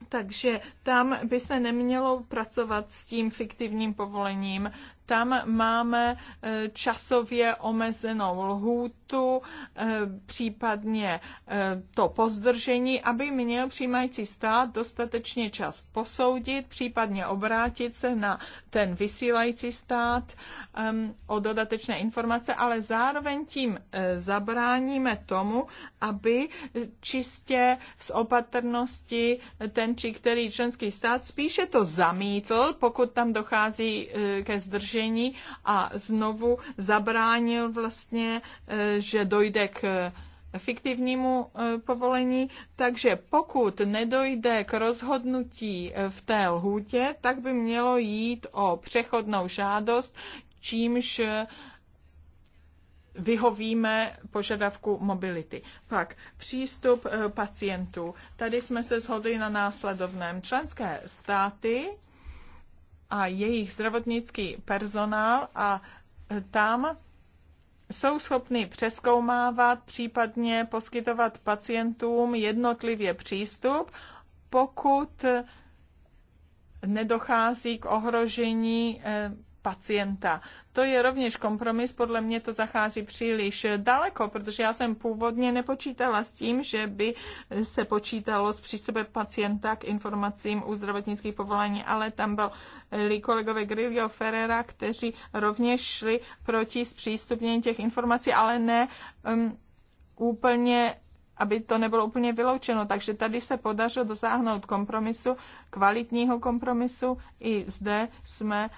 Takže tam by se nemělo pracovat s tím fiktivním povolením tam máme e, časově omezenou lhůtu, e, případně e, to pozdržení, aby měl přijímající stát dostatečně čas posoudit, případně obrátit se na ten vysílající stát o dodatečné informace, ale zároveň tím zabráníme tomu, aby čistě z opatrnosti ten či který členský stát spíše to zamítl, pokud tam dochází ke zdržení zadlužení a znovu zabránil vlastně, eh, že dojde k eh, fiktivnímu eh, povolení, takže pokud nedojde k rozhodnutí v té lhůtě, tak by mělo jít o přechodnou žádost, čímž vyhovíme požadavku mobility. Pak přístup pacientů. Tady jsme se shodli na následovném. Členské státy a jejich zdravotnický personál a tam jsou schopni přeskoumávat, případně poskytovat pacientům jednotlivě přístup, pokud nedochází k ohrožení eh, pacienta. To je rovněž kompromis, podle mě to zachází příliš daleko, protože já jsem původně nepočítala s tím, že by se počítalo s přístupem pacienta k informacím u zdravotnických povolání, ale tam byli eh, kolegové Grillo Ferrera, kteří rovněž šli proti zpřístupnění těch informací, ale ne um, úplně aby to nebylo úplně vyloučeno. Takže tady se podařilo dosáhnout kompromisu, kvalitního kompromisu. I zde jsme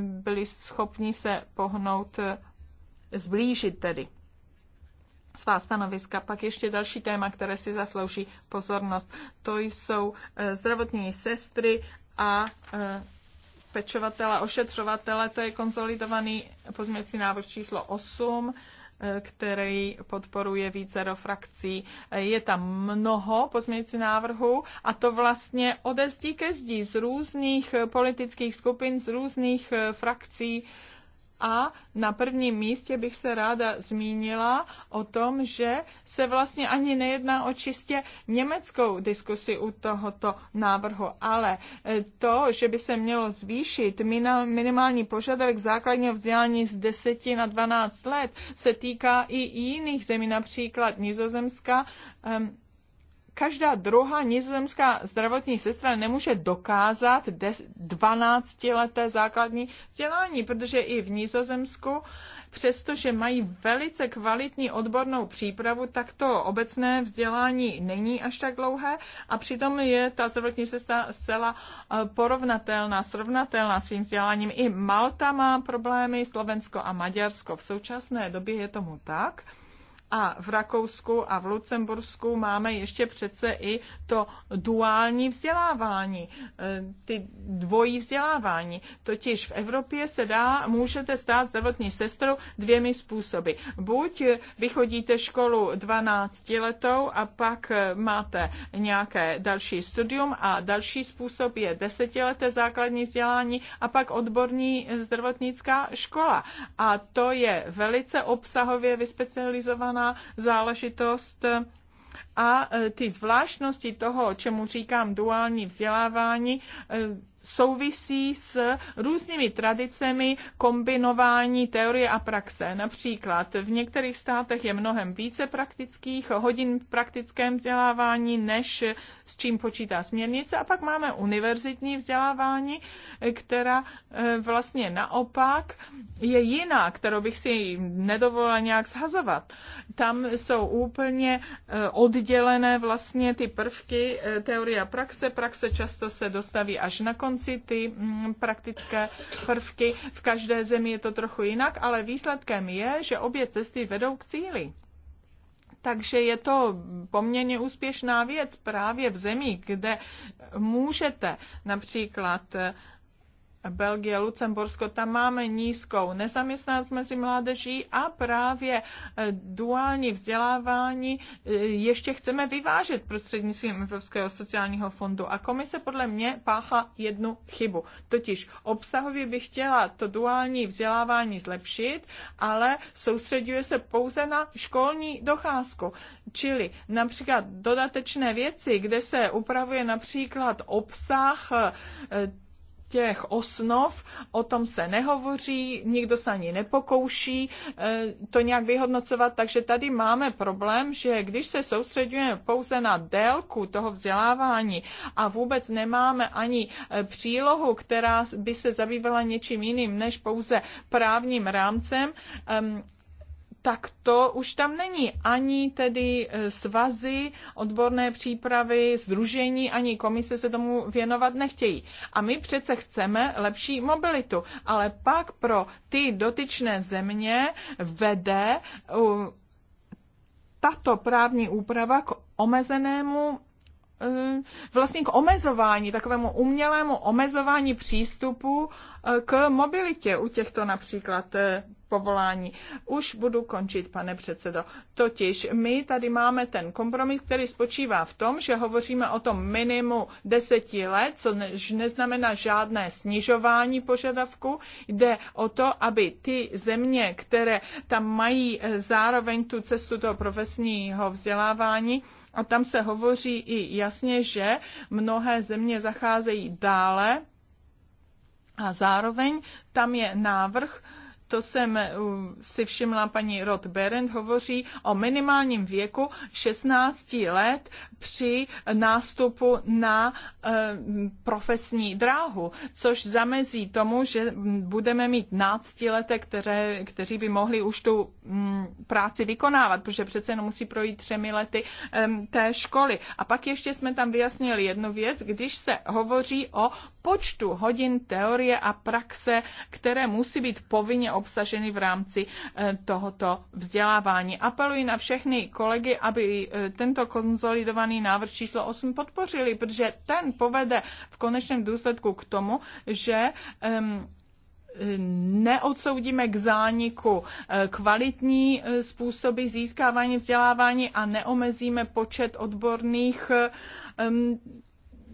byli schopni se pohnout, eh, zblížit tedy svá stanoviska. Pak ještě další téma, které si zaslouží pozornost. To jsou eh, zdravotní sestry a eh, pečovatele, ošetřovatele, to je konsolidovaný pozměcí návrh číslo 8 který podporuje více frakcí. Je tam mnoho pozměňující návrhů a to vlastně ode ke zdí z různých politických skupin, z různých eh, frakcí a na prvním místě bych se ráda zmínila o tom, že se vlastně ani nejedná o čistě německou diskusi u tohoto návrhu, ale e, to, že by se mělo zvýšit minimální požadavek základního vzdělání z 10 na 12 let, se týká i jiných zemí, například Nizozemska, každá druhá nizozemská zdravotní sestra nemůže dokázat 12-leté základní vzdělání, protože i v Nizozemsku, přestože mají velice kvalitní odbornou přípravu, tak to obecné vzdělání není až tak dlouhé a přitom je ta zdravotní sestra zcela eh, porovnatelná, srovnatelná svým vzděláním. I Malta má problémy, Slovensko a Maďarsko. V současné době je tomu tak a v Rakousku a v Lucembursku máme ještě přece i to duální vzdělávání, e, ty dvojí vzdělávání. Totiž v Evropě se dá, můžete stát zdravotní sestrou dvěmi způsoby. Buď vychodíte školu 12 letou a pak e, máte nějaké další studium a další způsob je desetileté základní vzdělání a pak odborní zdravotnická škola. A to je velice obsahově vyspecializovaná závažná záležitost. A e, ty zvláštnosti toho, čemu říkám duální vzdělávání, e, souvisí s různými tradicemi kombinování teorie a praxe. Například v některých státech je mnohem více praktických hodin v praktickém vzdělávání, než s čím počítá směrnice. A pak máme univerzitní vzdělávání, která eh, vlastně naopak je jiná, kterou bych si nedovolila nějak zhazovat. Tam jsou úplně eh, oddělené vlastně ty prvky eh, teorie a praxe. Praxe často se dostaví až na konci konci ty mm, praktické prvky. V každé zemi je to trochu jinak, ale výsledkem je, že obě cesty vedou k cíli. Takže je to poměrně úspěšná věc právě v zemích, kde můžete například Belgie, Lucembursko, tam máme nízkou nezaměstnanost mezi mládeží a právě eh, duální vzdělávání eh, ještě chceme vyvážet prostřednictvím Evropského sociálního fondu. A komise podle mě páchá jednu chybu. Totiž obsahově bych chtěla to duální vzdělávání zlepšit, ale soustředuje se pouze na školní docházku. Čili například dodatečné věci, kde se upravuje například obsah eh, těch osnov, o tom se nehovoří, nikdo se ani nepokouší e, to nějak vyhodnocovat, takže tady máme problém, že když se soustředujeme pouze na délku toho vzdělávání a vůbec nemáme ani e, přílohu, která by se zabývala něčím jiným než pouze právním rámcem tak to už tam není. Ani tedy eh, svazy odborné přípravy, združení, ani komise se tomu věnovat nechtějí. A my přece chceme lepší mobilitu, ale pak pro ty dotyčné země vede eh, tato právní úprava k omezenému eh, vlastně k omezování, takovému umělému omezování přístupu k mobilitě u těchto například povolání. Už budu končit, pane předsedo. Totiž my tady máme ten kompromis, který spočívá v tom, že hovoříme o tom minimu deseti let, co neznamená žádné snižování požadavku. Jde o to, aby ty země, které tam mají eh, zároveň tu cestu toho profesního vzdělávání, a tam se hovoří i jasně, že mnohé země zacházejí dále a zároveň tam je návrh, to jsem eh, si všimla paní Roth Berend, hovoří o minimálním věku 16 let při nástupu na eh, profesní dráhu, což zamezí tomu, že budeme mít náctileté, které, kteří by mohli už tu mm, práci vykonávat, protože přece jenom musí projít třemi lety té školy. A pak ještě jsme tam vyjasnili jednu věc, když se hovoří o počtu hodin teorie a praxe, které musí být povinně obsaženy v rámci eh, tohoto vzdělávání. Apeluji na všechny kolegy, aby eh, tento konzolidovaný navrhovaný návrh číslo 8 podpořili, protože ten povede v konečném důsledku k tomu, že um, neodsoudíme k zániku e, kvalitní e, způsoby získávání vzdělávání a neomezíme počet odborných um,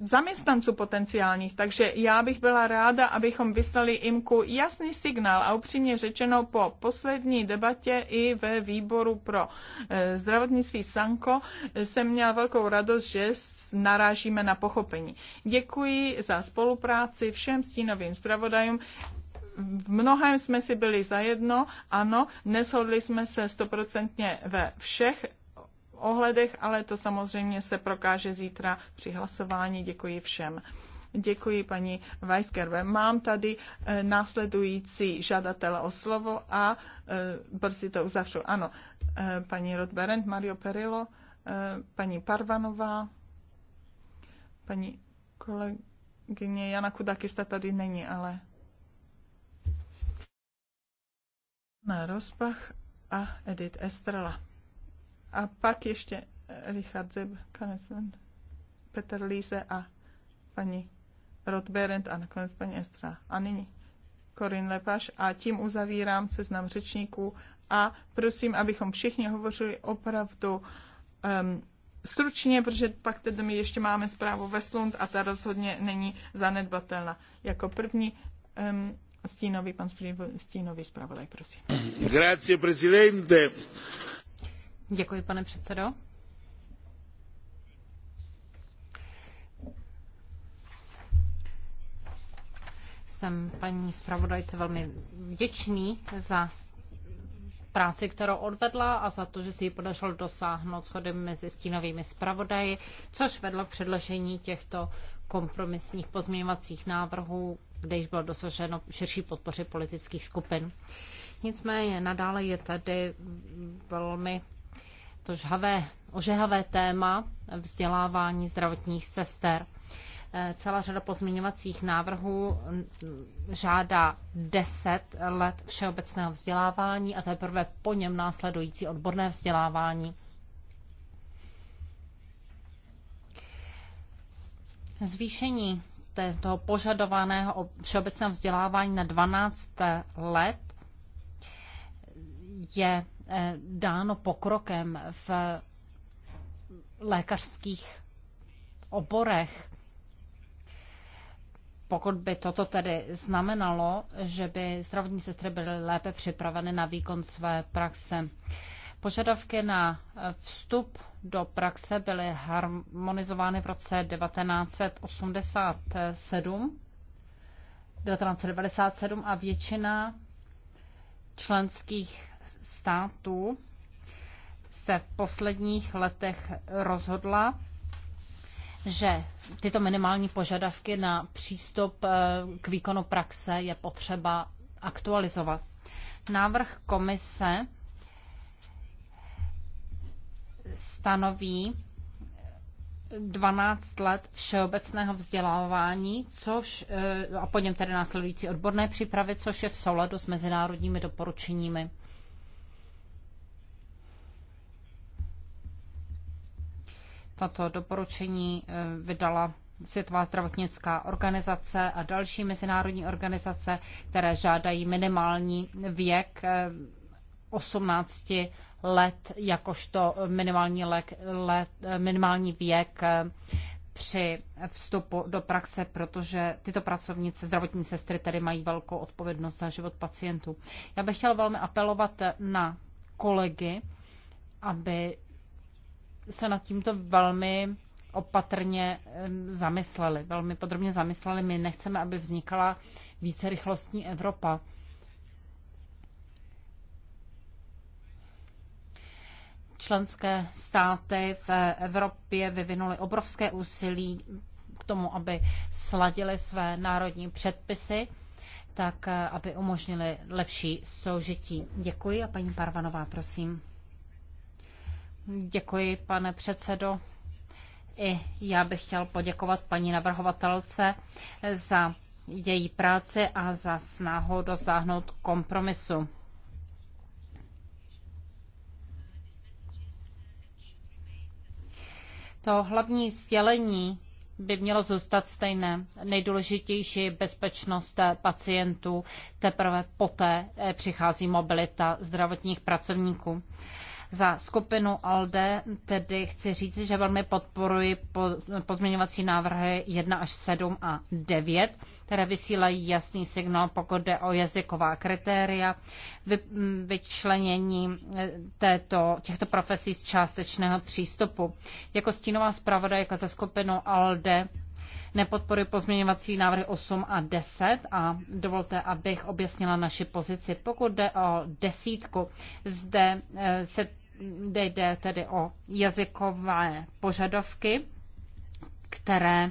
zaměstnanců potenciálních, takže já bych byla ráda, abychom vyslali IMKU jasný signál a upřímně řečeno po poslední debatě i ve výboru pro eh, zdravotnictví Sanko eh, jsem měla velkou radost, že narážíme na pochopení. Děkuji za spolupráci všem stínovým zpravodajům v mnohem jsme si byli zajedno, ano, neshodli jsme se stoprocentně ve všech ohledech, ale to samozřejmě se prokáže zítra při hlasování. Děkuji všem. Děkuji paní Weiskerve. Mám tady eh, následující žadatele o slovo a eh, brzy to uzavřu. Ano, eh, paní Rodberend, Mario Perillo, paní Parvanová, paní kolegyně Jana Kudakista tady není, ale na rozpach a Edith Estrela. A pak ještě eh, Richard Zeb, Peter Líze a paní Rodberend a nakonec paní Estra. A nyní Korin Lepaš a tím uzavírám seznam řečníků a prosím, abychom všichni hovořili opravdu um, stručně, protože pak tedy my ještě máme zprávu Veslund a ta rozhodně není zanedbatelná. Jako první um, stínový, pan stínový zpravodaj, prosím. Grazie, prezidente. Děkuji, pane předsedo. Jsem paní zpravodajce velmi vděčný za práci, kterou odvedla a za to, že si ji podařilo dosáhnout shody mezi stínovými zpravodaji, což vedlo k předložení těchto kompromisních pozměňovacích návrhů, kde již bylo dosaženo širší podpory politických skupin. Nicméně nadále je tady velmi to žhavé, ožehavé téma vzdělávání zdravotních sester. Eh, celá řada pozměňovacích návrhů mm, žádá 10 let všeobecného vzdělávání a teprve po něm následující odborné vzdělávání. Zvýšení toho požadovaného všeobecného vzdělávání na 12 let je Eh, dáno pokrokem v lékařských oborech. Pokud by toto tedy znamenalo, že by zdravotní sestry byly lépe připraveny na výkon své praxe. Požadavky na vstup do praxe byly harmonizovány v roce 1987, 1997 a většina členských států se v posledních letech rozhodla, že tyto minimální požadavky na přístup eh, k výkonu praxe je potřeba aktualizovat. Návrh komise stanoví 12 let všeobecného vzdělávání, což, eh, a po něm tedy následující odborné přípravy, což je v souladu s mezinárodními doporučeními. Tato doporučení eh, vydala Světová zdravotnická organizace a další mezinárodní organizace, které žádají minimální věk 18 eh, let jakožto minimální, lek, let, eh, minimální věk při vstupu do praxe, protože tyto pracovnice, zdravotní sestry tedy mají velkou odpovědnost za život pacientů. Já bych chtěla velmi apelovat na kolegy, aby se nad tímto velmi opatrně zamysleli, velmi podrobně zamysleli. My nechceme, aby vznikala více rychlostní Evropa. Členské státy v Evropě vyvinuly obrovské úsilí k tomu, aby sladily své národní předpisy, tak eh, aby umožnili lepší soužití. Děkuji a paní Parvanová, prosím. Děkuji, pane předsedo. I já bych chtěl poděkovat paní navrhovatelce za její práci a za snahu dosáhnout kompromisu. To hlavní sdělení by mělo zůstat stejné. Nejdůležitější je bezpečnost pacientů, teprve poté eh, přichází mobilita zdravotních pracovníků. Za skupinu ALDE tedy chci říct, že velmi podporuji pozměňovací návrhy 1 až 7 a 9, které vysílají jasný signál, pokud jde o jazyková kritéria, vyčlenění e, této, těchto profesí z částečného přístupu. Jako stínová zpravodajka za skupinu ALDE nepodporuji pozměňovací návrhy 8 a 10 a dovolte, abych objasnila naši pozici. Pokud jde o desítku, zde eh, se jde tedy o jazykové požadavky, které eh,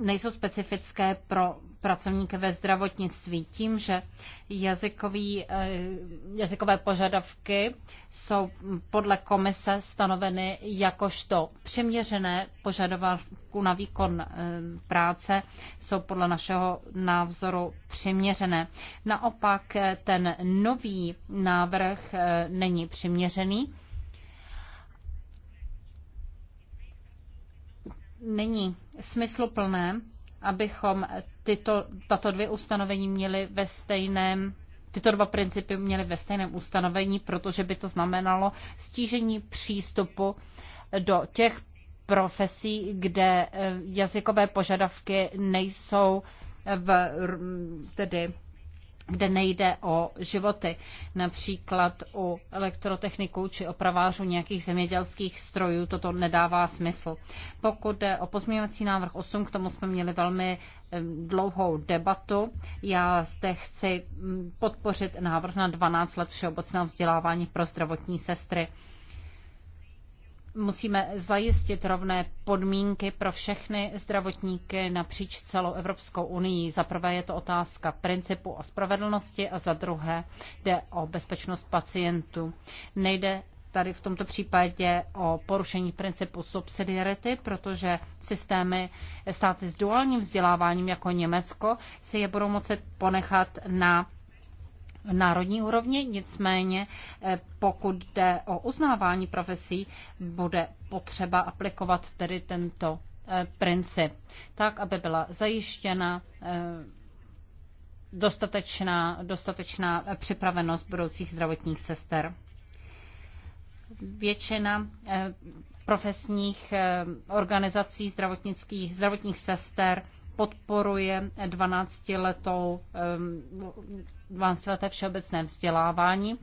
nejsou specifické pro Pracovník ve zdravotnictví tím, že jazykový, eh, jazykové požadavky jsou podle komise stanoveny jakožto přiměřené požadavku na výkon eh, práce, jsou podle našeho názoru přiměřené. Naopak eh, ten nový návrh není přiměřený. Není smysluplné, abychom tyto, tato dvě ustanovení měly ve stejném tyto dva principy měly ve stejném ustanovení, protože by to znamenalo stížení přístupu do těch profesí, kde eh, jazykové požadavky nejsou v, tedy kde nejde o životy, například u elektrotechniků či opravářů nějakých zemědělských strojů, toto nedává smysl. Pokud jde o pozměňovací návrh 8, k tomu jsme měli velmi dlouhou debatu. Já zde chci podpořit návrh na 12 let všeobecného vzdělávání pro zdravotní sestry musíme zajistit rovné podmínky pro všechny zdravotníky napříč celou Evropskou unii. Za prvé je to otázka principu a spravedlnosti a za druhé jde o bezpečnost pacientů. Nejde tady v tomto případě o porušení principu subsidiarity, protože systémy státy s duálním vzděláváním jako Německo si je budou moci ponechat na národní úrovni, nicméně eh, pokud jde o uznávání profesí, bude potřeba aplikovat tedy tento eh, princip, tak aby byla zajištěna eh, dostatečná, dostatečná připravenost budoucích zdravotních sester. Většina profesních organizací zdravotnických, zdravotních sester podporuje 12-letou 12-leté všeobecné vzdělávání,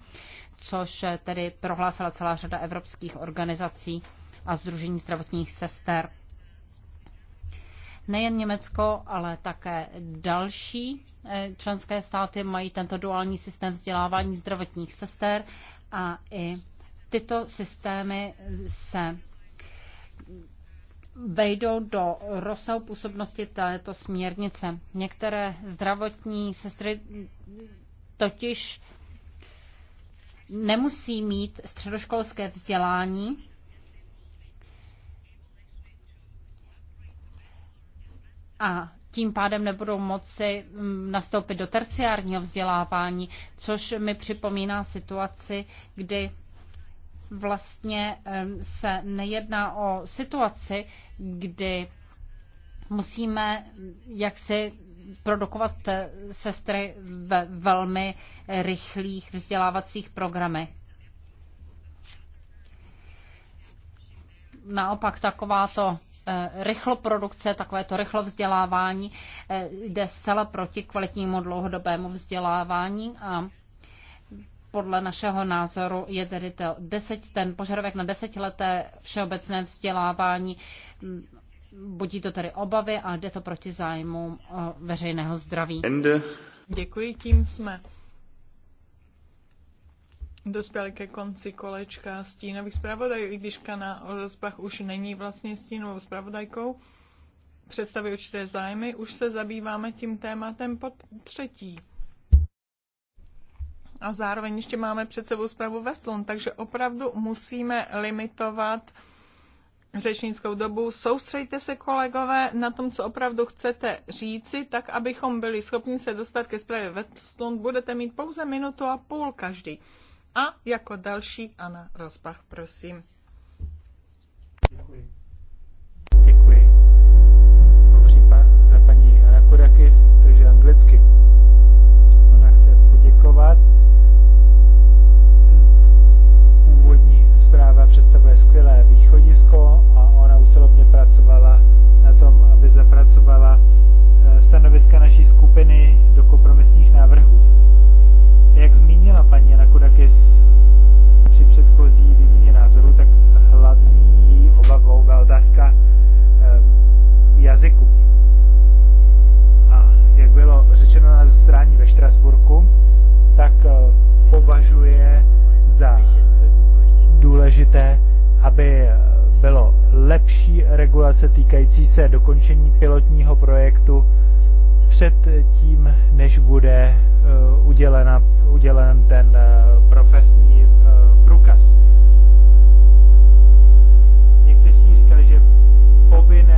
což eh, tedy prohlásila celá řada evropských organizací a Združení zdravotních sester. Nejen Německo, ale také další eh, členské státy mají tento duální systém vzdělávání zdravotních sester a i tyto systémy se vejdou do rozsahu působnosti této směrnice. Některé zdravotní sestry totiž nemusí mít středoškolské vzdělání, a tím pádem nebudou moci mm, nastoupit do terciárního vzdělávání, což mi připomíná situaci, kdy vlastně se nejedná o situaci, kdy musíme jaksi produkovat eh, sestry ve velmi rychlých vzdělávacích programech. Naopak takováto eh, rychloprodukce, takovéto rychlo vzdělávání eh, jde zcela proti kvalitnímu dlouhodobému vzdělávání a podle našeho názoru je tedy to deset, ten požadavek na desetileté všeobecné vzdělávání. Budí to tedy obavy a jde to proti zájmu eh, veřejného zdraví. Děkuji, tím jsme dospěli ke konci kolečka stínových zpravodajů, i když Kana rozpach už není vlastně stínovou zpravodajkou, představí určité zájmy, už se zabýváme tím tématem pod třetí a zároveň ještě máme před sebou zprávu Veslun, takže opravdu musíme limitovat řečnickou dobu. Soustřejte se, kolegové, na tom, co opravdu chcete říci, tak abychom byli schopni se dostat ke zprávě veslun. Budete mít pouze minutu a půl každý. A jako další Anna Rozbach, prosím. Děkuji. Děkuji. pan za paní Kurakis, takže anglicky. Ona chce poděkovat skvělé východisko a ona usilovně pracovala na tom, aby zapracovala eh, stanoviska naší skupiny do kompromisních návrhů. Jak zmínila paní Anakudakis, regulace týkající se dokončení pilotního projektu před tím, než bude eh, udělena, udělen ten eh, profesní eh, průkaz. Někteří říkali, že povinné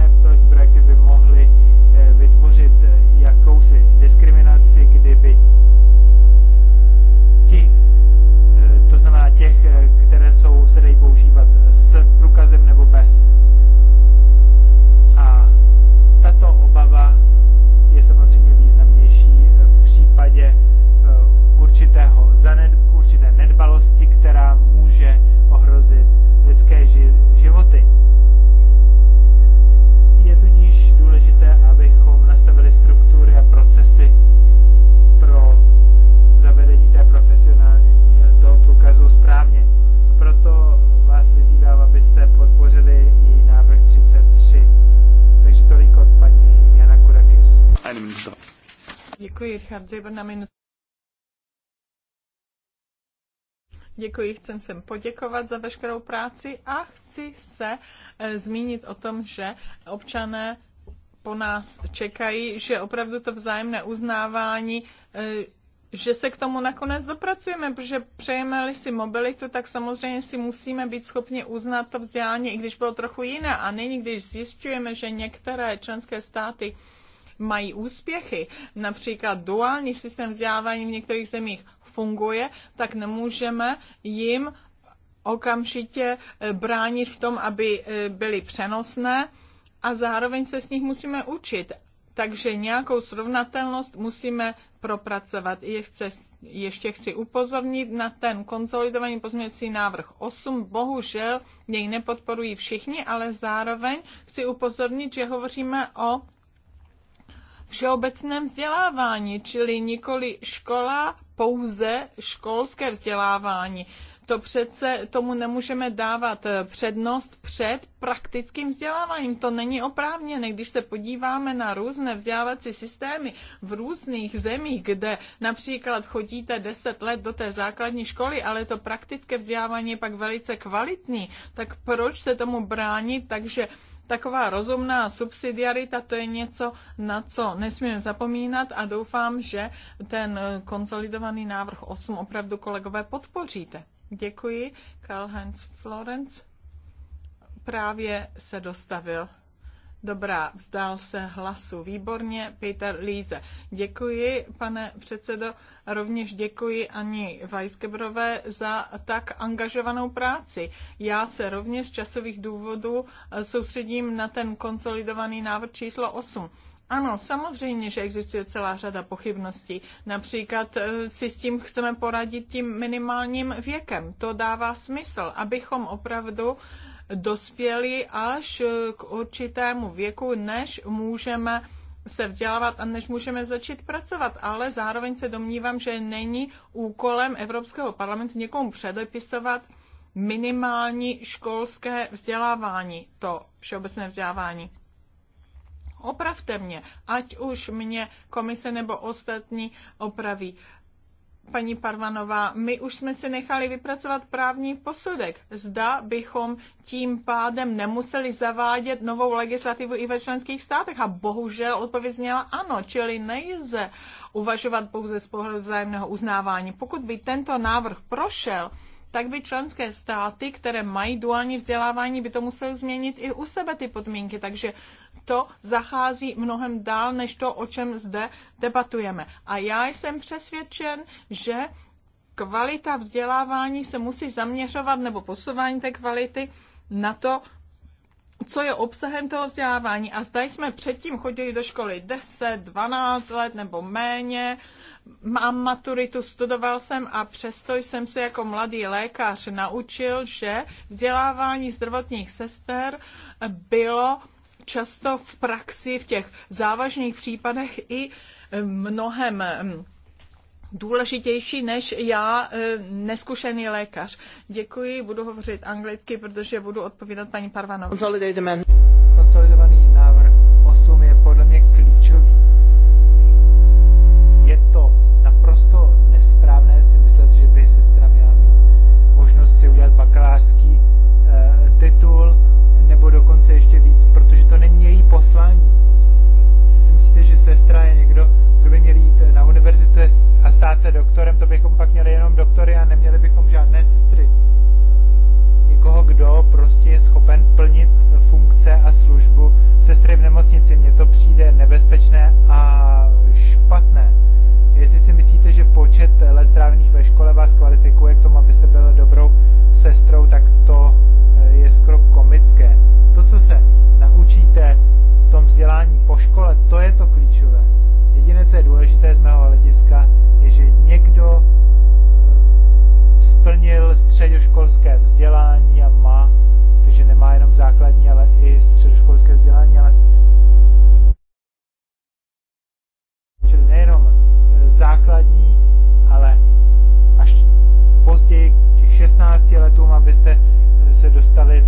Děkuji, Richard Zibr, na minutu. Děkuji, chcem sem poděkovat za veškerou práci a chci se eh, zmínit o tom, že občané po nás čekají, že opravdu to vzájemné uznávání eh, že se k tomu nakonec dopracujeme, protože přejeme-li si mobilitu, tak samozřejmě si musíme být schopni uznat to vzdělání, i když bylo trochu jiné. A nyní, když zjišťujeme, že některé členské státy mají úspěchy. Například duální systém vzdělávání v některých zemích funguje, tak nemůžeme jim okamžitě e, bránit v tom, aby e, byly přenosné a zároveň se s nich musíme učit. Takže nějakou srovnatelnost musíme propracovat. Ještě, ještě chci upozornit na ten konsolidovaný pozměňovací návrh 8. Bohužel jej nepodporují všichni, ale zároveň chci upozornit, že hovoříme o všeobecném vzdělávání, čili nikoli škola, pouze školské vzdělávání. To přece tomu nemůžeme dávat eh, přednost před praktickým vzděláváním. To není oprávněné. Když se podíváme na různé vzdělávací systémy v různých zemích, kde například chodíte 10 let do té základní školy, ale to praktické vzdělávání je pak velice kvalitní, tak proč se tomu bránit? Takže Taková rozumná subsidiarita, to je něco, na co nesmíme zapomínat a doufám, že ten eh, konsolidovaný návrh 8 opravdu kolegové podpoříte. Děkuji. Karl Heinz Florenz právě se dostavil. Dobrá, vzdál se hlasu. Výborně, Peter Líze. Děkuji, pane předsedo. Rovněž děkuji Ani Weisgebrové za tak angažovanou práci. Já se rovněž z časových důvodů e, soustředím na ten konsolidovaný návrh číslo 8. Ano, samozřejmě, že existuje celá řada pochybností. Například e, si s tím chceme poradit tím minimálním věkem. To dává smysl, abychom opravdu dospělí až k určitému věku, než můžeme se vzdělávat a než můžeme začít pracovat, ale zároveň se domnívám, že není úkolem Evropského parlamentu někomu předepisovat minimální školské vzdělávání, to všeobecné vzdělávání. Opravte mě, ať už mě komise nebo ostatní opraví paní Parvanová, my už jsme si nechali vypracovat právní posudek. Zda bychom tím pádem nemuseli zavádět novou legislativu i ve členských státech. A bohužel odpověď zněla ano, čili nejde uvažovat pouze z pohledu vzájemného uznávání. Pokud by tento návrh prošel, tak by členské státy, které mají duální vzdělávání, by to musely změnit i u sebe ty podmínky. Takže to zachází mnohem dál, než to, o čem zde debatujeme. A já jsem přesvědčen, že kvalita vzdělávání se musí zaměřovat, nebo posouvání té kvality, na to, co je obsahem toho vzdělávání. A zda jsme předtím chodili do školy 10, 12 let nebo méně, mám maturitu, studoval jsem a přesto jsem se jako mladý lékař naučil, že vzdělávání zdravotních sester bylo často v praxi v těch závažných případech i mnohem mm, důležitější než já, e, neskušený lékař. Děkuji, budu hovořit anglicky, protože budu odpovídat paní Parvanové.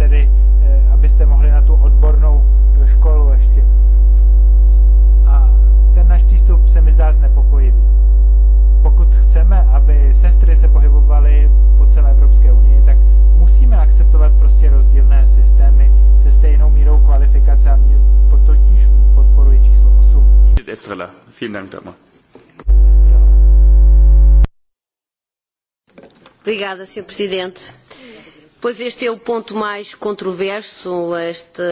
tedy, eh, abyste mohli na tu odbornou školu ještě. A ten náš přístup se mi zdá znepokojivý. Pokud chceme, aby sestry se pohybovaly po celé Evropské unii, tak musíme akceptovat prostě rozdílné systémy se stejnou mírou kvalifikace a mě totiž podporuje číslo 8. Estrela, vielen Dank, Dama. Obrigada, Sr. Presidente. Pois este é o ponto mais controverso, este...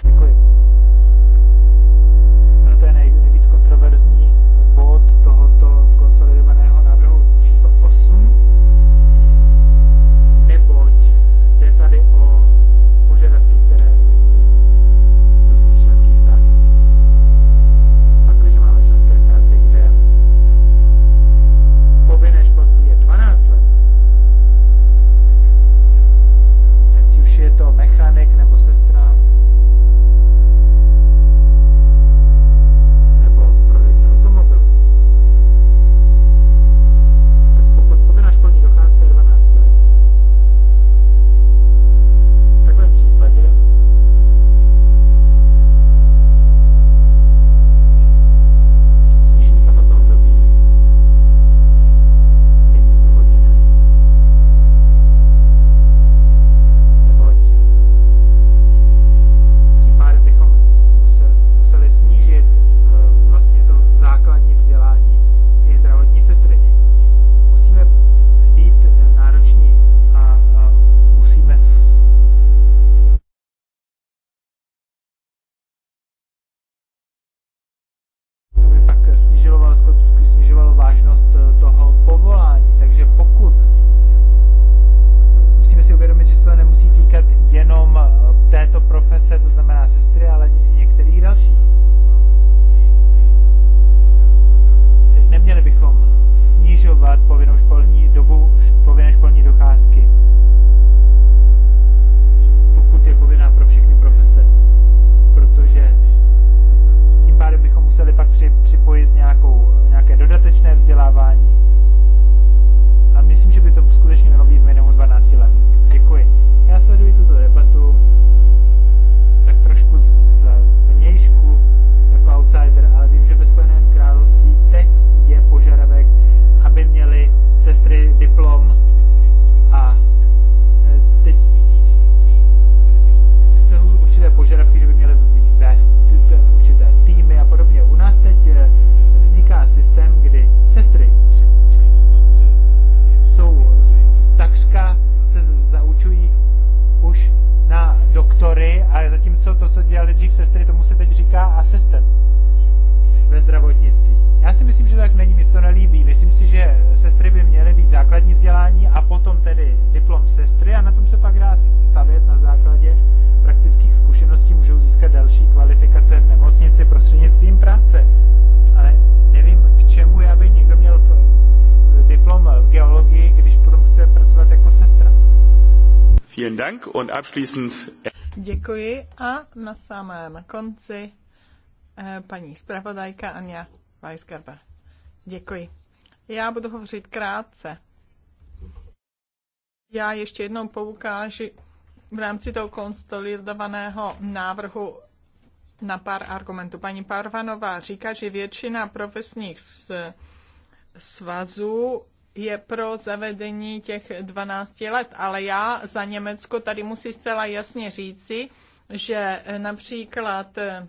abschließend. Děkuji a na samém konci eh, paní zpravodajka Anja Weisgerber. Děkuji. Já budu hovořit krátce. Já ještě jednou poukážu v rámci toho konstolidovaného návrhu na pár argumentů. Paní Parvanová říká, že většina profesních svazů je pro zavedení těch 12 let, ale já za Německo tady musím zcela jasně říci, že například eh,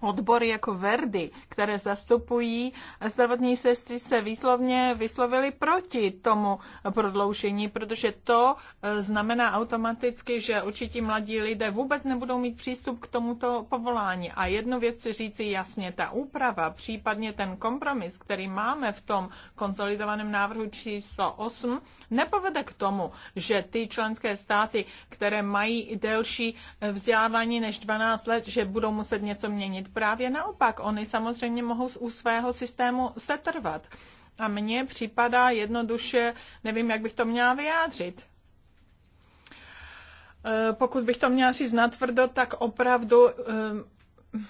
odbory jako Verdi, které zastupují zdravotní sestry, se výslovně vyslovili proti tomu prodloužení, protože to eh, znamená automaticky, že určití mladí lidé vůbec nebudou mít přístup k tomuto povolání. A jednu věc si říci jasně, ta úprava, případně ten kompromis, který máme v tom konsolidovaném návrhu číslo 8, nepovede k tomu, že ty členské státy, které mají delší vzdělávání než 12 let, že budou muset něco měnit změnit. Právě naopak, oni samozřejmě mohou z u svého systému setrvat. A mně připadá jednoduše, nevím, jak bych to měla vyjádřit. Eh, pokud bych to měla říct natvrdo, tak opravdu eh,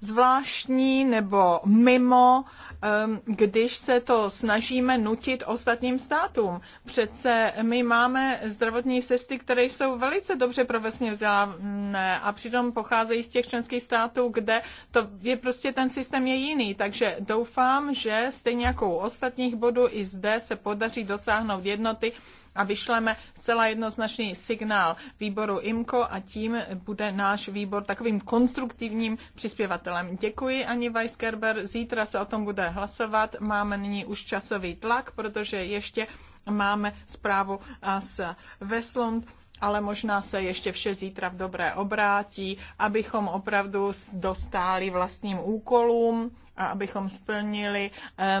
zvláštní nebo mimo Ehm, když se to snažíme nutit ostatním státům. Přece my máme zdravotní sestry, které jsou velice dobře profesně vzdělané a přitom pocházejí z těch členských států, kde to je prostě ten systém je jiný. Takže doufám, že stejně jako u ostatních bodů i zde se podaří dosáhnout jednoty a vyšleme zcela jednoznačný signál výboru IMCO a tím bude náš výbor takovým konstruktivním přispěvatelem. Děkuji Ani Weiskerber, zítra se o tom bude hlasovat, máme nyní už časový tlak, protože ještě máme zprávu z Veslund, ale možná se ještě vše zítra v dobré obrátí, abychom opravdu dostáli vlastním úkolům a abychom splnili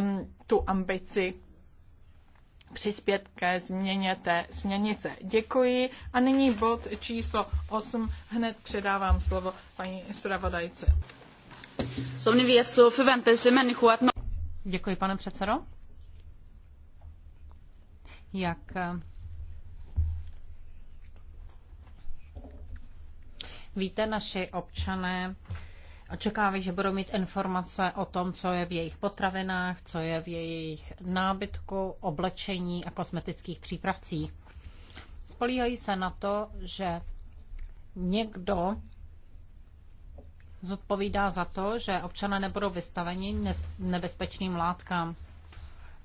um, tu ambici přispět ke změně té směrnice. Děkuji a nyní bod číslo 8. Hned předávám slovo paní zpravodajce. Děkuji, pane předsedo. Jak eh, víte, naši občané očekávají, že budou mít informace o tom, co je v jejich potravinách, co je v jejich nábytku, oblečení a kosmetických přípravcích. Spolíhají se na to, že někdo zodpovídá za to, že občané nebudou vystaveni nebezpečným látkám.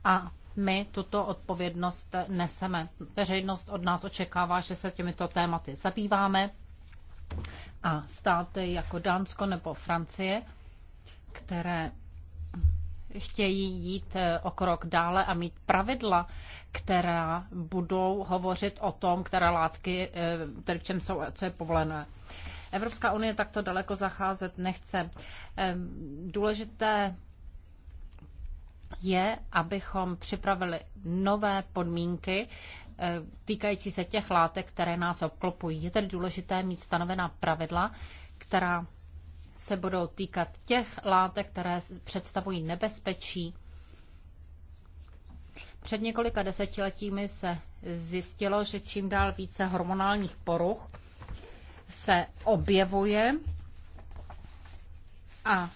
A my tuto odpovědnost neseme. Veřejnost od nás očekává, že se těmito tématy zabýváme, a státy jako Dánsko nebo Francie, které chtějí jít eh, o krok dále a mít pravidla, která budou hovořit o tom, které látky, eh, tedy v čem jsou, co je povolené. Evropská unie takto daleko zacházet nechce. Důležité je, abychom připravili nové podmínky, týkající se těch látek, které nás obklopují. Je tedy důležité mít stanovená pravidla, která se budou týkat těch látek, které představují nebezpečí. Před několika desetiletími se zjistilo, že čím dál více hormonálních poruch se objevuje a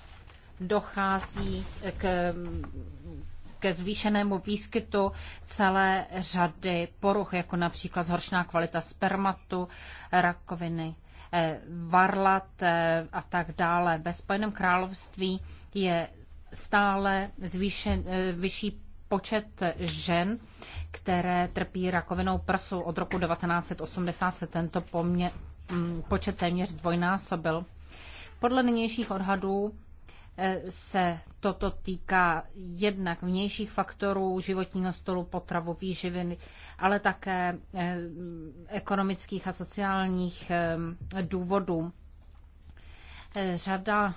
dochází k, ke zvýšenému výskytu celé řady poruch, jako například zhoršená kvalita spermatu, rakoviny, eh, varlat eh, a tak dále. Ve Spojeném království je stále zvýšen, eh, vyšší počet žen, které trpí rakovinou prsu od roku 1980 se tento poměr, mm, počet téměř dvojnásobil. Podle nynějších odhadů Eh, se toto týká jednak vnějších faktorů životního stolu, potravu, výživiny, ale také eh, ekonomických a sociálních eh, důvodů. Řada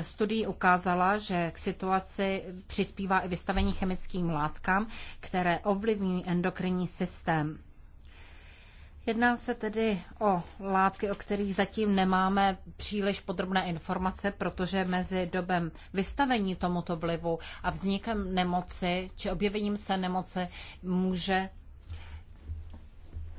studií ukázala, že k situaci přispívá i vystavení chemickým látkám, které ovlivňují endokrinní systém. Jedná se tedy o látky, o kterých zatím nemáme příliš podrobné informace, protože mezi dobem vystavení tomuto vlivu a vznikem nemoci či objevením se nemoci může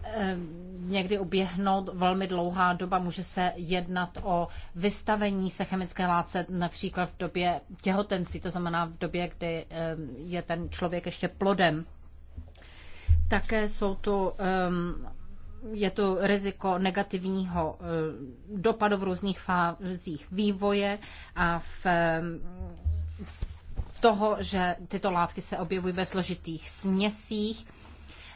eh, někdy uběhnout velmi dlouhá doba. Může se jednat o vystavení se chemické látce například v době těhotenství, to znamená v době, kdy eh, je ten člověk ještě plodem. Také jsou tu um, je to riziko negativního eh, dopadu v různých fázích vývoje a v eh, toho, že tyto látky se objevují ve složitých směsích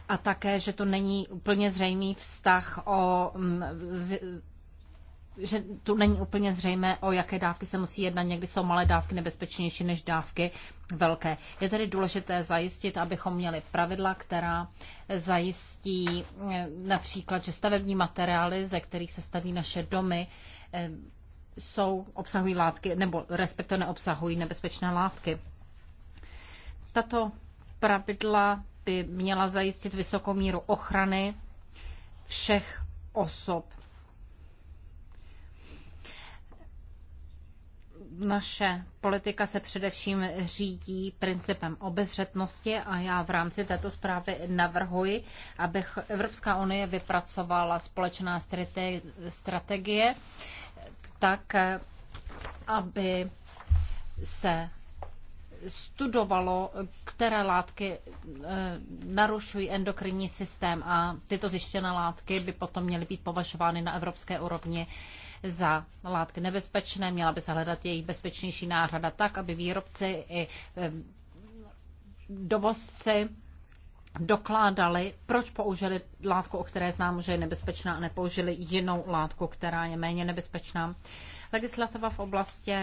a také, že to není úplně zřejmý vztah o mm, že tu není úplně zřejmé, o jaké dávky se musí jednat. Někdy jsou malé dávky nebezpečnější než dávky velké. Je tedy důležité zajistit, abychom měli pravidla, která zajistí eh, například, že stavební materiály, ze kterých se staví naše domy, eh, jsou, obsahují látky, nebo respektive neobsahují nebezpečné látky. Tato pravidla by měla zajistit vysokou míru ochrany všech osob naše politika se především řídí principem obezřetnosti a já v rámci této zprávy navrhuji, aby Evropská unie vypracovala společná strategie tak, aby se studovalo, které látky eh, narušují endokrinní systém a tyto zjištěné látky by potom měly být považovány na evropské úrovni za látky nebezpečné, měla by se hledat jejich bezpečnější náhrada tak, aby výrobci i dovozci dokládali, proč použili látku, o které známo, že je nebezpečná a nepoužili jinou látku, která je méně nebezpečná. Legislativa v oblasti,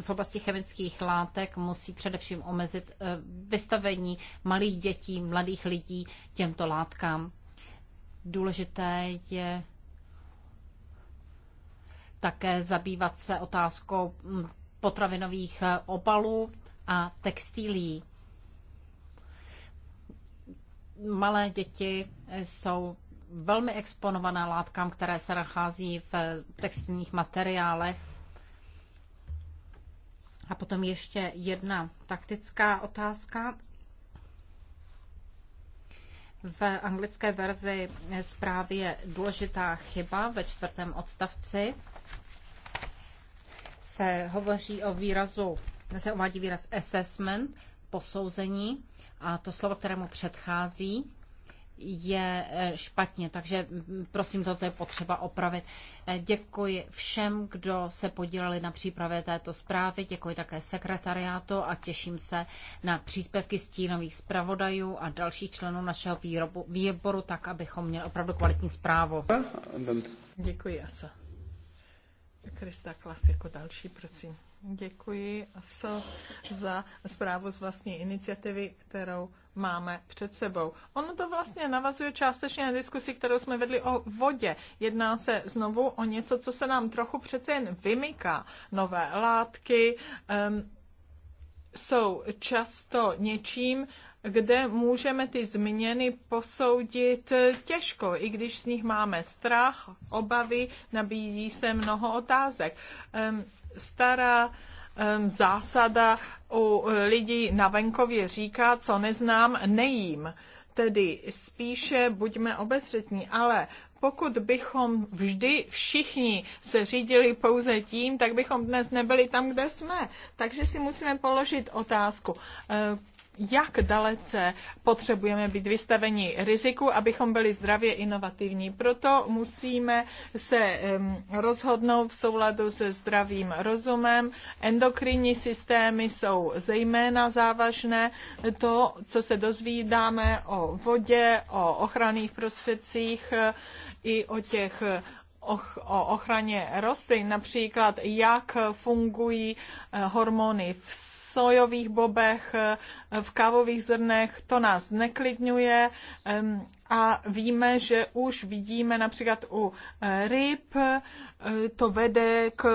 v oblasti chemických látek musí především omezit eh, vystavení malých dětí, mladých lidí těmto látkám. Důležité je také zabývat se otázkou hm, potravinových eh, obalů a textilí. Malé děti jsou velmi exponované látkám, které se nachází v textilních materiálech. A potom ještě jedna taktická otázka. V anglické verzi zprávy je důležitá chyba ve čtvrtém odstavci se hovoří o výrazu, se uvádí výraz assessment, posouzení a to slovo, kterému předchází, je e, špatně, takže prosím, toto je potřeba opravit. E, děkuji všem, kdo se podíleli na přípravě této zprávy, děkuji také sekretariátu a těším se na příspěvky stínových zpravodajů a dalších členů našeho výrobu, výboru, tak abychom měli opravdu kvalitní zprávu. Děkuji, Asa. Krista Klas jako další, prosím. Děkuji so za zprávu z vlastní iniciativy, kterou máme před sebou. Ono to vlastně navazuje částečně na diskusi, kterou jsme vedli o vodě. Jedná se znovu o něco, co se nám trochu přece jen vymyká. Nové látky um, jsou často něčím, kde můžeme ty změny posoudit těžko, i když z nich máme strach, obavy, nabízí se mnoho otázek. Ehm, stará ehm, zásada u lidí na venkově říká, co neznám, nejím. Tedy spíše buďme obezřetní, ale pokud bychom vždy všichni se řídili pouze tím, tak bychom dnes nebyli tam, kde jsme. Takže si musíme položit otázku, ehm, jak dalece potřebujeme být vystaveni riziku, abychom byli zdravě inovativní. Proto musíme se rozhodnout v souladu se zdravým rozumem. Endokrinní systémy jsou zejména závažné. To, co se dozvídáme o vodě, o ochranných prostředcích, i o těch o ochraně rostlin, například jak fungují eh, hormony v sojových bobech, eh, v kávových zrnech, to nás neklidňuje a víme, že už vidíme například u eh, ryb, to vede k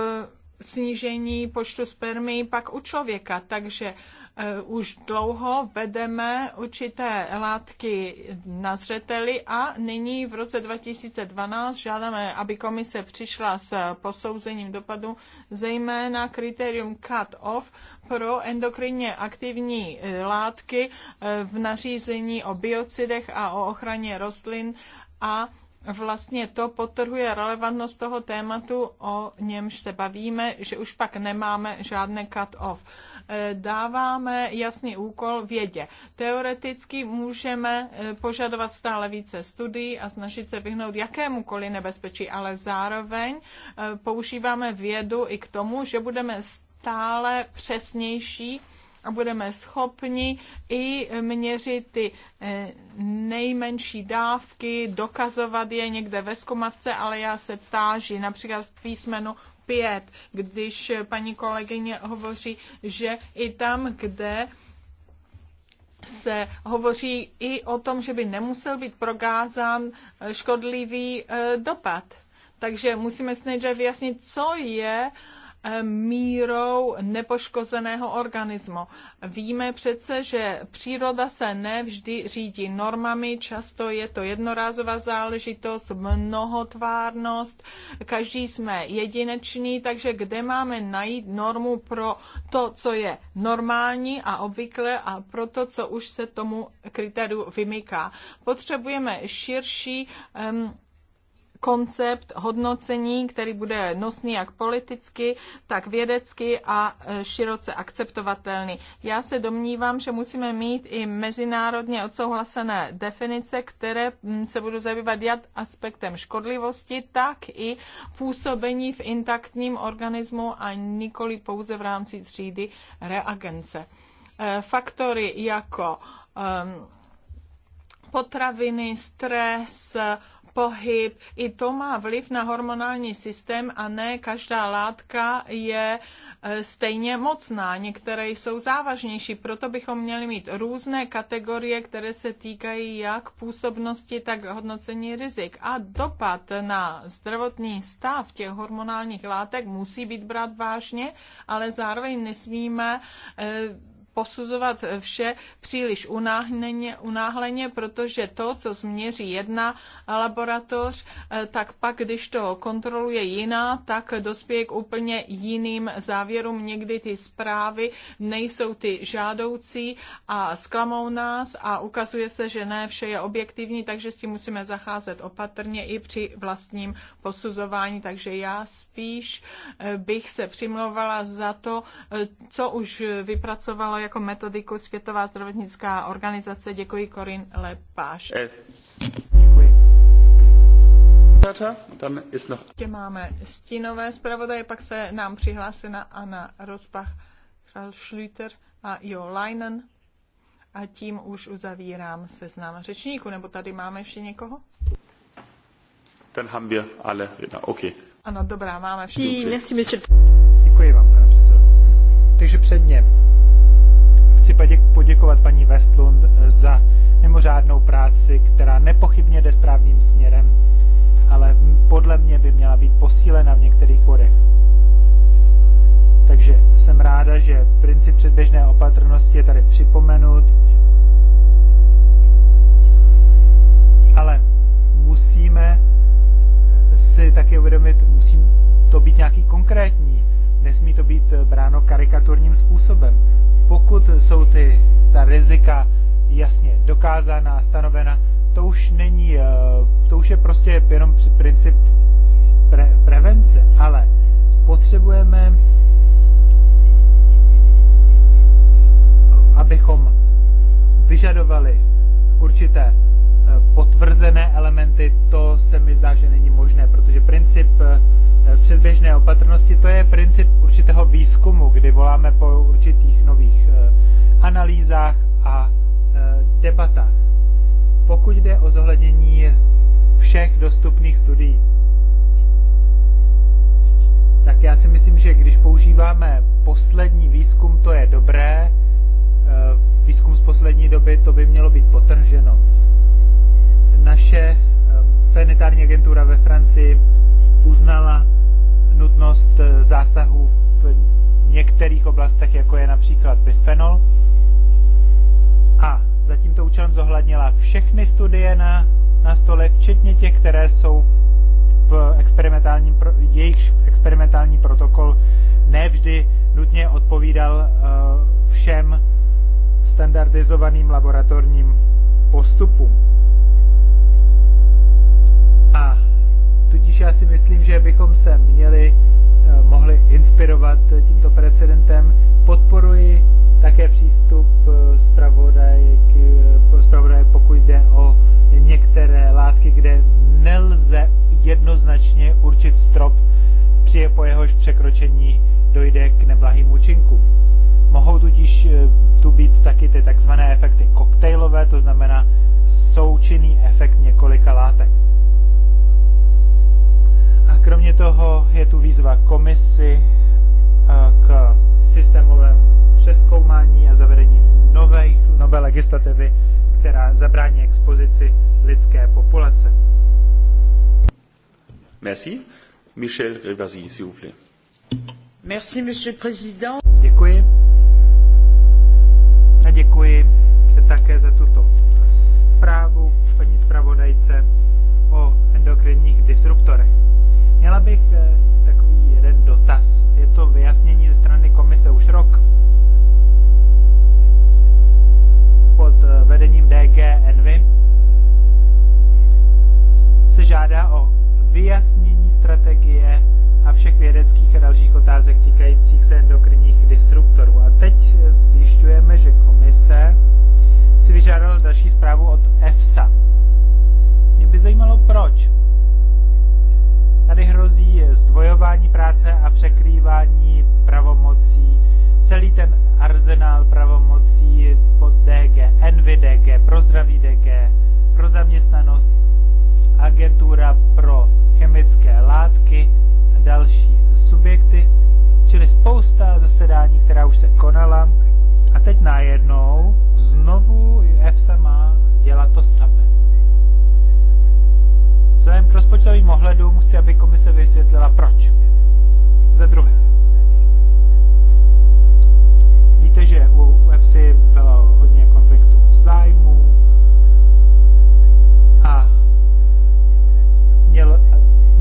snížení počtu spermí pak u člověka. Takže Eh, už dlouho vedeme určité látky na zřeteli a nyní v roce 2012 žádáme, aby komise přišla s posouzením dopadu, zejména kritérium cut-off pro endokrinně aktivní eh, látky eh, v nařízení o biocidech a o ochraně rostlin a vlastně to potrhuje relevantnost toho tématu, o němž se bavíme, že už pak nemáme žádné cut-off Eh, dáváme jasný úkol vědě. Teoreticky můžeme eh, požadovat stále více studií a snažit se vyhnout jakémukoliv nebezpečí, ale zároveň eh, používáme vědu i k tomu, že budeme stále přesnější a budeme schopni i měřit ty eh, nejmenší dávky, dokazovat je někde ve zkumavce, ale já se táži například v písmenu pět, když paní kolegyně hovoří, že i tam, kde se hovoří i o tom, že by nemusel být prokázán eh, škodlivý eh, dopad. Takže musíme se nejdřív vyjasnit, co je uh, mírou nepoškozeného organismu. Víme přece, že příroda se nevždy řídí normami, často je to jednorázová záležitost, mnohotvárnost, každý jsme jedinečný, takže kde máme najít normu pro to, co je normální a obvykle a pro to, co už se tomu kritériu vymyká. Potřebujeme širší um, koncept hodnocení, který bude nosný jak politicky, tak vědecky a e, široce akceptovatelný. Já se domnívám, že musíme mít i mezinárodně odsouhlasené definice, které mm, se budou zabývat jak aspektem škodlivosti, tak i působení v intaktním organismu a nikoli pouze v rámci třídy reagence. E, faktory jako potraviny, stres, pohyb, i to má vliv na hormonální systém a ne každá látka je eh, stejně mocná. Některé jsou závažnější, proto bychom měli mít různé kategorie, které se týkají jak působnosti, tak hodnocení rizik. A dopad na zdravotní stav těch hormonálních látek musí být brát vážně, ale zároveň nesmíme eh, posuzovat vše příliš unáhleně, unáhleně, protože to, co změří jedna laboratoř, eh, tak pak, když to kontroluje jiná, tak dospěje k úplně jiným závěrům. Někdy ty zprávy nejsou ty žádoucí a zklamou nás a ukazuje se, že ne vše je objektivní, takže s tím musíme zacházet opatrně i při vlastním posuzování. Takže já spíš eh, bych se přimlouvala za to, eh, co už vypracovala jako metodiku Světová zdravotnická organizace. Děkuji Korin Lepáš. Eh. Děkuji. Ještě máme stínové zpravodaje, pak se nám přihlásila Anna Rozbach, Ralf Schlüter a Jo Leinen. A tím už uzavírám seznam řečníků, nebo tady máme ještě někoho? Ten haben wir alle, Ok. Ano, dobrá, máme všichni. Děkuji vám, pane předsedo. Takže předně chci poděkovat paní Westlund eh, za mimořádnou práci, která nepochybně jde správným směrem, ale podle mě by měla být posílena v některých bodech. Takže jsem ráda, že princip předběžné opatrnosti je tady připomenut, ale musíme si také uvědomit, musí to být nějaký konkrétní, nesmí to být eh, bráno karikaturním způsobem pokud jsou ty, ta rizika jasně dokázaná, stanovena, to už není, eh, to už je prostě jenom princip pre, prevence, ale potřebujeme, abychom vyžadovali určité Eh, potvrzené elementy, to se mi zdá, že není možné, protože princip eh, předběžné opatrnosti, to je princip určitého výzkumu, kdy voláme po určitých nových eh, analýzách a debatách. Pokud jde o zohlednění všech dostupných studií, tak já si myslím, že když používáme poslední výzkum, to je dobré, výzkum z poslední doby, to by mělo být potrženo naše eh, sanitární agentura ve Francii uznala nutnost eh, zásahů v některých oblastech, jako je například bisfenol. A za tímto účelem zohlednila všechny studie na, na stole, včetně těch, které jsou v experimentálním, jejich experimentální protokol nevždy nutně odpovídal eh, všem standardizovaným laboratorním postupům. A tudíž já si myslím, že bychom se měli, eh, mohli inspirovat tímto precedentem. Podporuji také přístup eh, eh, zpravodaje, pokud jde o některé látky, kde nelze jednoznačně určit strop, při po jehož překročení dojde k neblahým účinkům. Mohou tudíž tu být taky ty takzvané efekty koktejlové, to znamená součinný efekt několika látek. Kromě toho je tu výzva komisi eh, k systémovému přeskoumání a zavedení nové, nové legislativy, která zabrání expozici lidské populace. Merci. Michel Rivasi, s'il vous plaît. Merci, monsieur le président. Děkuji. A děkuji také za tuto zprávu paní zpravodajce o endokrinních disruptorech. Měla bych eh, takový jeden dotaz. Je to vyjasnění ze strany komise už rok. Pod eh, vedením DG Envy se žádá o vyjasnění strategie a všech vědeckých a dalších otázek týkajících se endokrinních disruptorů. A teď eh, zjišťujeme, že komise si vyžádala další zprávu od EFSA. Mě by zajímalo, proč Tady hrozí zdvojování práce a překrývání pravomocí. Celý ten arzenál pravomocí pod DG, Envy DG, pro zdraví DG, pro zaměstnanost, agentura pro chemické látky a další subjekty, čili spousta zasedání, která už se konala. A teď najednou znovu EFSA má dělat to samé. Vzhledem k rozpočtovým ohledům chci, aby komise vysvětlila proč. Za druhé. Víte, že u UFC bylo hodně konfliktů zájmů a měl,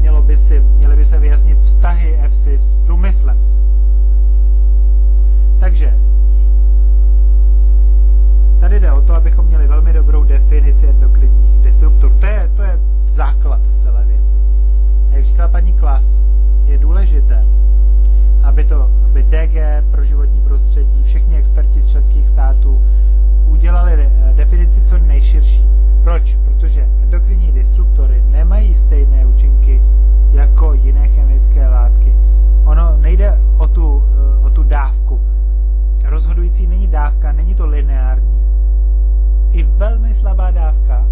mělo by si, měly by se vyjasnit vztahy FC s průmyslem. Takže Tady jde o to, abychom měli velmi dobrou definici endokrinních disruptorů. To je, to je základ celé věci. A jak říkala paní Klas, je důležité, aby to aby DG pro životní prostředí, všichni experti z členských států udělali eh, definici co nejširší. Proč? Protože endokrinní disruptory nemají stejné účinky jako jiné chemické látky. Ono nejde o tu, eh, o tu dávku, Rozhodující není dávka, není to lineární. I velmi slabá dávka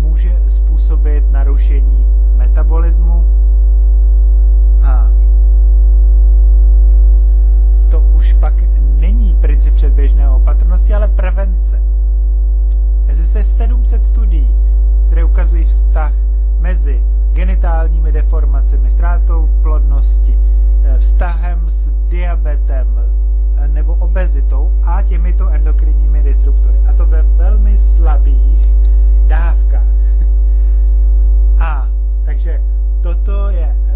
může způsobit narušení metabolismu a to už pak není princip předběžné opatrnosti, ale prevence. Existuje 700 studií, které ukazují vztah mezi genitálními deformacemi, ztrátou plodnosti, eh, vztahem s diabetem, Eh, nebo obezitou a těmito endokrinními disruptory. A to ve velmi slabých dávkách. A takže toto je eh,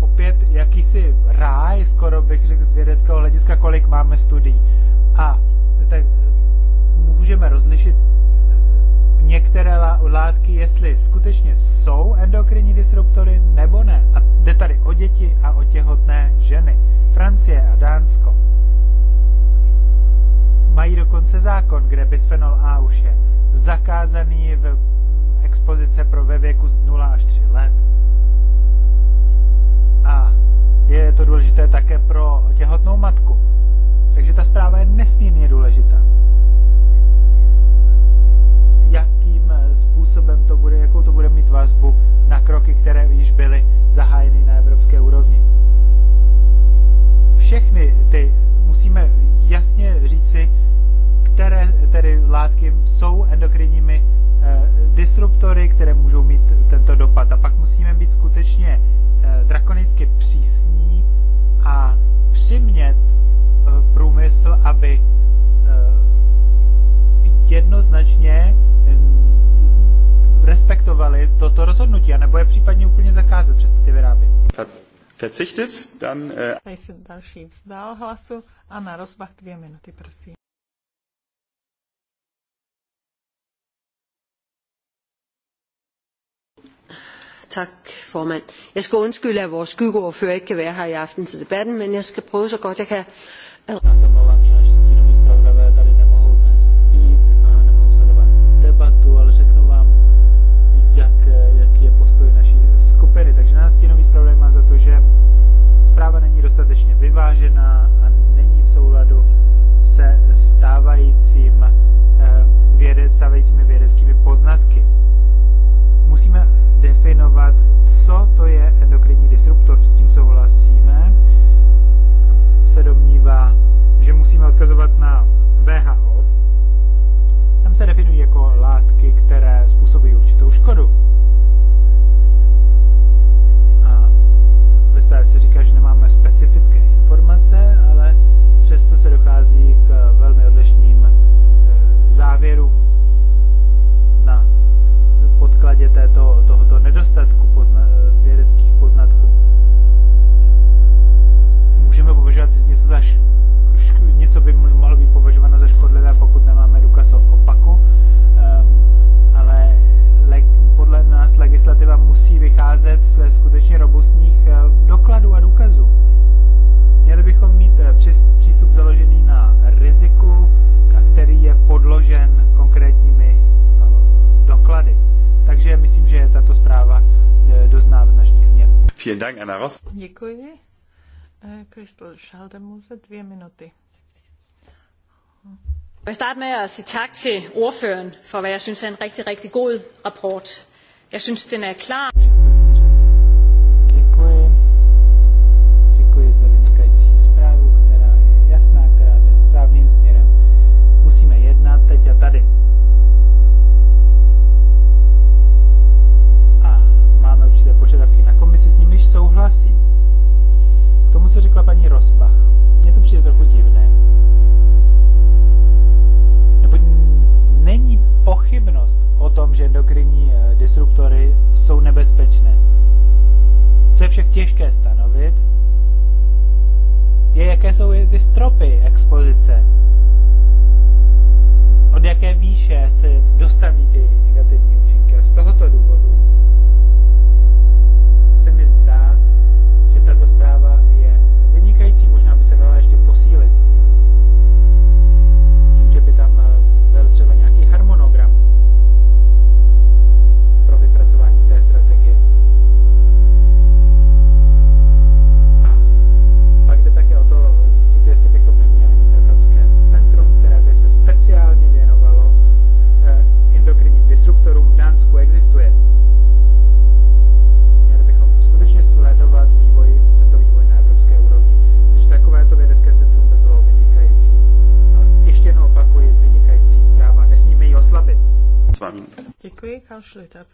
opět jakýsi ráj, skoro bych řekl z vědeckého hlediska, kolik máme studií. A tak můžeme rozlišit eh, některé látky, jestli skutečně jsou endokrinní disruptory nebo ne. A jde tady o děti a o těhotné ženy. Francie a Dánsko Mají dokonce zákon, kde bisphenol A už je zakázaný v expozice pro ve věku z 0 až 3 let. A je to důležité také pro těhotnou matku. Takže ta zpráva je nesmírně důležitá. Jakým způsobem to bude, jakou to bude mít vazbu na kroky, které již byly zahájeny na evropské úrovni. Všechny ty musíme jasně říci, které tedy látky jsou endokrinními eh, disruptory, které můžou mít tento dopad. A pak musíme být skutečně eh, drakonicky přísní a přimět eh, průmysl, aby eh, jednoznačně respektovali toto rozhodnutí, anebo je případně úplně zakázat přes ty vyrábět verzichtet, dann... Äh... Anna Rozbach, dvě minuty, prosím. Tak, formand. Jeg skal undskylde, at vores skyggeordfører ikke kan være her i aften til debatten, men jeg skal prøve så godt jeg kan. dostatečně vyvážená a není v souladu se stávajícím eh, věde, stávajícími vědeckými poznatky. Musíme definovat, co to je endokrinní disruptor, s tím souhlasíme. Se domnívá, že musíme odkazovat na VHO. Tam se definují jako látky, které způsobují určitou škodu se dochází k eh, velmi odlišným eh, závěrům na podkladě této, tohoto nedostatku pozna, eh, vědeckých poznatků. Můžeme považovat něco za š, š, něco by mohlo být považováno za škodlivé, pokud nemáme důkaz o opaku, um, ale le, podle nás legislativa musí vycházet ze skutečně robustních dokladů a důkazů Měli bychom mít eh, přístup založený na riziku, který je podložen konkrétními eh, doklady. Takže myslím, že tato zpráva eh, dozná značných změn. Děkuji. Kristel Schaldemuse, dvě minuty. Jeg vil starte med at sige tak til ordføreren for, hvad jeg synes er en rigtig, rigtig god rapport. Jeg synes, den er klar.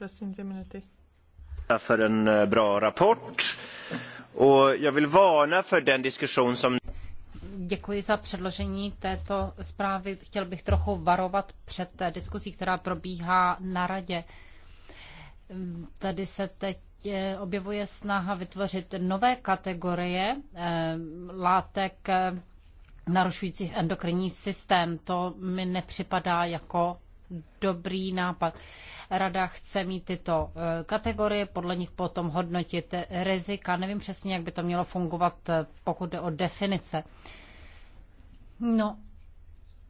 prosím, dvě minuty. För en eh, bra rapport. jag vill varna för den diskussion som... Děkuji za předložení této zprávy. Chtěl bych trochu varovat před eh, diskusí, která probíhá na radě. Tady se teď eh, objevuje snaha vytvořit nové kategorie látek narušujících endokrinní systém. To mi nepřipadá jako dobrý nápad. Rada chce mít tyto e, kategorie, podle nich potom hodnotit rizika. Nevím přesně, jak by to mělo fungovat, e, pokud jde o definice. No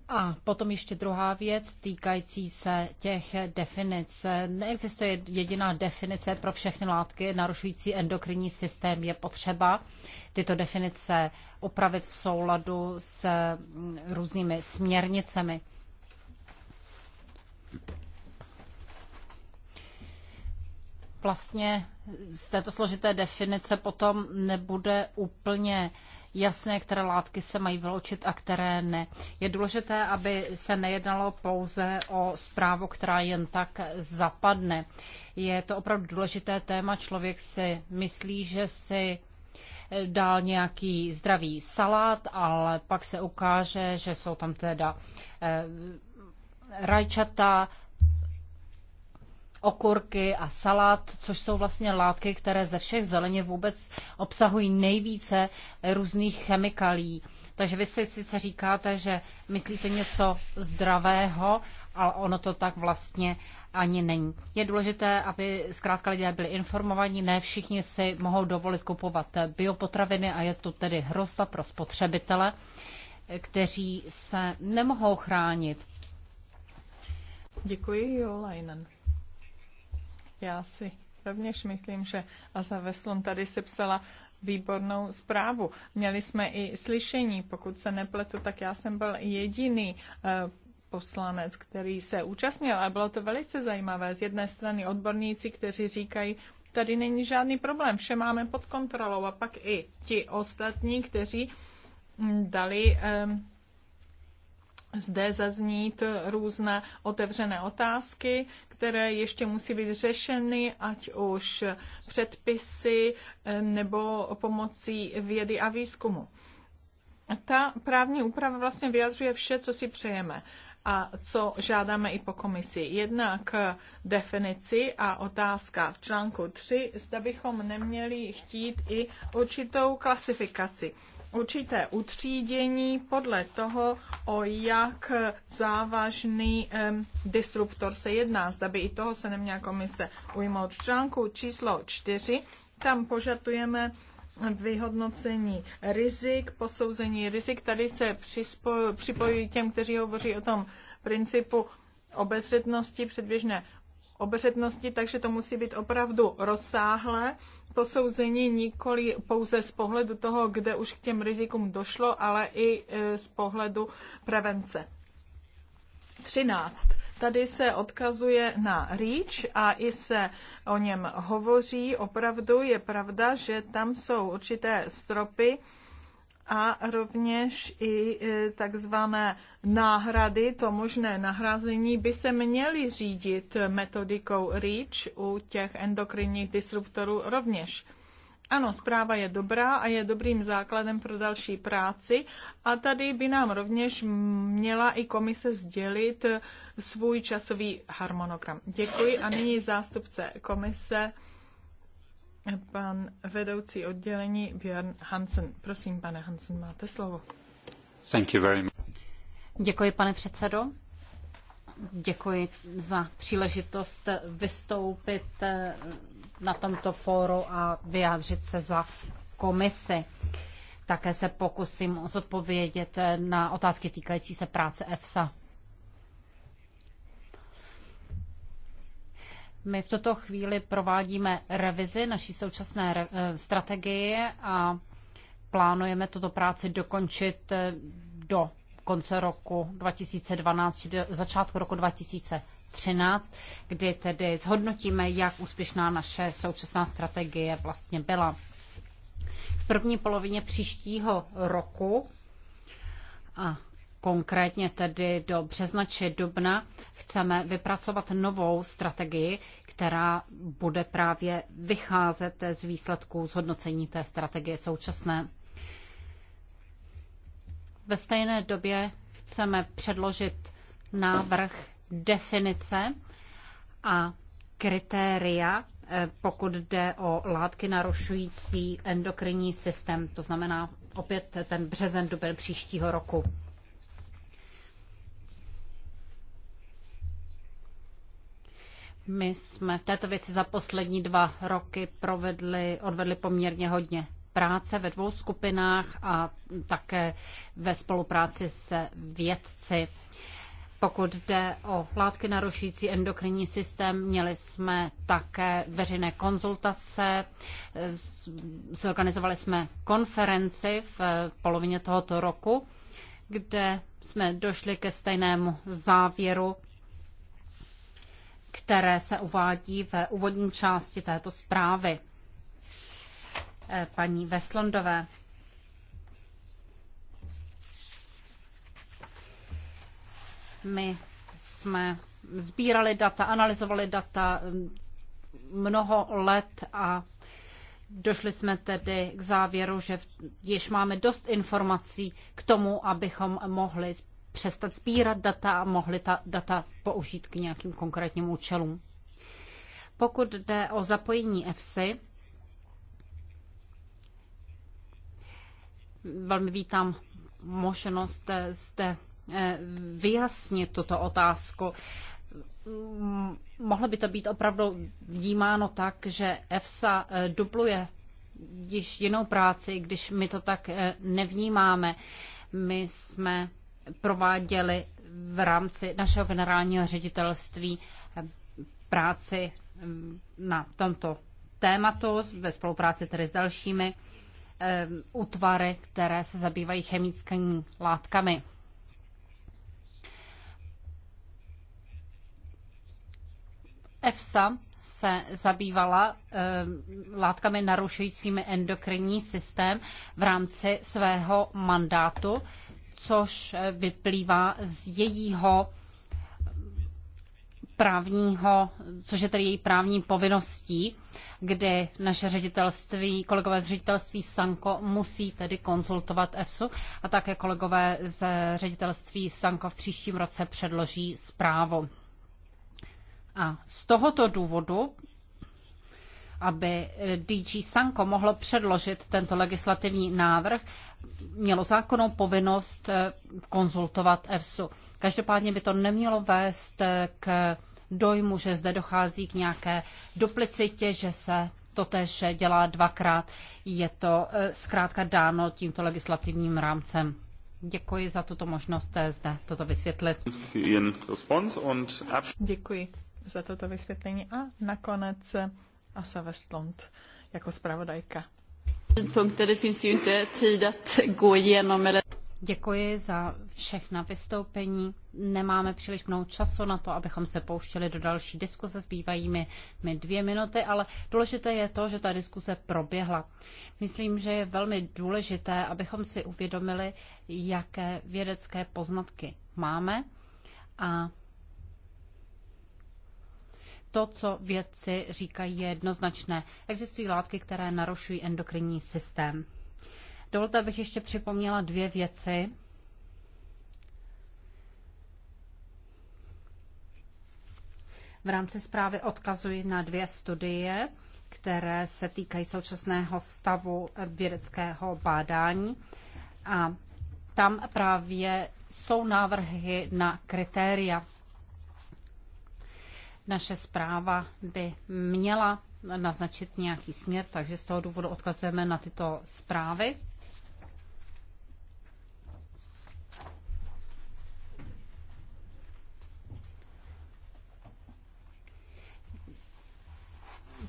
a potom ještě druhá věc týkající se těch definic. Neexistuje jediná definice pro všechny látky narušující endokrinní systém. Je potřeba tyto definice upravit v souladu s různými směrnicemi. Vlastně z této složité definice potom nebude úplně jasné, které látky se mají vyloučit a které ne. Je důležité, aby se nejednalo pouze o zprávu, která jen tak zapadne. Je to opravdu důležité téma. Člověk si myslí, že si dal nějaký zdravý salát, ale pak se ukáže, že jsou tam teda eh, rajčata, okurky a salát, což jsou vlastně látky, které ze všech zeleně vůbec obsahují nejvíce různých chemikalí. Takže vy si sice říkáte, že myslíte něco zdravého, ale ono to tak vlastně ani není. Je důležité, aby zkrátka lidé byli informovaní, ne všichni si mohou dovolit kupovat biopotraviny a je to tedy hrozba pro spotřebitele, kteří se nemohou chránit Děkuji, Jo Leinen. Já si rovněž myslím, že Aza Veslon tady sepsala výbornou zprávu. Měli jsme i slyšení, pokud se nepletu, tak já jsem byl jediný eh, poslanec, který se účastnil a bylo to velice zajímavé. Z jedné strany odborníci, kteří říkají, tady není žádný problém, vše máme pod kontrolou a pak i ti ostatní, kteří mm, dali eh, zde zaznít různé otevřené otázky, které ještě musí být řešeny, ať už předpisy eh, nebo pomocí vědy a výzkumu. Ta právní úprava vlastně vyjadřuje vše, co si přejeme a co žádáme i po komisi. Jednak definici a otázka v článku 3, zda bychom neměli chtít i určitou klasifikaci určité utřídění podle toho, o jak závažný um, disruptor se jedná. Zda by i toho se neměla komise ujmout. V článku číslo 4 tam požadujeme vyhodnocení rizik, posouzení rizik. Tady se připojují těm, kteří hovoří o tom principu obezřetnosti, předběžné obezřetnosti, takže to musí být opravdu rozsáhlé posouzení nikoli pouze z pohledu toho, kde už k těm rizikům došlo, ale i e, z pohledu prevence. 13. Tady se odkazuje na REACH a i se o něm hovoří. Opravdu je pravda, že tam jsou určité stropy, a rovněž i e, takzvané náhrady, to možné nahrazení, by se měly řídit metodikou REACH u těch endokrinních disruptorů rovněž. Ano, zpráva je dobrá a je dobrým základem pro další práci a tady by nám rovněž měla i komise sdělit e, svůj časový harmonogram. Děkuji a nyní zástupce komise Pan vedoucí oddělení Björn Hansen. Prosím, pane Hansen, máte slovo. Thank you very much. Děkuji, pane předsedo. Děkuji za příležitost vystoupit eh, na tomto fóru a vyjádřit se za komisi. Také se pokusím zodpovědět eh, na otázky týkající se práce EFSA. My v tuto chvíli provádíme revizi naší současné eh, strategie a plánujeme tuto práci dokončit eh, do konce roku 2012 či do začátku roku 2013, kdy tedy zhodnotíme, jak úspěšná naše současná strategie vlastně byla. V první polovině příštího roku a konkrétně tedy do března či dubna, chceme vypracovat novou strategii, která bude právě vycházet z výsledků zhodnocení té strategie současné. Ve stejné době chceme předložit návrh definice a kritéria, eh, pokud jde o látky narušující endokrinní systém, to znamená opět ten březen, duben příštího roku. My jsme v této věci za poslední dva roky provedli, odvedli poměrně hodně práce ve dvou skupinách a také ve spolupráci se vědci. Pokud jde o látky narušující endokrinní systém, měli jsme také veřejné konzultace, zorganizovali jsme konferenci v polovině tohoto roku, kde jsme došli ke stejnému závěru, které se uvádí v úvodní části této zprávy eh, paní Veslondové. My jsme sbírali data, analyzovali data mm, mnoho let a došli jsme tedy k závěru, že již máme dost informací k tomu, abychom mohli přestat sbírat data a mohli ta data použít k nějakým konkrétním účelům. Pokud jde o zapojení EFSI, velmi vítám možnost zde eh, vyjasnit tuto otázku. Mohlo by to být opravdu vnímáno tak, že EFSA eh, dupluje již jinou práci, když my to tak eh, nevnímáme. My jsme prováděli v rámci našeho generálního ředitelství eh, práci mm, na tomto tématu ve spolupráci tedy s dalšími eh, útvary, které se zabývají chemickými látkami. EFSA se zabývala eh, látkami narušujícími endokrinní systém v rámci svého mandátu, což vyplývá z jejího právního, což je tedy její právní povinností, kdy naše ředitelství, kolegové z ředitelství Sanko musí tedy konzultovat EFSU a také kolegové z ředitelství Sanko v příštím roce předloží zprávu. A z tohoto důvodu aby DG Sanko mohlo předložit tento legislativní návrh, mělo zákonnou povinnost eh, konzultovat EFSU. Každopádně by to nemělo vést eh, k dojmu, že zde dochází k nějaké duplicitě, že se to tež dělá dvakrát. Je to eh, zkrátka dáno tímto legislativním rámcem. Děkuji za tuto možnost zde toto vysvětlit. Děkuji za toto vysvětlení a nakonec Assa Westlund jako zpravodajka. Děkuji za všechna vystoupení. Nemáme příliš mnoho času na to, abychom se pouštěli do další diskuse. Zbývají mi, mi dvě minuty, ale důležité je to, že ta diskuse proběhla. Myslím, že je velmi důležité, abychom si uvědomili, jaké vědecké poznatky máme a to, co vědci říkají, je jednoznačné. Existují látky, které narušují endokrinní systém. Dovolte, abych ještě připomněla dvě věci. V rámci zprávy odkazuji na dvě studie, které se týkají současného stavu vědeckého bádání. A tam právě jsou návrhy na kritéria naše zpráva by měla naznačit nějaký směr, takže z toho důvodu odkazujeme na tyto zprávy.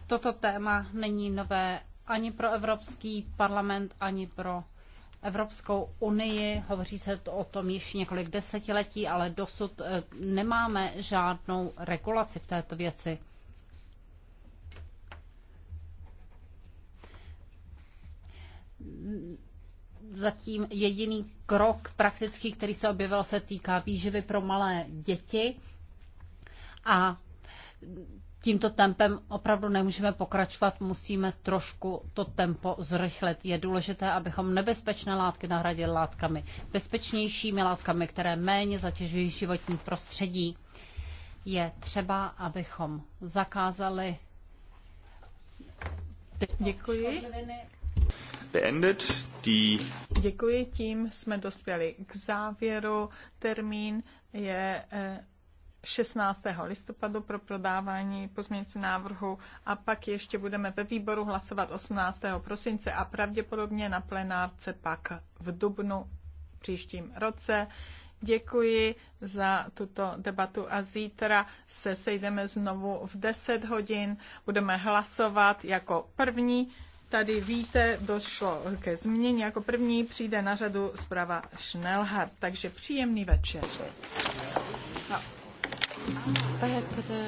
Toto téma není nové ani pro Evropský parlament, ani pro Evropskou unii. Hovoří se to o tom již několik desetiletí, ale dosud eh, nemáme žádnou regulaci v této věci. Zatím jediný krok prakticky, který se objevil, se týká výživy pro malé děti. A tímto tempem opravdu nemůžeme pokračovat, musíme trošku to tempo zrychlit. Je důležité, abychom nebezpečné látky nahradili látkami bezpečnějšími, látkami, které méně zatěžují životní prostředí. Je třeba, abychom zakázali Děkuji. Beendet die... Děkuji, tím jsme dospěli k závěru. Termín je eh, 16. listopadu pro prodávání pozměňující návrhu a pak ještě budeme ve výboru hlasovat 18. prosince a pravděpodobně na plenárce pak v dubnu příštím roce. Děkuji za tuto debatu a zítra se sejdeme znovu v 10 hodin. Budeme hlasovat jako první. Tady víte, došlo ke změně. Jako první přijde na řadu zpráva Schnellhardt. Takže příjemný večer. No. But,